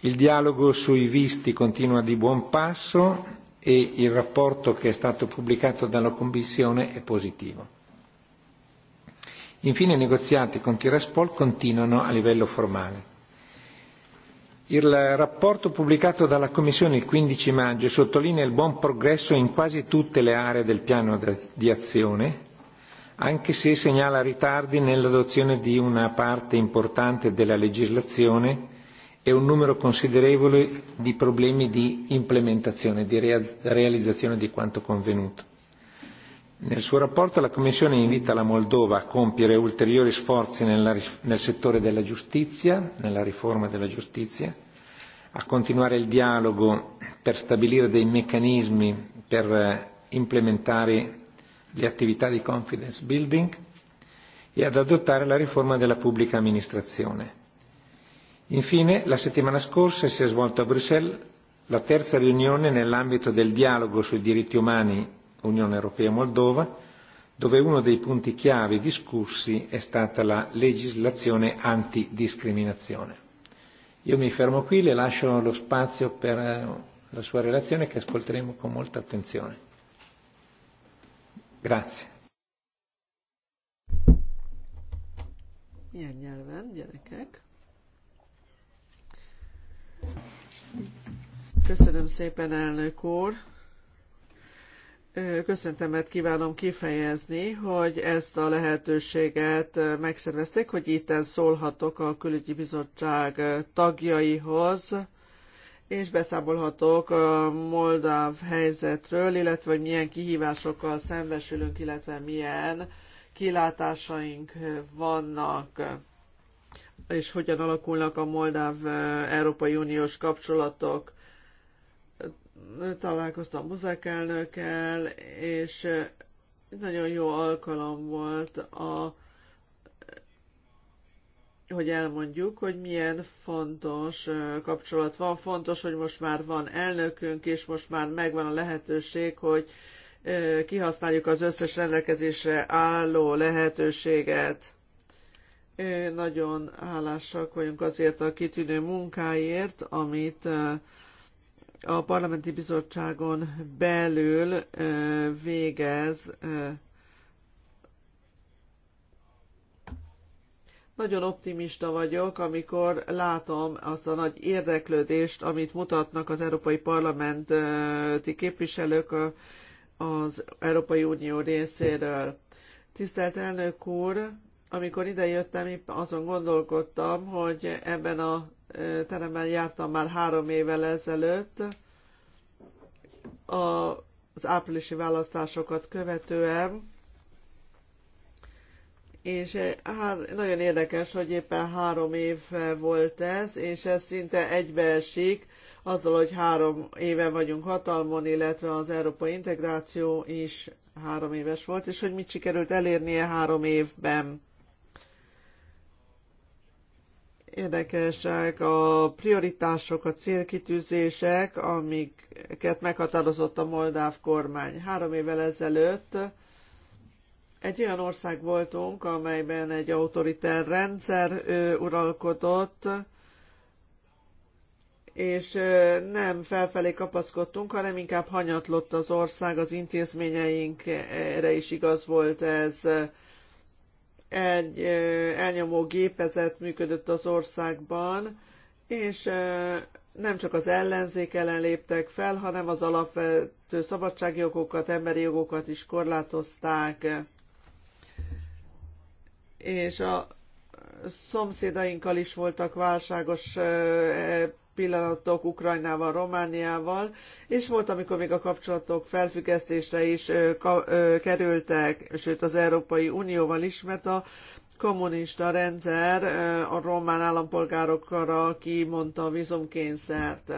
Il dialogo sui visti continua di buon passo e il rapporto che è stato pubblicato dalla Commissione è positivo. Infine i negoziati con Tiraspol continuano a livello formale. Il rapporto pubblicato dalla Commissione il 15 maggio sottolinea il buon progresso in quasi tutte le aree del piano di azione, anche se segnala ritardi nell'adozione di una parte importante della legislazione e un numero considerevole di problemi di implementazione, di realizzazione di quanto convenuto. Nel suo rapporto la Commissione invita la Moldova a compiere ulteriori sforzi nella, nel settore della giustizia, nella riforma della giustizia, a continuare il dialogo per stabilire dei meccanismi per eh, implementare le attività di confidence building e ad adottare la riforma della pubblica amministrazione. Infine, la settimana scorsa si è svolta a Bruxelles la terza riunione nell'ambito del dialogo sui diritti umani Unione Europea Moldova, dove uno dei punti chiave discussi è stata la legislazione antidiscriminazione. Io mi fermo qui, le lascio lo spazio per eh, la sua relazione che ascolteremo con molta attenzione. Grazie. Köszönöm szépen, elnök úr! köszöntemet kívánom kifejezni, hogy ezt a lehetőséget megszervezték, hogy itten szólhatok a külügyi bizottság tagjaihoz, és beszámolhatok a moldáv helyzetről, illetve hogy milyen kihívásokkal szembesülünk, illetve milyen kilátásaink vannak, és hogyan alakulnak a moldáv Európai Uniós kapcsolatok találkoztam Buzek elnökkel, és nagyon jó alkalom volt a hogy elmondjuk, hogy milyen fontos kapcsolat van. Fontos, hogy most már van elnökünk, és most már megvan a lehetőség, hogy kihasználjuk az összes rendelkezésre álló lehetőséget. Nagyon hálásak vagyunk azért a kitűnő munkáért, amit a parlamenti bizottságon belül végez Nagyon optimista vagyok, amikor látom azt a nagy érdeklődést, amit mutatnak az Európai Parlamenti képviselők az Európai Unió részéről. Tisztelt elnök úr, amikor idejöttem, azon gondolkodtam, hogy ebben a teremben jártam már három évvel ezelőtt. Az áprilisi választásokat követően, és hát nagyon érdekes, hogy éppen három év volt ez, és ez szinte egybeesik azzal, hogy három éve vagyunk hatalmon, illetve az európai integráció is három éves volt, és hogy mit sikerült elérnie három évben érdekesek a prioritások, a célkitűzések, amiket meghatározott a moldáv kormány. Három évvel ezelőtt egy olyan ország voltunk, amelyben egy autoriter rendszer uralkodott, és nem felfelé kapaszkodtunk, hanem inkább hanyatlott az ország, az intézményeinkre is igaz volt ez, egy elnyomó gépezet működött az országban, és nem csak az ellenzék ellen léptek fel, hanem az alapvető szabadságjogokat, emberi jogokat is korlátozták. És a szomszédainkkal is voltak válságos pillanatok Ukrajnával, Romániával, és volt, amikor még a kapcsolatok felfüggesztésre is kerültek, sőt az Európai Unióval is, mert a kommunista rendszer a román állampolgárokra kimondta a vizumkényszert.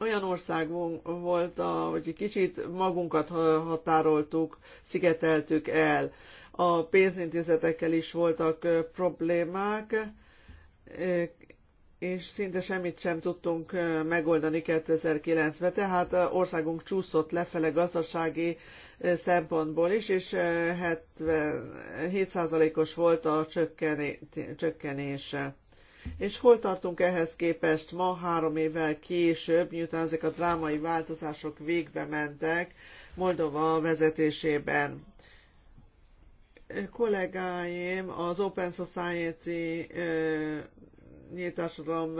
olyan ország volt, hogy egy kicsit magunkat határoltuk, szigeteltük el. A pénzintézetekkel is voltak problémák, és szinte semmit sem tudtunk megoldani 2009-ben, tehát országunk csúszott lefele gazdasági szempontból is, és 77%-os volt a csökkenése. És hol tartunk ehhez képest ma, három évvel később, miután ezek a drámai változások végbe mentek Moldova vezetésében? kollégáim az Open Society nyílt társadalom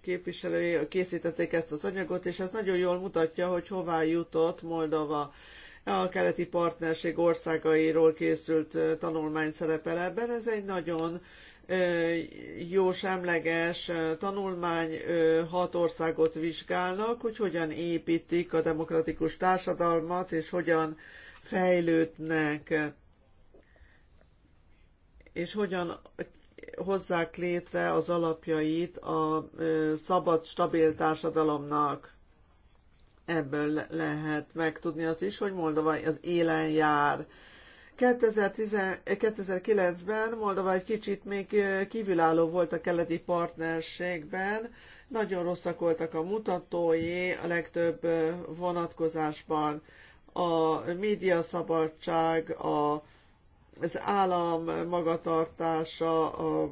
képviselői készítették ezt az anyagot, és ez nagyon jól mutatja, hogy hová jutott Moldova. A keleti partnerség országairól készült tanulmány szerepel ebben. Ez egy nagyon jó semleges tanulmány, hat országot vizsgálnak, hogy hogyan építik a demokratikus társadalmat, és hogyan fejlődnek és hogyan hozzák létre az alapjait a szabad, stabil társadalomnak. Ebből lehet megtudni az is, hogy Moldova az élen jár. 2009-ben Moldova egy kicsit még kívülálló volt a keleti partnerségben, nagyon rosszak voltak a mutatói a legtöbb vonatkozásban. A médiaszabadság, a az állam magatartása az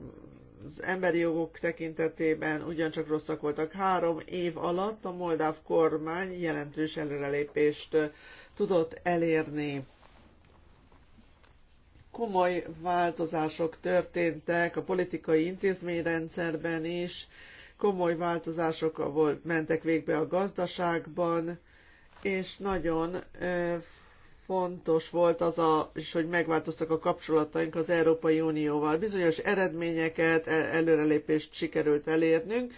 emberi jogok tekintetében ugyancsak rosszak voltak. Három év alatt a moldáv kormány jelentős előrelépést tudott elérni. Komoly változások történtek a politikai intézményrendszerben is, komoly változások volt, mentek végbe a gazdaságban, és nagyon fontos volt az a, és hogy megváltoztak a kapcsolataink az Európai Unióval. Bizonyos eredményeket, e- előrelépést sikerült elérnünk,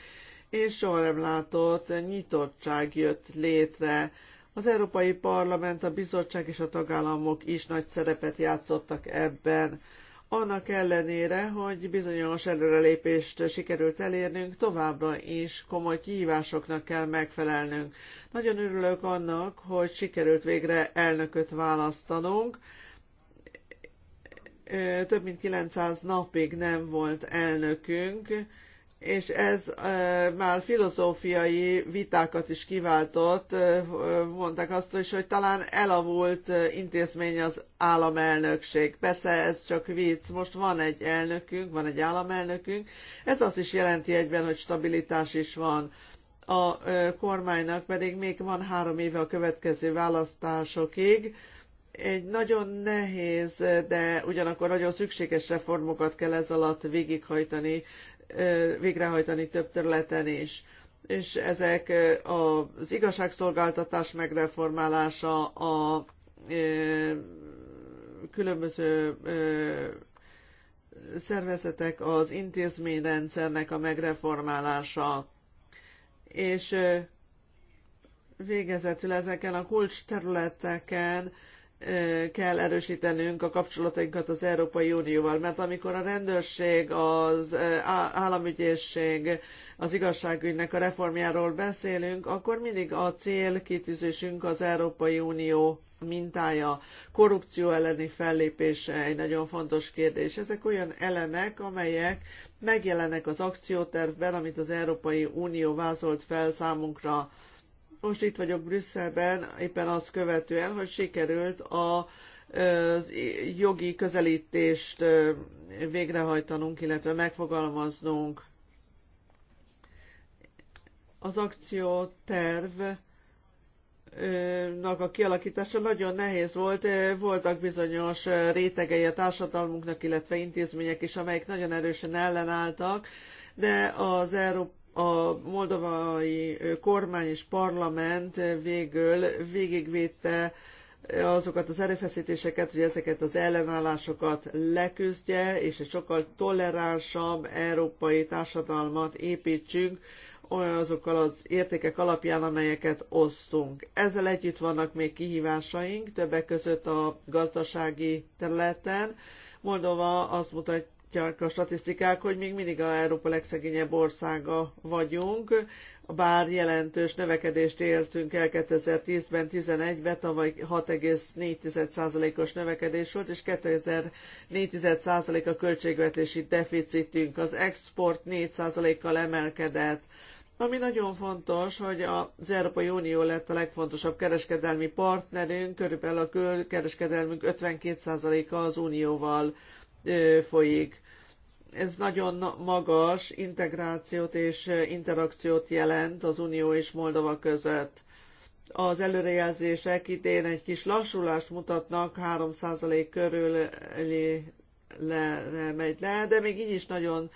és soha nem látott nyitottság jött létre. Az Európai Parlament, a bizottság és a tagállamok is nagy szerepet játszottak ebben. Annak ellenére, hogy bizonyos előrelépést sikerült elérnünk, továbbra is komoly kihívásoknak kell megfelelnünk. Nagyon örülök annak, hogy sikerült végre elnököt választanunk. Több mint 900 napig nem volt elnökünk, és ez már filozófiai vitákat is kiváltott. Mondták azt is, hogy talán elavult intézmény az államelnökség. Persze ez csak vicc, most van egy elnökünk, van egy államelnökünk. Ez azt is jelenti egyben, hogy stabilitás is van. A kormánynak pedig még van három éve a következő választásokig, egy nagyon nehéz, de ugyanakkor nagyon szükséges reformokat kell ez alatt végighajtani végrehajtani több területen is. És ezek az igazságszolgáltatás megreformálása, a különböző szervezetek, az intézményrendszernek a megreformálása, és végezetül ezeken a kulcs területeken kell erősítenünk a kapcsolatainkat az Európai Unióval, mert amikor a rendőrség, az államügyészség, az igazságügynek a reformjáról beszélünk, akkor mindig a cél kitűzésünk az Európai Unió mintája, korrupció elleni fellépése egy nagyon fontos kérdés. Ezek olyan elemek, amelyek megjelennek az akciótervben, amit az Európai Unió vázolt fel számunkra most itt vagyok Brüsszelben, éppen azt követően, hogy sikerült a az jogi közelítést végrehajtanunk, illetve megfogalmaznunk. Az akciótervnak a kialakítása nagyon nehéz volt. Voltak bizonyos rétegei a társadalmunknak, illetve intézmények is, amelyek nagyon erősen ellenálltak, de az Európa a moldovai kormány és parlament végül végigvédte azokat az erőfeszítéseket, hogy ezeket az ellenállásokat leküzdje, és egy sokkal toleránsabb európai társadalmat építsünk azokkal az értékek alapján, amelyeket osztunk. Ezzel együtt vannak még kihívásaink, többek között a gazdasági területen. Moldova azt mutatja, mutatják a statisztikák, hogy még mindig a Európa legszegényebb országa vagyunk, bár jelentős növekedést éltünk el 2010-ben, 11-ben, tavaly 6,4%-os növekedés volt, és 2004 a költségvetési deficitünk. Az export 4%-kal emelkedett. Ami nagyon fontos, hogy az Európai Unió lett a legfontosabb kereskedelmi partnerünk, körülbelül a kereskedelmünk 52%-a az Unióval folyik ez nagyon magas integrációt és interakciót jelent az Unió és Moldova között. Az előrejelzések idén egy kis lassulást mutatnak, 3% körül le, le megy le, de még így is nagyon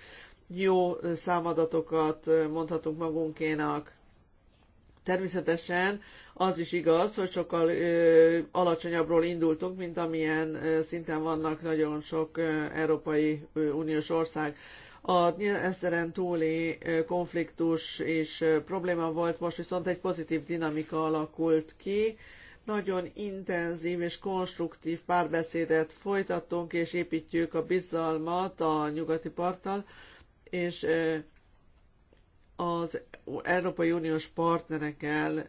jó számadatokat mondhatunk magunkénak. Természetesen az is igaz, hogy sokkal ö, alacsonyabbról indultunk, mint amilyen ö, szinten vannak nagyon sok ö, Európai ö, Uniós ország. A eszteren túli ö, konfliktus és ö, probléma volt, most viszont egy pozitív dinamika alakult ki. Nagyon intenzív és konstruktív párbeszédet folytattunk, és építjük a bizalmat a nyugati parttal, és ö, az Európai Uniós partnerekkel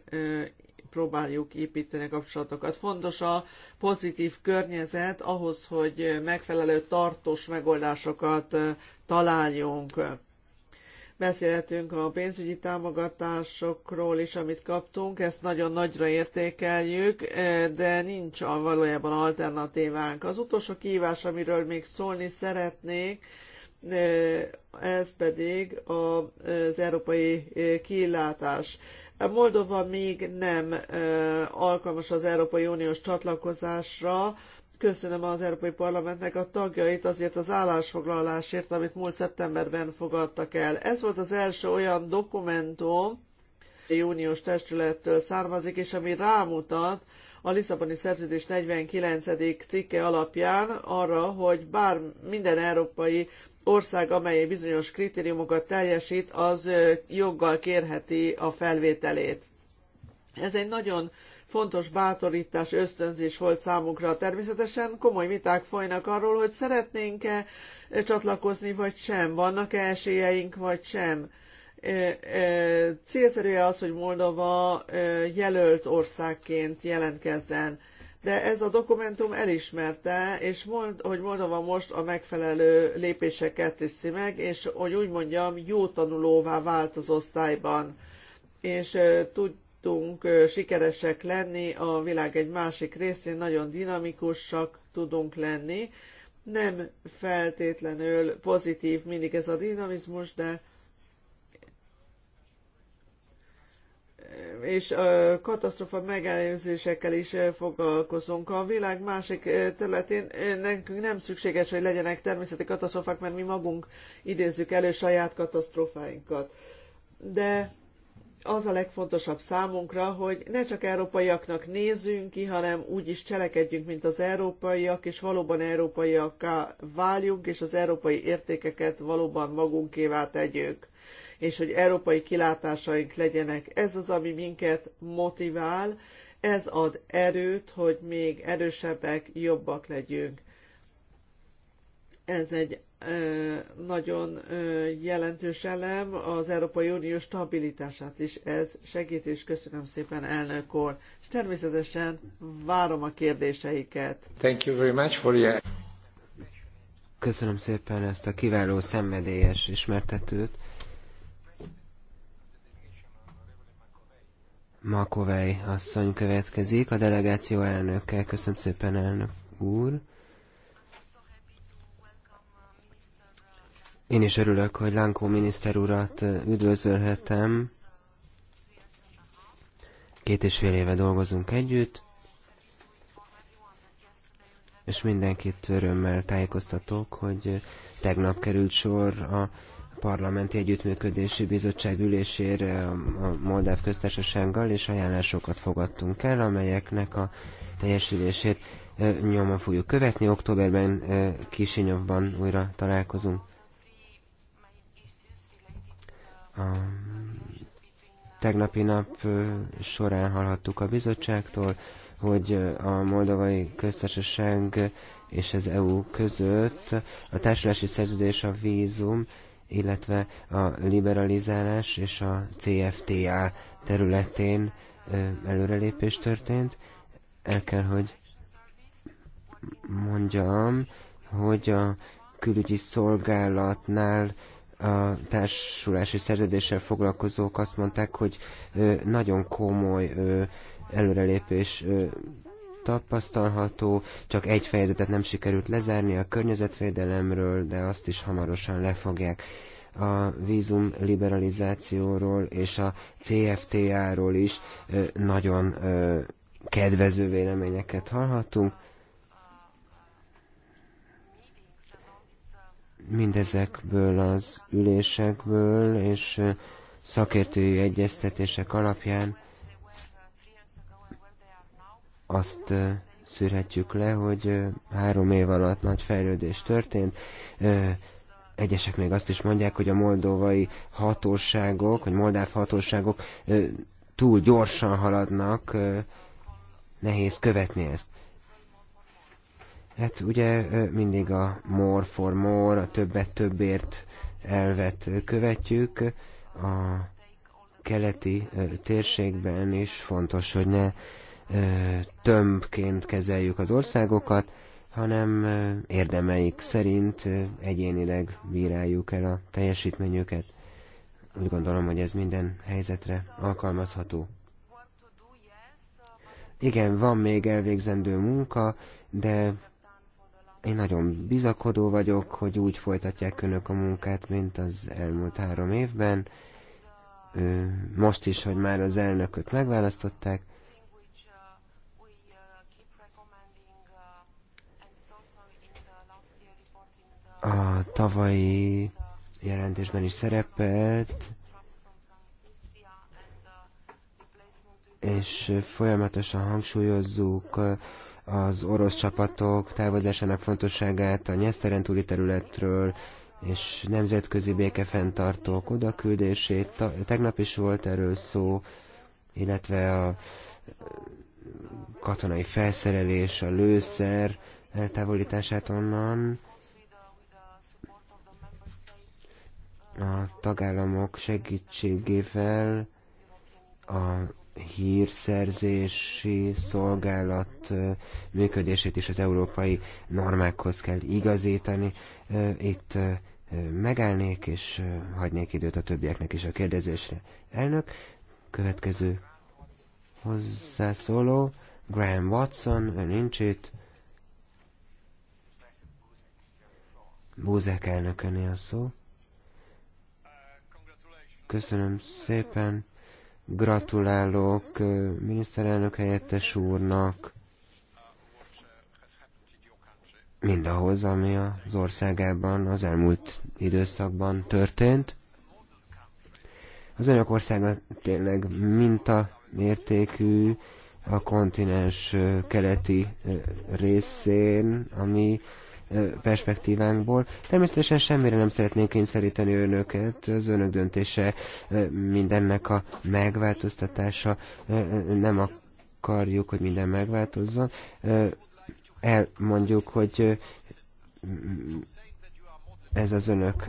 próbáljuk építeni kapcsolatokat. Fontos a pozitív környezet ahhoz, hogy megfelelő tartós megoldásokat találjunk. Beszélhetünk a pénzügyi támogatásokról is, amit kaptunk, ezt nagyon nagyra értékeljük, de nincs a valójában alternatívánk. Az utolsó kívás, amiről még szólni szeretnék, ez pedig az európai kilátás. Moldova még nem alkalmas az Európai Uniós csatlakozásra. Köszönöm az Európai Parlamentnek a tagjait azért az állásfoglalásért, amit múlt szeptemberben fogadtak el. Ez volt az első olyan dokumentum, uniós testülettől származik, és ami rámutat a Lisszaboni Szerződés 49. cikke alapján arra, hogy bár minden európai ország, amely bizonyos kritériumokat teljesít, az joggal kérheti a felvételét. Ez egy nagyon fontos bátorítás, ösztönzés volt számunkra. Természetesen komoly viták folynak arról, hogy szeretnénk-e csatlakozni, vagy sem, vannak-e esélyeink, vagy sem. Célszerű-e az, hogy Moldova jelölt országként jelentkezzen? de ez a dokumentum elismerte, és mond, hogy Moldova most a megfelelő lépéseket teszi meg, és hogy úgy mondjam, jó tanulóvá vált az osztályban, és tudtunk sikeresek lenni, a világ egy másik részén nagyon dinamikusak tudunk lenni, nem feltétlenül pozitív mindig ez a dinamizmus, de és a katasztrofa megelőzésekkel is foglalkozunk. A világ másik területén nekünk nem szükséges, hogy legyenek természeti katasztrofák, mert mi magunk idézzük elő saját katasztrofáinkat. De az a legfontosabb számunkra, hogy ne csak európaiaknak nézzünk ki, hanem úgy is cselekedjünk, mint az európaiak, és valóban európaiakká váljunk, és az európai értékeket valóban magunkévá tegyük és hogy európai kilátásaink legyenek. Ez az, ami minket motivál, ez ad erőt, hogy még erősebbek, jobbak legyünk. Ez egy ö, nagyon ö, jelentős elem az Európai Unió stabilitását is. Ez segít, és köszönöm szépen, elnök úr. És természetesen várom a kérdéseiket. Thank you very much for your... Köszönöm szépen ezt a kiváló szenvedélyes ismertetőt. Makovej asszony következik, a delegáció elnöke. Köszönöm szépen, elnök úr. Én is örülök, hogy Lánkó miniszter urat üdvözölhetem. Két és fél éve dolgozunk együtt, és mindenkit örömmel tájékoztatok, hogy tegnap került sor a Parlamenti Együttműködési Bizottság ülésére a Moldáv köztársasággal, és ajánlásokat fogadtunk el, amelyeknek a teljesülését nyomon fogjuk követni. Októberben Kisinyovban újra találkozunk. A tegnapi nap során hallhattuk a bizottságtól, hogy a Moldovai Köztársaság és az EU között a társulási szerződés, a vízum illetve a liberalizálás és a CFTA területén előrelépés történt. El kell, hogy mondjam, hogy a külügyi szolgálatnál a társulási szerződéssel foglalkozók azt mondták, hogy nagyon komoly előrelépés tapasztalható, csak egy fejezetet nem sikerült lezárni a környezetvédelemről, de azt is hamarosan lefogják a vízum liberalizációról és a CFTA-ról is nagyon kedvező véleményeket hallhatunk. Mindezekből az ülésekből és szakértői egyeztetések alapján azt szűrhetjük le, hogy három év alatt nagy fejlődés történt. Egyesek még azt is mondják, hogy a moldovai hatóságok, vagy moldáv hatóságok túl gyorsan haladnak, nehéz követni ezt. Hát ugye mindig a more for more, a többet többért elvet követjük. A keleti térségben is fontos, hogy ne tömbként kezeljük az országokat, hanem érdemeik szerint egyénileg bíráljuk el a teljesítményüket. Úgy gondolom, hogy ez minden helyzetre alkalmazható. Igen, van még elvégzendő munka, de én nagyon bizakodó vagyok, hogy úgy folytatják önök a munkát, mint az elmúlt három évben. Most is, hogy már az elnököt megválasztották, a tavalyi jelentésben is szerepelt, és folyamatosan hangsúlyozzuk az orosz csapatok távozásának fontosságát a nyeszteren túli területről, és nemzetközi békefenntartók odaküldését. Tegnap is volt erről szó, illetve a katonai felszerelés, a lőszer eltávolítását onnan. a tagállamok segítségével a hírszerzési szolgálat működését is az európai normákhoz kell igazítani. Itt megállnék, és hagynék időt a többieknek is a kérdezésre. Elnök, következő hozzászóló, Graham Watson, ön nincs itt. Búzek elnököné a szó. Köszönöm szépen. Gratulálok miniszterelnök helyettes úrnak mindahhoz, ami az országában az elmúlt időszakban történt. Az önök országa tényleg mértékű a kontinens keleti részén, ami perspektívánkból. Természetesen semmire nem szeretnénk kényszeríteni önöket, az önök döntése mindennek a megváltoztatása, nem akarjuk, hogy minden megváltozzon. Elmondjuk, hogy ez az önök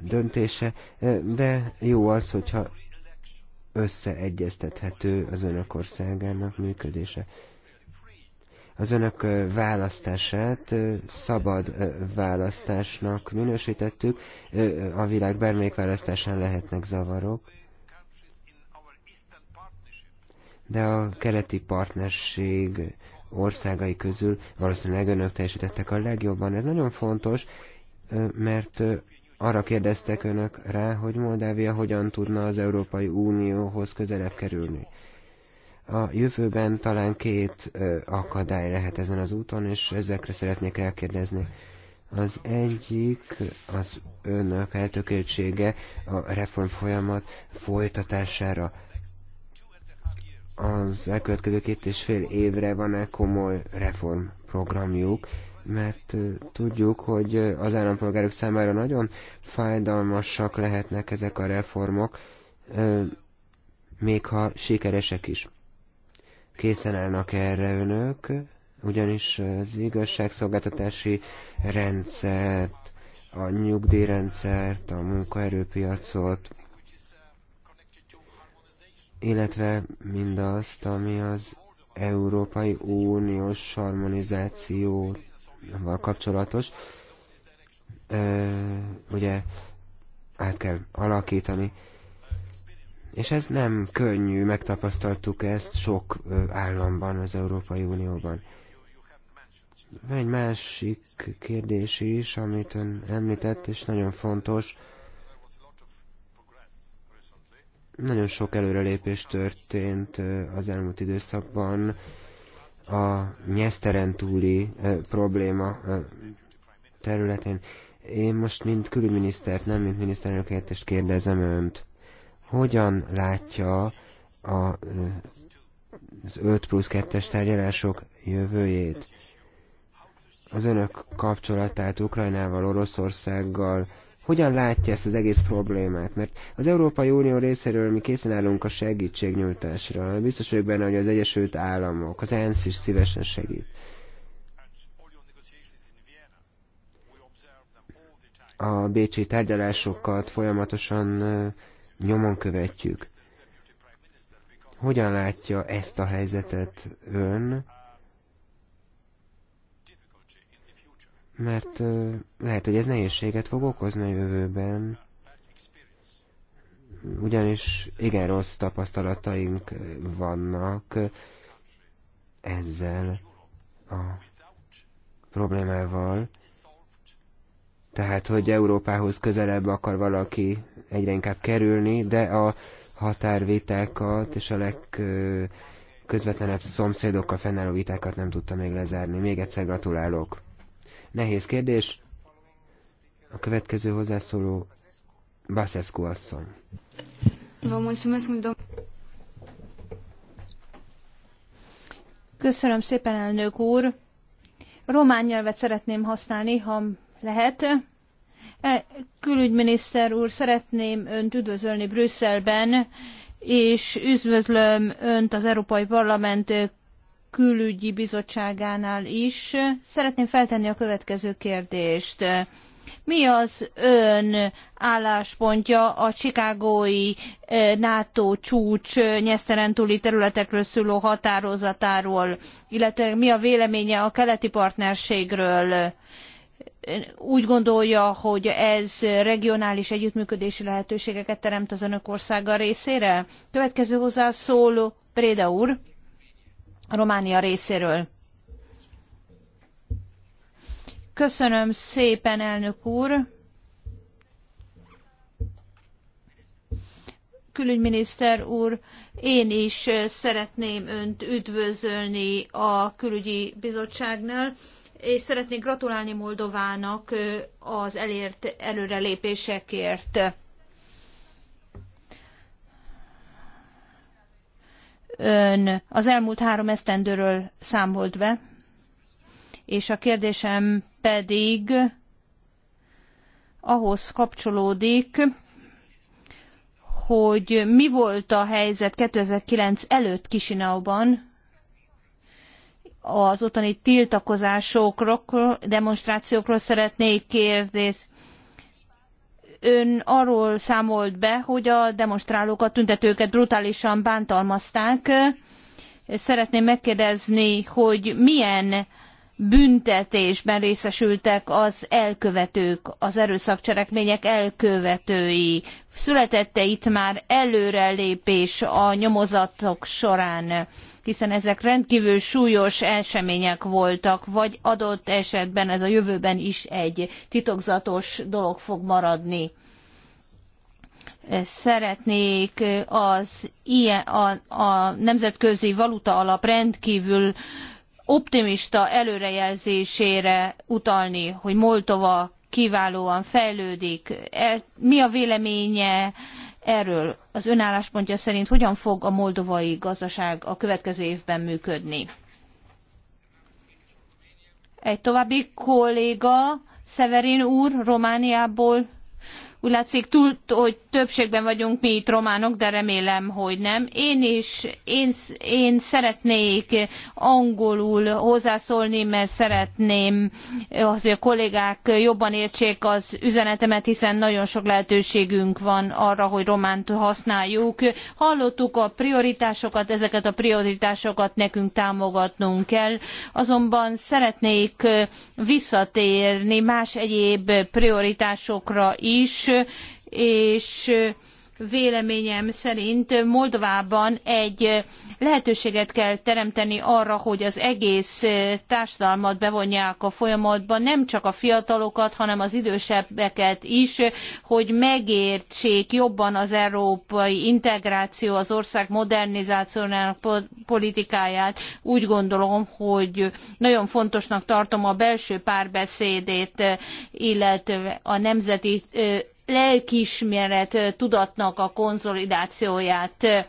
döntése, de jó az, hogyha összeegyeztethető az önök országának működése az önök választását szabad választásnak minősítettük. A világ bármelyik választásán lehetnek zavarok. De a keleti partnerség országai közül valószínűleg önök teljesítettek a legjobban. Ez nagyon fontos, mert arra kérdeztek önök rá, hogy Moldávia hogyan tudna az Európai Unióhoz közelebb kerülni. A jövőben talán két akadály lehet ezen az úton, és ezekre szeretnék rákérdezni. Az egyik az önök eltökéltsége a reform folyamat folytatására. Az elkövetkező két és fél évre van-e komoly reformprogramjuk, mert tudjuk, hogy az állampolgárok számára nagyon fájdalmasak lehetnek ezek a reformok, még ha sikeresek is készen állnak erre önök, ugyanis az igazságszolgáltatási rendszert, a nyugdíjrendszert, a munkaerőpiacot, illetve mindazt, ami az Európai Uniós harmonizációval kapcsolatos. ugye át kell alakítani. És ez nem könnyű, megtapasztaltuk ezt sok államban az Európai Unióban. Van egy másik kérdés is, amit ön említett, és nagyon fontos. Nagyon sok előrelépés történt az elmúlt időszakban a nyeszteren túli probléma területén. Én most, mint külügyminisztert, nem mint miniszterelnök helyettest kérdezem önt hogyan látja a, az 5 plusz 2-es tárgyalások jövőjét. Az önök kapcsolatát Ukrajnával, Oroszországgal, hogyan látja ezt az egész problémát? Mert az Európai Unió részéről mi készen állunk a segítségnyújtásra. Biztos vagyok benne, hogy az Egyesült Államok, az ENSZ is szívesen segít. A bécsi tárgyalásokat folyamatosan nyomon követjük. Hogyan látja ezt a helyzetet ön? Mert lehet, hogy ez nehézséget fog okozni a jövőben ugyanis igen rossz tapasztalataink vannak ezzel a problémával. Tehát, hogy Európához közelebb akar valaki egyre inkább kerülni, de a határvitákat és a legközvetlenebb szomszédokkal fennálló vitákat nem tudta még lezárni. Még egyszer gratulálok. Nehéz kérdés. A következő hozzászóló Basescu asszony. Köszönöm szépen, elnök úr. Román nyelvet szeretném használni, ha lehet. E, külügyminiszter úr, szeretném Önt üdvözölni Brüsszelben, és üdvözlöm Önt az Európai Parlament külügyi bizottságánál is. Szeretném feltenni a következő kérdést. Mi az ön álláspontja a Chicagói e, NATO csúcs nyeszteren túli területekről szóló határozatáról, illetve mi a véleménye a keleti partnerségről? úgy gondolja, hogy ez regionális együttműködési lehetőségeket teremt az önök országa részére? Következő hozzászóló Préda úr, Románia részéről. Köszönöm szépen, elnök úr. Külügyminiszter úr, én is szeretném önt üdvözölni a külügyi bizottságnál és szeretnék gratulálni Moldovának az elért előrelépésekért. Ön az elmúlt három esztendőről számolt be, és a kérdésem pedig ahhoz kapcsolódik, hogy mi volt a helyzet 2009 előtt Kisinauban, az ottani tiltakozásokról, demonstrációkról szeretnék kérdezni. Ön arról számolt be, hogy a demonstrálókat, tüntetőket brutálisan bántalmazták. Szeretném megkérdezni, hogy milyen büntetésben részesültek az elkövetők, az erőszakcselekmények elkövetői. Születette itt már előrelépés a nyomozatok során, hiszen ezek rendkívül súlyos események voltak, vagy adott esetben ez a jövőben is egy titokzatos dolog fog maradni szeretnék az ilyen, a, a nemzetközi valuta alap rendkívül optimista előrejelzésére utalni, hogy Moldova kiválóan fejlődik. E, mi a véleménye erről? Az ön álláspontja szerint hogyan fog a moldovai gazdaság a következő évben működni? Egy további kolléga, Severin úr, Romániából úgy látszik, túl, hogy többségben vagyunk mi itt románok, de remélem, hogy nem. Én is, én, én szeretnék angolul hozzászólni, mert szeretném, az, eh, hogy a kollégák jobban értsék az üzenetemet, hiszen nagyon sok lehetőségünk van arra, hogy románt használjuk. Hallottuk a prioritásokat, ezeket a prioritásokat nekünk támogatnunk kell, azonban szeretnék eh, visszatérni más egyéb prioritásokra is, és véleményem szerint Moldovában egy lehetőséget kell teremteni arra, hogy az egész társadalmat bevonják a folyamatba, nem csak a fiatalokat, hanem az idősebbeket is, hogy megértsék jobban az európai integráció, az ország modernizációjának politikáját. Úgy gondolom, hogy nagyon fontosnak tartom a belső párbeszédét, illetve a nemzeti lelkiismeret tudatnak a konszolidációját.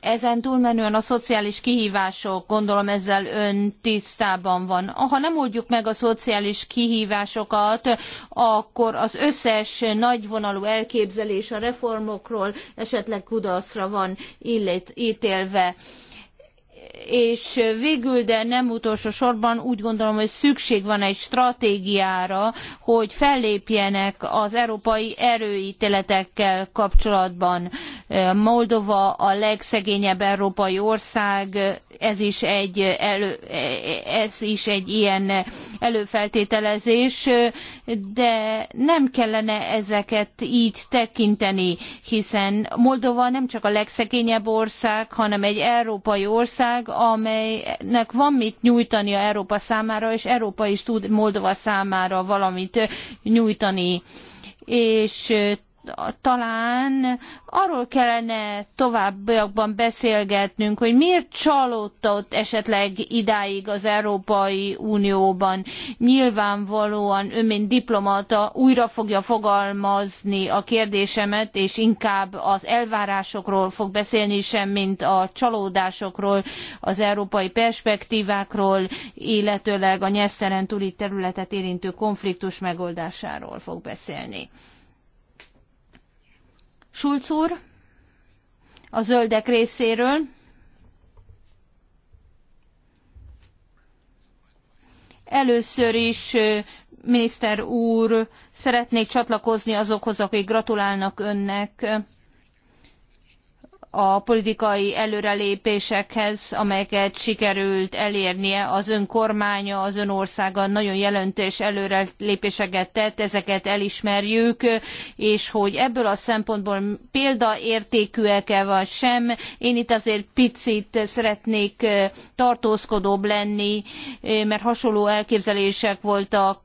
Ezen túlmenően a szociális kihívások, gondolom ezzel ön tisztában van. Ha nem oldjuk meg a szociális kihívásokat, akkor az összes nagyvonalú elképzelés a reformokról esetleg kudarcra van illet, és végül, de nem utolsó sorban úgy gondolom, hogy szükség van egy stratégiára, hogy fellépjenek az európai erőítéletekkel kapcsolatban. Moldova a legszegényebb európai ország, ez is egy, elő, ez is egy ilyen előfeltételezés, de nem kellene ezeket így tekinteni, hiszen Moldova nem csak a legszegényebb ország, hanem egy európai ország, amelynek van mit nyújtania Európa számára, és Európa is tud Moldova számára valamit nyújtani és talán arról kellene továbbiakban beszélgetnünk, hogy miért csalódott esetleg idáig az Európai Unióban. Nyilvánvalóan ő, mint diplomata, újra fogja fogalmazni a kérdésemet, és inkább az elvárásokról fog beszélni sem, mint a csalódásokról, az európai perspektívákról, illetőleg a nyeszteren túli területet érintő konfliktus megoldásáról fog beszélni. Schulz úr, a zöldek részéről. Először is, miniszter úr, szeretnék csatlakozni azokhoz, akik gratulálnak önnek a politikai előrelépésekhez, amelyeket sikerült elérnie. Az ön kormánya, az ön országa nagyon jelentős előrelépéseket tett, ezeket elismerjük, és hogy ebből a szempontból példaértékűek-e vagy sem, én itt azért picit szeretnék tartózkodóbb lenni, mert hasonló elképzelések voltak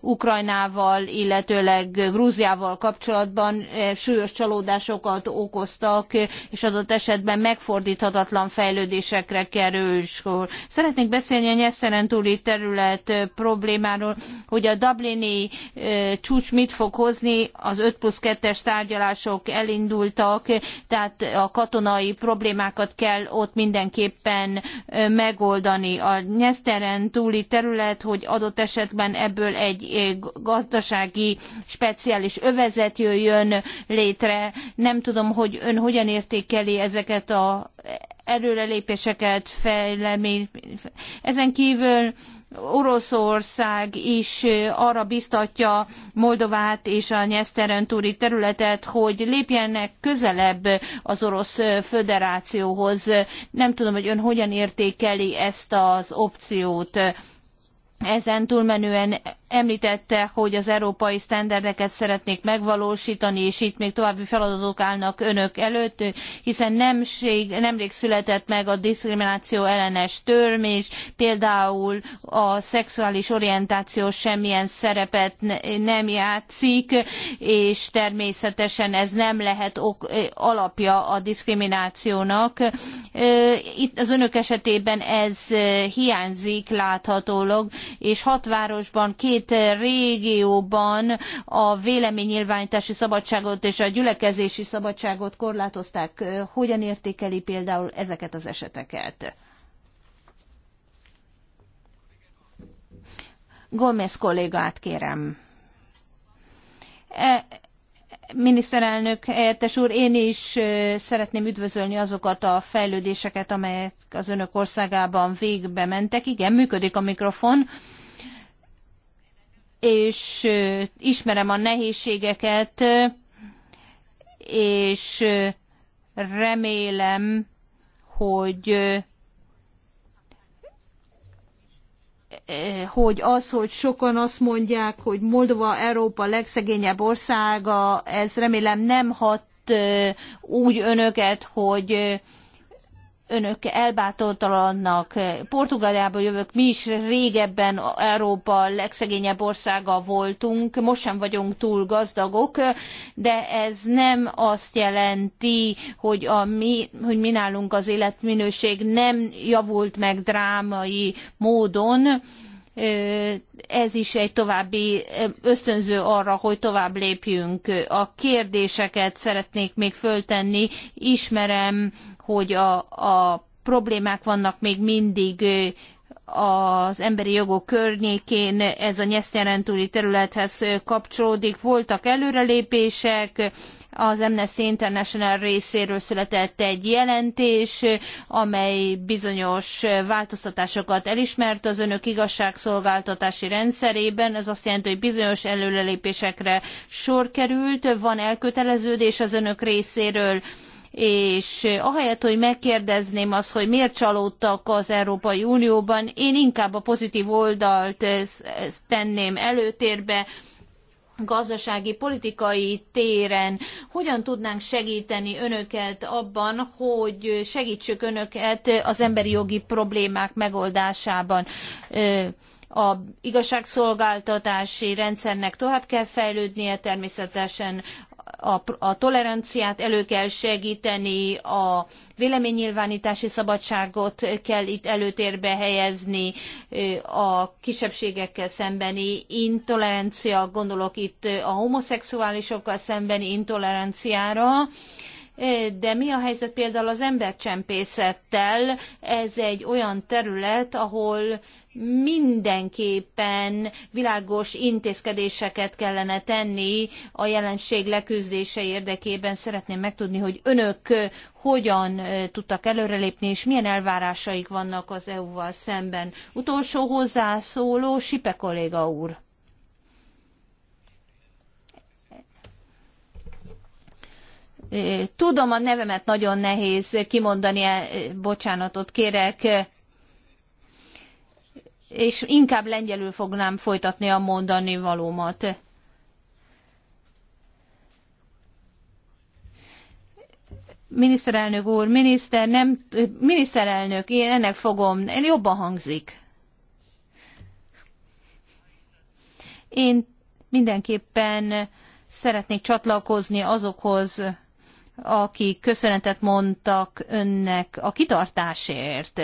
Ukrajnával, illetőleg Grúziával kapcsolatban, súlyos csalódásokat okoztak, és adott esetben megfordíthatatlan fejlődésekre kerül sor. Szeretnék beszélni a Nyeszeren túli terület problémáról, hogy a Dublini csúcs mit fog hozni, az 5 plusz 2-es tárgyalások elindultak, tehát a katonai problémákat kell ott mindenképpen megoldani. A nyeszteren túli terület, hogy adott esetben ebből egy gazdasági speciális övezet jöjjön létre. Nem tudom, hogy ön hogyan értékel értékeli ezeket a előrelépéseket, fejlemény. Ezen kívül Oroszország is arra biztatja Moldovát és a Nyeszteren túri területet, hogy lépjenek közelebb az Orosz Föderációhoz. Nem tudom, hogy ön hogyan értékeli ezt az opciót ezen túlmenően említette, hogy az európai sztenderdeket szeretnék megvalósítani, és itt még további feladatok állnak önök előtt, hiszen nemség, nemrég született meg a diszkrimináció ellenes törmés, például a szexuális orientáció semmilyen szerepet nem játszik, és természetesen ez nem lehet ok, alapja a diszkriminációnak. Itt az önök esetében ez hiányzik láthatólag, és hat városban, két régióban a véleménynyilvánítási szabadságot és a gyülekezési szabadságot korlátozták. Hogyan értékeli például ezeket az eseteket? Gomez kollégát kérem. E, Miniszterelnök helyettes úr, én is szeretném üdvözölni azokat a fejlődéseket, amelyek az önök országában végbe mentek. Igen, működik a mikrofon és ismerem a nehézségeket, és remélem, hogy Eh, hogy az, hogy sokan azt mondják, hogy Moldova Európa legszegényebb országa, ez remélem nem hat eh, úgy önöket, hogy eh, önök elbátortalannak. Portugáliából jövök, mi is régebben Európa legszegényebb országa voltunk, most sem vagyunk túl gazdagok, de ez nem azt jelenti, hogy, a mi, hogy mi nálunk az életminőség nem javult meg drámai módon, ez is egy további ösztönző arra, hogy tovább lépjünk. A kérdéseket szeretnék még föltenni. Ismerem hogy a, a problémák vannak még mindig az emberi jogok környékén ez a nyesztjelen túli területhez kapcsolódik. Voltak előrelépések, az Amnesty International részéről született egy jelentés, amely bizonyos változtatásokat elismert az önök igazságszolgáltatási rendszerében. Ez azt jelenti, hogy bizonyos előrelépésekre sor került, van elköteleződés az önök részéről és ahelyett, hogy megkérdezném azt, hogy miért csalódtak az Európai Unióban, én inkább a pozitív oldalt e, e, tenném előtérbe, gazdasági, politikai téren hogyan tudnánk segíteni önöket abban, hogy segítsük önöket az emberi jogi problémák megoldásában. E, a igazságszolgáltatási rendszernek tovább kell fejlődnie, természetesen a, a toleranciát elő kell segíteni, a véleménynyilvánítási szabadságot kell itt előtérbe helyezni, a kisebbségekkel szembeni intolerancia, gondolok itt a homoszexuálisokkal szembeni intoleranciára, de mi a helyzet például az embercsempészettel? Ez egy olyan terület, ahol mindenképpen világos intézkedéseket kellene tenni a jelenség leküzdése érdekében. Szeretném megtudni, hogy önök hogyan tudtak előrelépni, és milyen elvárásaik vannak az EU-val szemben. Utolsó hozzászóló, Sipe kolléga úr. Tudom, a nevemet nagyon nehéz kimondani, e, bocsánatot kérek és inkább lengyelül fognám folytatni a mondani valómat. Miniszterelnök úr, miniszter, nem, miniszterelnök, én ennek fogom, én jobban hangzik. Én mindenképpen szeretnék csatlakozni azokhoz, akik köszönetet mondtak önnek a kitartásért,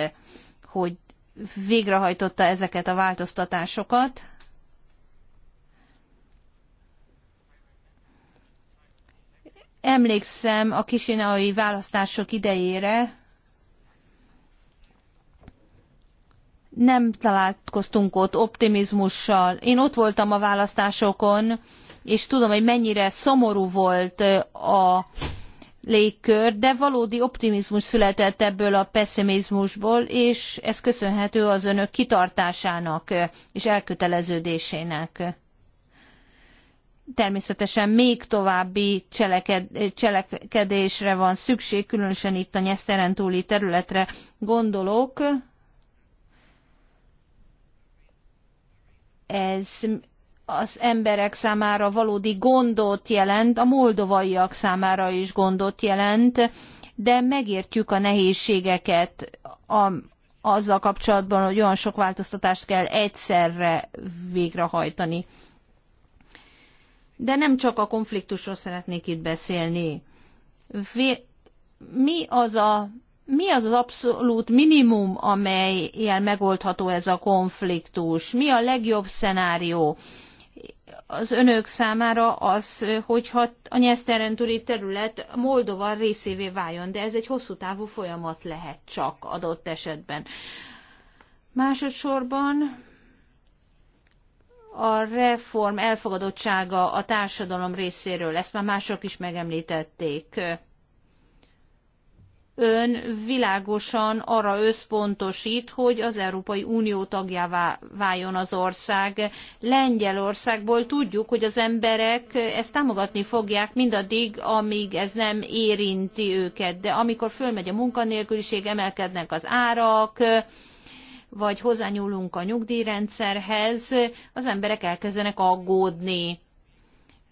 hogy végrehajtotta ezeket a változtatásokat. Emlékszem a kisinai választások idejére, nem találkoztunk ott optimizmussal. Én ott voltam a választásokon, és tudom, hogy mennyire szomorú volt a légkör, de valódi optimizmus született ebből a pessimizmusból, és ez köszönhető az önök kitartásának és elköteleződésének. Természetesen még további cseleked, cselekedésre van szükség, különösen itt a nyeszteren túli területre gondolok. Ez az emberek számára valódi gondot jelent, a moldovaiak számára is gondot jelent, de megértjük a nehézségeket a, azzal kapcsolatban, hogy olyan sok változtatást kell egyszerre végrehajtani. De nem csak a konfliktusról szeretnék itt beszélni. Mi az a mi az az abszolút minimum, amelyel megoldható ez a konfliktus? Mi a legjobb szenárió? az önök számára az, hogyha a nyeszterentúri terület Moldova részévé váljon, de ez egy hosszú távú folyamat lehet csak adott esetben. Másodszorban a reform elfogadottsága a társadalom részéről, ezt már mások is megemlítették ön világosan arra összpontosít, hogy az Európai Unió tagjává váljon az ország. Lengyelországból tudjuk, hogy az emberek ezt támogatni fogják mindaddig, amíg ez nem érinti őket. De amikor fölmegy a munkanélküliség, emelkednek az árak, vagy hozzányúlunk a nyugdíjrendszerhez, az emberek elkezdenek aggódni.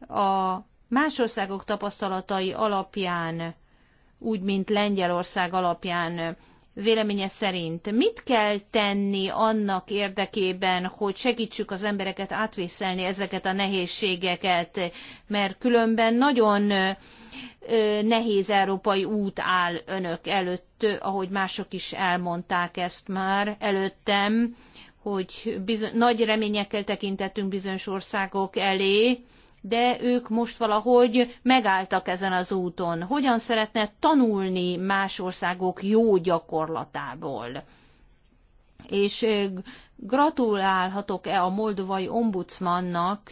A más országok tapasztalatai alapján úgy, mint Lengyelország alapján véleménye szerint mit kell tenni annak érdekében, hogy segítsük az embereket átvészelni ezeket a nehézségeket, mert különben nagyon nehéz európai út áll önök előtt, ahogy mások is elmondták ezt már előttem, hogy bizony, nagy reményekkel tekintettünk bizonyos országok elé, de ők most valahogy megálltak ezen az úton. Hogyan szeretne tanulni más országok jó gyakorlatából? És gratulálhatok-e a moldovai ombudsmannak,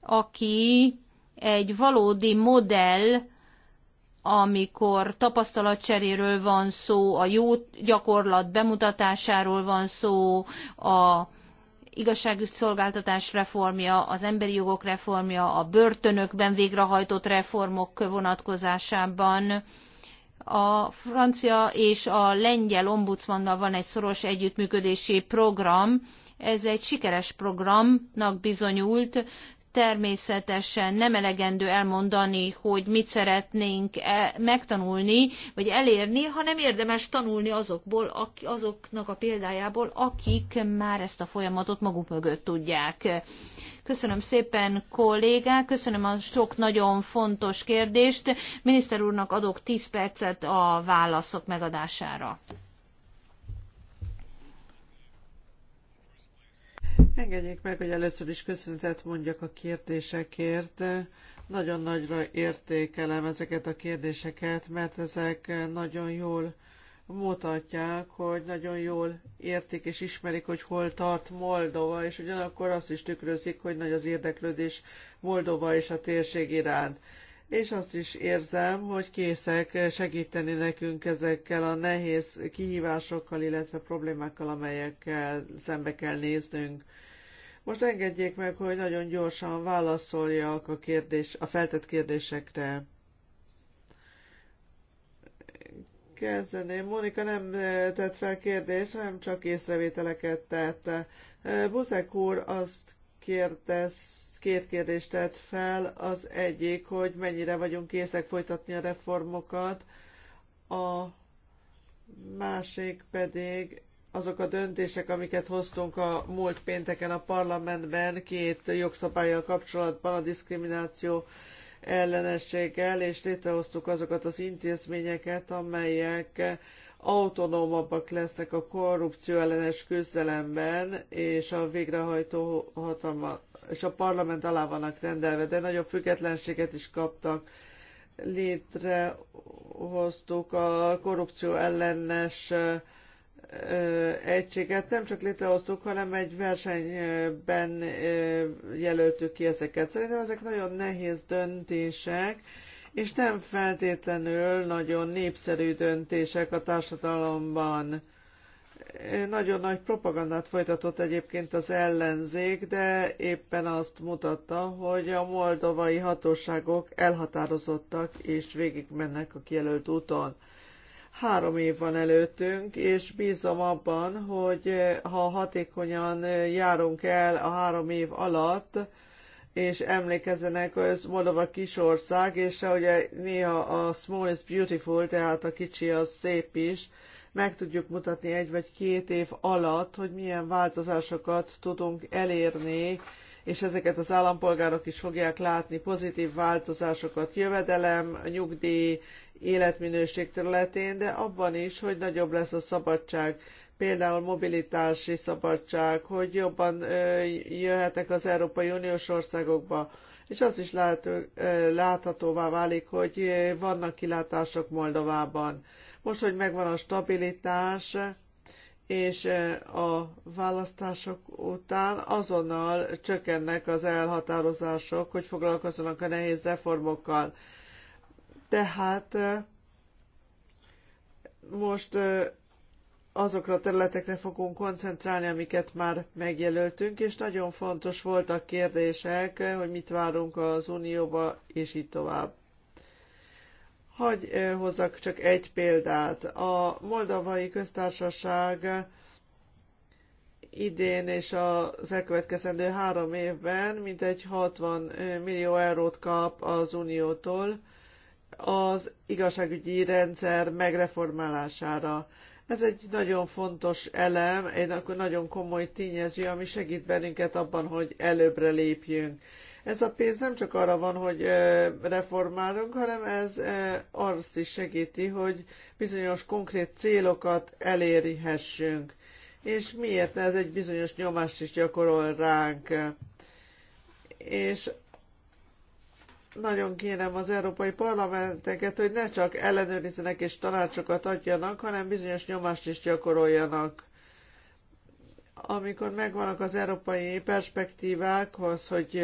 aki egy valódi modell, amikor tapasztalatcseréről van szó, a jó gyakorlat bemutatásáról van szó, a igazságügy szolgáltatás reformja, az emberi jogok reformja, a börtönökben végrehajtott reformok vonatkozásában. A francia és a lengyel ombudsmannal van egy szoros együttműködési program, ez egy sikeres programnak bizonyult, természetesen nem elegendő elmondani, hogy mit szeretnénk e megtanulni, vagy elérni, hanem érdemes tanulni azokból, azoknak a példájából, akik már ezt a folyamatot maguk mögött tudják. Köszönöm szépen kollégák, köszönöm a sok nagyon fontos kérdést. Miniszter úrnak adok 10 percet a válaszok megadására. Engedjék meg, hogy először is köszönetet mondjak a kérdésekért. Nagyon nagyra értékelem ezeket a kérdéseket, mert ezek nagyon jól mutatják, hogy nagyon jól értik és ismerik, hogy hol tart Moldova, és ugyanakkor azt is tükrözik, hogy nagy az érdeklődés Moldova és a térség iránt. És azt is érzem, hogy készek segíteni nekünk ezekkel a nehéz kihívásokkal, illetve problémákkal, amelyekkel szembe kell néznünk. Most engedjék meg, hogy nagyon gyorsan válaszoljak a, kérdés, a feltett kérdésekre. Kezdeném. Monika nem eh, tett fel kérdést, hanem csak észrevételeket tett. Eh, Buzek úr azt kérdez, két kérdést tett fel. Az egyik, hogy mennyire vagyunk készek folytatni a reformokat. A másik pedig azok a döntések, amiket hoztunk a múlt pénteken a parlamentben két jogszabályjal kapcsolatban a diszkrimináció ellenességgel, és létrehoztuk azokat az intézményeket, amelyek autonómabbak lesznek a korrupció ellenes küzdelemben, és a végrehajtó hatalma, és a parlament alá vannak rendelve, de nagyobb függetlenséget is kaptak. Létrehoztuk a korrupció ellenes egységet nem csak létrehoztuk, hanem egy versenyben jelöltük ki ezeket. Szerintem ezek nagyon nehéz döntések, és nem feltétlenül nagyon népszerű döntések a társadalomban. Nagyon nagy propagandát folytatott egyébként az ellenzék, de éppen azt mutatta, hogy a moldovai hatóságok elhatározottak és végigmennek a kijelölt úton. Három év van előttünk, és bízom abban, hogy eh, ha hatékonyan eh, járunk el a három év alatt, és emlékezzenek, hogy ez Moldova kisország, és ugye néha a small is beautiful, tehát a kicsi az szép is, meg tudjuk mutatni egy vagy két év alatt, hogy milyen változásokat tudunk elérni, és ezeket az állampolgárok is fogják látni, pozitív változásokat, jövedelem, nyugdíj, életminőség területén, de abban is, hogy nagyobb lesz a szabadság, például mobilitási szabadság, hogy jobban jöhetek az Európai Uniós országokba, és az is lát, láthatóvá válik, hogy vannak kilátások Moldovában. Most, hogy megvan a stabilitás, és a választások után azonnal csökkennek az elhatározások, hogy foglalkozzanak a nehéz reformokkal. Tehát most azokra a területekre fogunk koncentrálni, amiket már megjelöltünk, és nagyon fontos voltak kérdések, hogy mit várunk az Unióba, és így tovább. Hagy hozzak csak egy példát. A Moldavai Köztársaság idén és az elkövetkezendő három évben mintegy 60 millió eurót kap az Uniótól, az igazságügyi rendszer megreformálására. Ez egy nagyon fontos elem, egy nagyon komoly tényező, ami segít bennünket abban, hogy előbbre lépjünk. Ez a pénz nem csak arra van, hogy reformálunk, hanem ez azt is segíti, hogy bizonyos konkrét célokat elérhessünk. És miért ez egy bizonyos nyomást is gyakorol ránk. És nagyon kérem az európai parlamenteket, hogy ne csak ellenőrizzenek és tanácsokat adjanak, hanem bizonyos nyomást is gyakoroljanak. Amikor megvannak az európai perspektívákhoz, hogy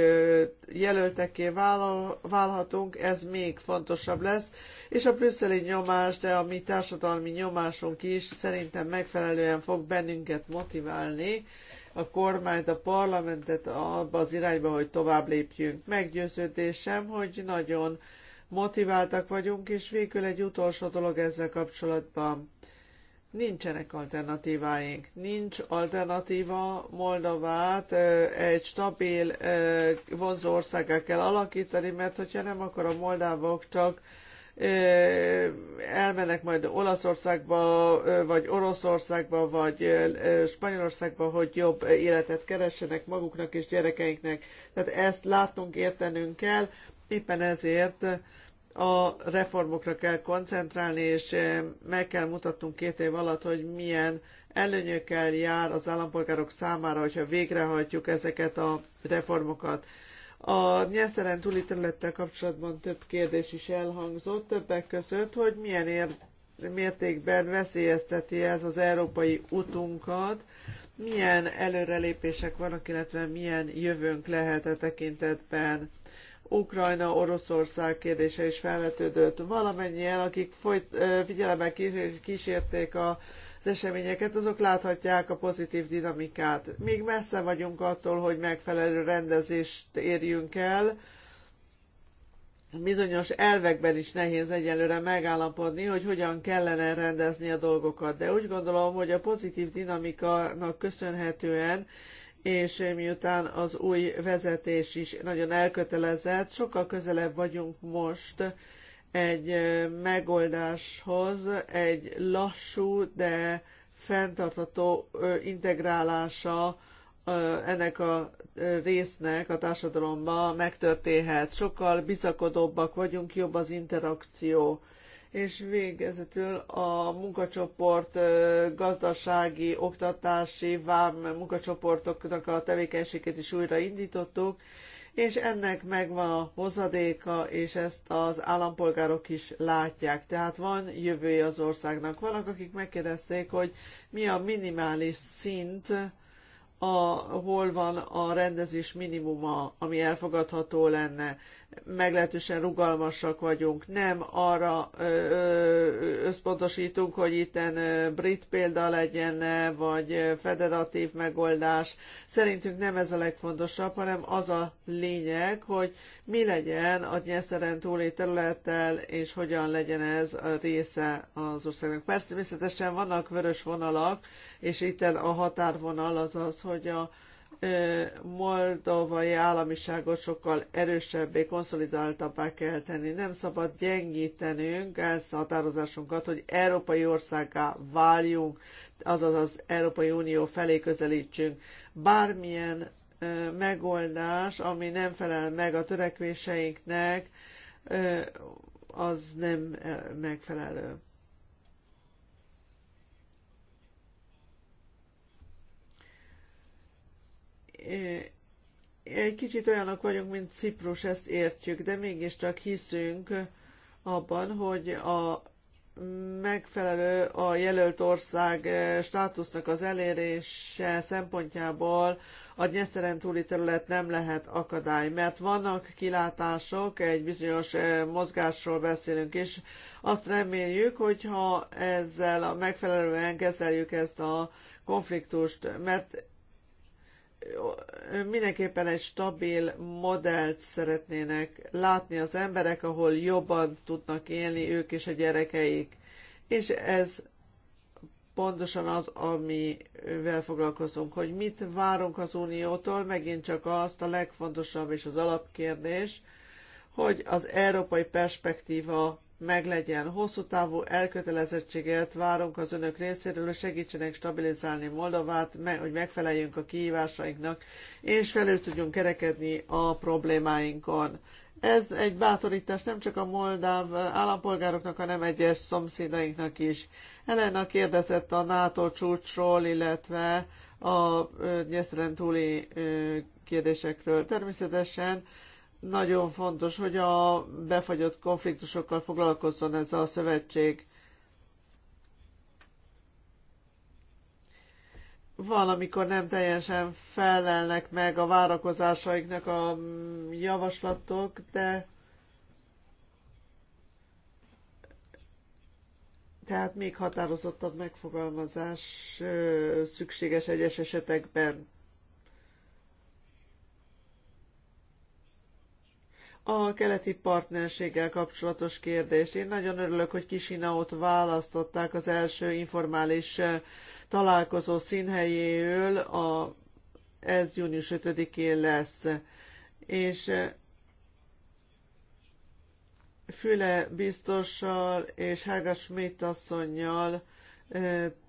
jelölteké válhatunk, ez még fontosabb lesz, és a brüsszeli nyomás, de a mi társadalmi nyomásunk is szerintem megfelelően fog bennünket motiválni, a kormányt, a parlamentet abba az irányba, hogy tovább lépjünk. Meggyőződésem, hogy nagyon motiváltak vagyunk, és végül egy utolsó dolog ezzel kapcsolatban. Nincsenek alternatíváink. Nincs alternatíva Moldovát egy stabil, vonzó országá kell alakítani, mert hogyha nem, akkor a moldávok csak elmennek majd Olaszországba, vagy Oroszországba, vagy Spanyolországba, hogy jobb életet keressenek maguknak és gyerekeinknek. Tehát ezt látnunk, értenünk kell, éppen ezért a reformokra kell koncentrálni, és meg kell mutatnunk két év alatt, hogy milyen előnyökkel jár az állampolgárok számára, hogyha végrehajtjuk ezeket a reformokat. A nyelszeren túli területtel kapcsolatban több kérdés is elhangzott, többek között, hogy milyen ér- mértékben veszélyezteti ez az európai utunkat, milyen előrelépések vannak, illetve milyen jövőnk lehet e tekintetben. Ukrajna, Oroszország kérdése is felvetődött. Valamennyien, akik folyt, figyelemmel kísérték a az eseményeket, azok láthatják a pozitív dinamikát. Még messze vagyunk attól, hogy megfelelő rendezést érjünk el, bizonyos elvekben is nehéz egyelőre megállapodni, hogy hogyan kellene rendezni a dolgokat. De úgy gondolom, hogy a pozitív dinamikának köszönhetően, és miután az új vezetés is nagyon elkötelezett, sokkal közelebb vagyunk most egy megoldáshoz egy lassú, de fenntartható integrálása ennek a résznek a társadalomba megtörténhet. Sokkal bizakodóbbak vagyunk, jobb az interakció. És végezetül a munkacsoport gazdasági, oktatási, vám munkacsoportoknak a tevékenységét is újraindítottuk, és ennek megvan a hozadéka, és ezt az állampolgárok is látják. Tehát van jövője az országnak. Vannak, akik megkérdezték, hogy mi a minimális szint, a, hol van a rendezés minimuma, ami elfogadható lenne meglehetősen rugalmasak vagyunk. Nem arra összpontosítunk, hogy itt brit példa legyen, vagy federatív megoldás. Szerintünk nem ez a legfontosabb, hanem az a lényeg, hogy mi legyen a Nyeszeren túli területtel, és hogyan legyen ez a része az országnak. Persze, természetesen vannak vörös vonalak, és itt a határvonal az az, hogy a moldovai államiságot sokkal erősebbé, konszolidáltabbá kell tenni. Nem szabad gyengítenünk határozásunkat, hogy európai országá váljunk, azaz az Európai Unió felé közelítsünk. Bármilyen megoldás, ami nem felel meg a törekvéseinknek, az nem megfelelő. egy kicsit olyanok vagyunk, mint Ciprus, ezt értjük, de mégiscsak hiszünk abban, hogy a megfelelő a jelölt ország státusznak az elérése szempontjából a Nyeszteren túli terület nem lehet akadály, mert vannak kilátások, egy bizonyos mozgásról beszélünk is. Azt reméljük, hogyha ezzel megfelelően kezeljük ezt a konfliktust, mert mindenképpen egy stabil modellt szeretnének látni az emberek, ahol jobban tudnak élni ők és a gyerekeik. És ez pontosan az, amivel foglalkozunk, hogy mit várunk az Uniótól, megint csak azt a legfontosabb és az alapkérdés, hogy az európai perspektíva meglegyen. Hosszú távú elkötelezettséget várunk az önök részéről, hogy segítsenek stabilizálni Moldovát, hogy megfeleljünk a kihívásainknak, és felül tudjunk kerekedni a problémáinkon. Ez egy bátorítás nem csak a moldáv állampolgároknak, hanem egyes szomszédainknak is. Elena kérdezett a NATO csúcsról, illetve a Nyeszeren túli kérdésekről. Természetesen nagyon fontos, hogy a befagyott konfliktusokkal foglalkozzon ez a szövetség. Valamikor nem teljesen felelnek meg a várakozásaiknak a javaslatok, de tehát még határozottabb megfogalmazás szükséges egyes esetekben. a keleti partnerséggel kapcsolatos kérdés. Én nagyon örülök, hogy Kisinaót választották az első informális eh, találkozó színhelyéül, a, ez június 5-én lesz. És eh, Füle biztossal és Helga Schmidt asszonynal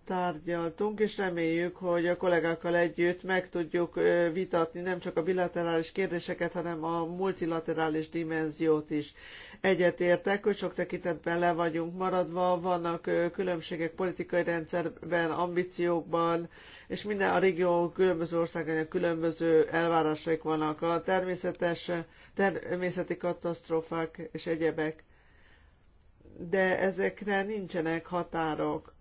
tárgyaltunk, és reméljük, hogy a kollégákkal együtt meg tudjuk vitatni nem csak a bilaterális kérdéseket, hanem a multilaterális dimenziót is. Egyetértek, hogy sok tekintetben le vagyunk maradva, vannak különbségek politikai rendszerben, ambíciókban, és minden a régió különböző országainak különböző elvárásaik vannak. A természetes, természeti katasztrófák és egyebek. De ezekre nincsenek határok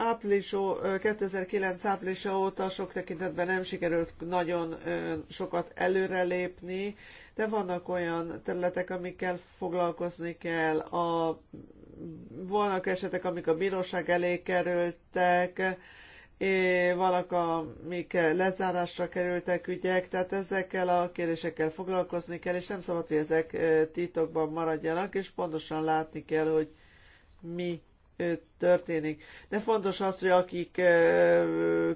április, 2009 április óta sok tekintetben nem sikerült nagyon sokat előrelépni, de vannak olyan területek, amikkel foglalkozni kell. A, vannak esetek, amik a bíróság elé kerültek, vannak, amik lezárásra kerültek ügyek, tehát ezekkel a kérésekkel foglalkozni kell, és nem szabad, hogy ezek titokban maradjanak, és pontosan látni kell, hogy mi történik. De fontos az, hogy akik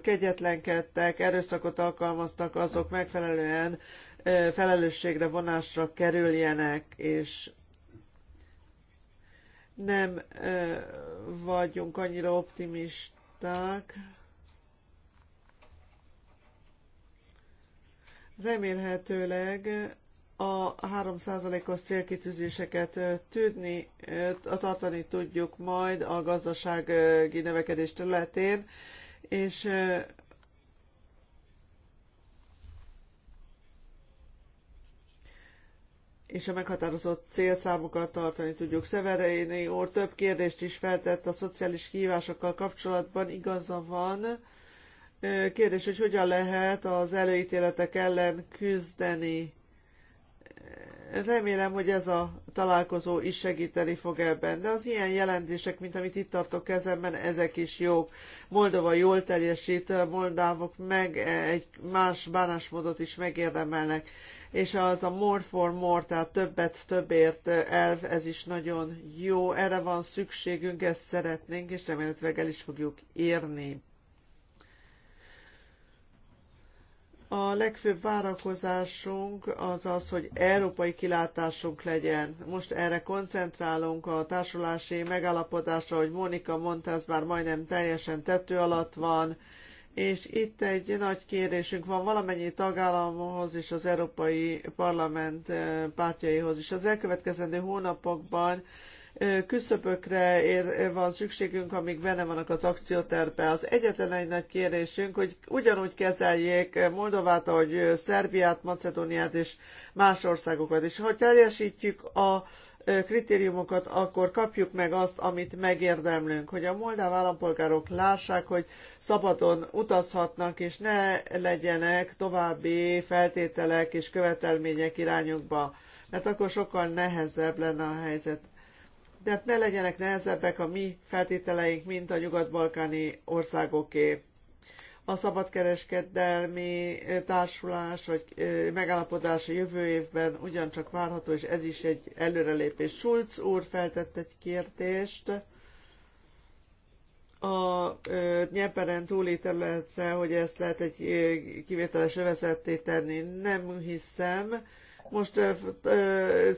kegyetlenkedtek, erőszakot alkalmaztak, azok megfelelően felelősségre vonásra kerüljenek, és nem vagyunk annyira optimisták. Remélhetőleg a 3%-os célkitűzéseket tűdni, tartani tudjuk majd a gazdasági növekedés területén, és és a meghatározott célszámokat tartani tudjuk. Szevereini úr több kérdést is feltett a szociális hívásokkal kapcsolatban, igaza van. Kérdés, hogy hogyan lehet az előítéletek ellen küzdeni Remélem, hogy ez a találkozó is segíteni fog ebben, de az ilyen jelentések, mint amit itt tartok kezemben, ezek is jók. Moldova jól teljesít, a moldávok meg egy más bánásmódot is megérdemelnek, és az a more for more, tehát többet többért elv, ez is nagyon jó, erre van szükségünk, ezt szeretnénk, és remélhetőleg el is fogjuk érni. A legfőbb várakozásunk az az, hogy európai kilátásunk legyen. Most erre koncentrálunk a társulási megállapodásra, hogy Mónika mondta, ez már majdnem teljesen tető alatt van, és itt egy nagy kérésünk van valamennyi tagállamhoz és az Európai Parlament eh, pártjaihoz is. Az elkövetkezendő hónapokban küszöbökre ér, van szükségünk, amik benne vannak az akcióterpe. Az egyetlen egy nagy kérésünk, hogy ugyanúgy kezeljék Moldovát, ahogy Szerbiát, Macedóniát és más országokat. És ha teljesítjük a kritériumokat, akkor kapjuk meg azt, amit megérdemlünk, hogy a moldáv állampolgárok lássák, hogy szabadon utazhatnak, és ne legyenek további feltételek és követelmények irányukba, mert akkor sokkal nehezebb lenne a helyzet de hát ne legyenek nehezebbek a mi feltételeink, mint a nyugat-balkáni országoké. A szabadkereskedelmi társulás vagy megállapodás a jövő évben ugyancsak várható, és ez is egy előrelépés. Schulz úr feltett egy kérdést a Nyeperen túli területre, hogy ezt lehet egy kivételes övezetté tenni. Nem hiszem, most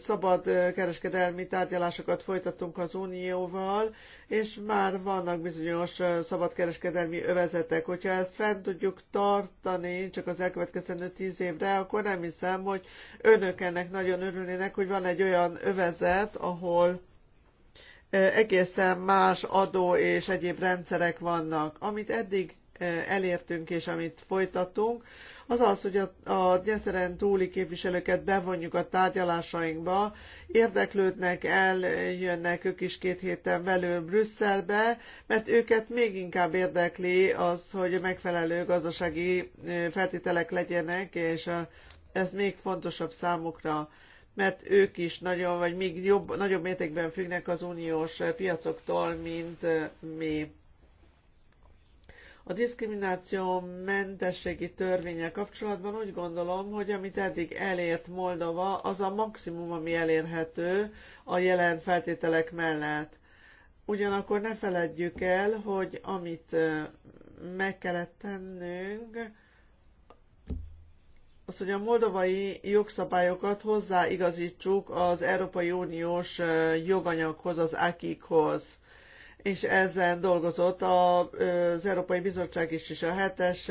szabad kereskedelmi tárgyalásokat folytatunk az Unióval, és már vannak bizonyos szabadkereskedelmi övezetek. Hogyha ezt fent tudjuk tartani csak az elkövetkezendő tíz évre, akkor nem hiszem, hogy önök ennek nagyon örülnének, hogy van egy olyan övezet, ahol egészen más adó és egyéb rendszerek vannak. Amit eddig elértünk és amit folytatunk, az az, hogy a, a túli képviselőket bevonjuk a tárgyalásainkba, érdeklődnek, eljönnek ők is két héten belül Brüsszelbe, mert őket még inkább érdekli az, hogy megfelelő gazdasági feltételek legyenek, és a, ez még fontosabb számukra mert ők is nagyon, vagy még jobb, nagyobb mértékben függnek az uniós piacoktól, mint mi. A diszkrimináció mentességi törvénye kapcsolatban úgy gondolom, hogy amit eddig elért Moldova, az a maximum, ami elérhető a jelen feltételek mellett. Ugyanakkor ne feledjük el, hogy amit meg kellett tennünk, az, hogy a moldovai jogszabályokat hozzáigazítsuk az Európai Uniós joganyaghoz, az AKI-hoz és ezen dolgozott az Európai Bizottság is, és a hetes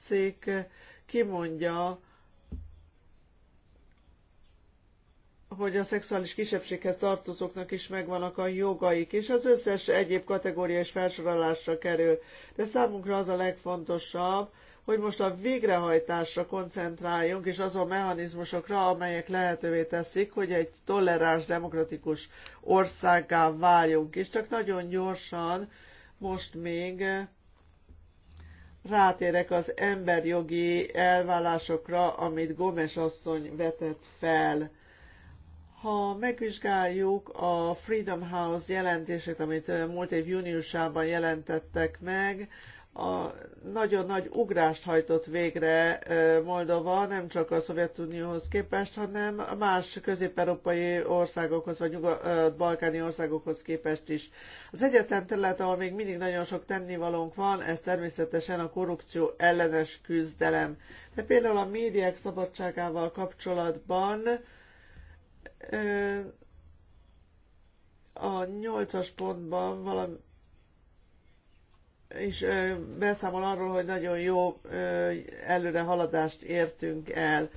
cikk kimondja, hogy a szexuális kisebbséghez tartozóknak is megvannak a jogaik, és az összes egyéb kategória és felsorolásra kerül. De számunkra az a legfontosabb, hogy most a végrehajtásra koncentráljunk, és azon mechanizmusokra, amelyek lehetővé teszik, hogy egy toleráns, demokratikus országá váljunk. És csak nagyon gyorsan most még rátérek az emberjogi elvállásokra, amit Gomes asszony vetett fel. Ha megvizsgáljuk a Freedom House jelentését, amit múlt év júniusában jelentettek meg, a nagyon nagy ugrást hajtott végre Moldova, nem csak a Szovjetunióhoz képest, hanem más közép-európai országokhoz, vagy nyugat-balkáni országokhoz képest is. Az egyetlen terület, ahol még mindig nagyon sok tennivalónk van, ez természetesen a korrupció ellenes küzdelem. De például a médiák szabadságával kapcsolatban a nyolcas pontban valami is beszámol arról, hogy nagyon jó előre haladást értünk el.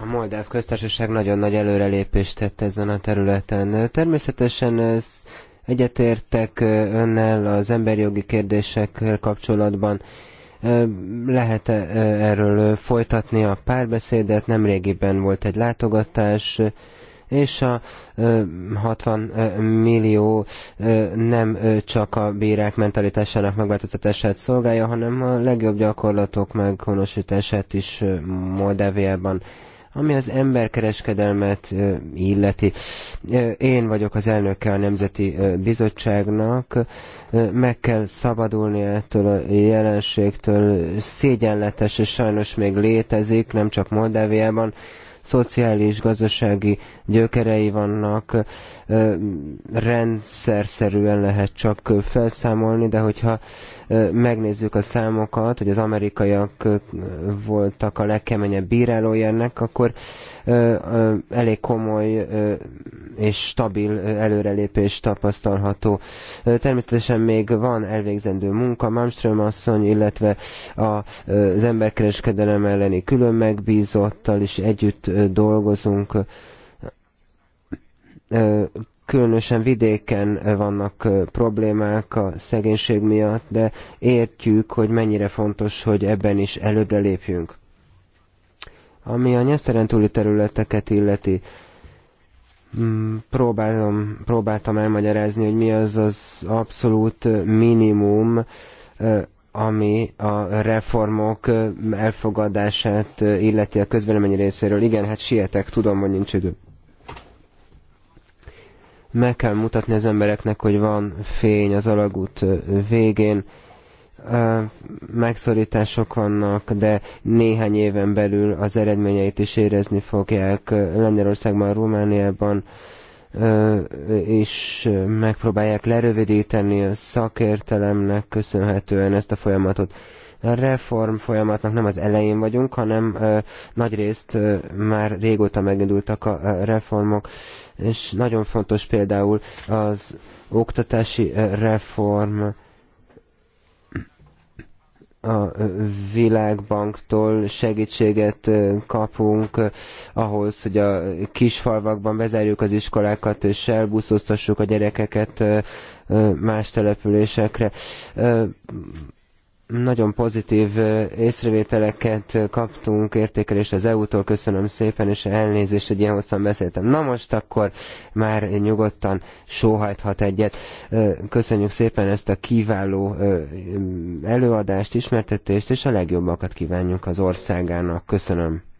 A Moldáv köztársaság nagyon nagy előrelépést tett ezen a területen. Természetesen ez egyetértek önnel az emberjogi kérdések kapcsolatban. lehet -e erről folytatni a párbeszédet? Nemrégiben volt egy látogatás és a 60 millió nem csak a bírák mentalitásának megváltoztatását szolgálja, hanem a legjobb gyakorlatok meghonosítását is Moldáviában ami az emberkereskedelmet illeti. Én vagyok az elnöke a Nemzeti Bizottságnak, meg kell szabadulni ettől a jelenségtől, szégyenletes és sajnos még létezik, nem csak Moldáviában, szociális, gazdasági gyökerei vannak, rendszerszerűen lehet csak felszámolni, de hogyha megnézzük a számokat, hogy az amerikaiak voltak a legkeményebb bírálói ennek, akkor elég komoly és stabil előrelépés tapasztalható. Természetesen még van elvégzendő munka, Malmström asszony, illetve az emberkereskedelem elleni külön megbízottal is együtt dolgozunk, különösen vidéken vannak problémák a szegénység miatt, de értjük, hogy mennyire fontos, hogy ebben is előbbre lépjünk. Ami a nyeszteren túli területeket illeti, mm, próbálom, próbáltam elmagyarázni, hogy mi az az abszolút minimum, ami a reformok elfogadását illeti a közvélemény részéről. Igen, hát sietek, tudom, hogy nincs idő meg kell mutatni az embereknek, hogy van fény az alagút végén, megszorítások vannak, de néhány éven belül az eredményeit is érezni fogják Lengyelországban, Romániában és megpróbálják lerövidíteni a szakértelemnek köszönhetően ezt a folyamatot. A reform folyamatnak nem az elején vagyunk, hanem nagyrészt már régóta megindultak a reformok, és nagyon fontos például az oktatási reform, a világbanktól segítséget kapunk ahhoz, hogy a kisfalvakban bezárjuk az iskolákat és elbuszoztassuk a gyerekeket más településekre. Nagyon pozitív észrevételeket kaptunk, értékelést az EU-tól, köszönöm szépen, és elnézést, hogy ilyen hosszan beszéltem. Na most akkor már nyugodtan sóhajthat egyet. Köszönjük szépen ezt a kiváló előadást, ismertetést, és a legjobbakat kívánjuk az országának. Köszönöm.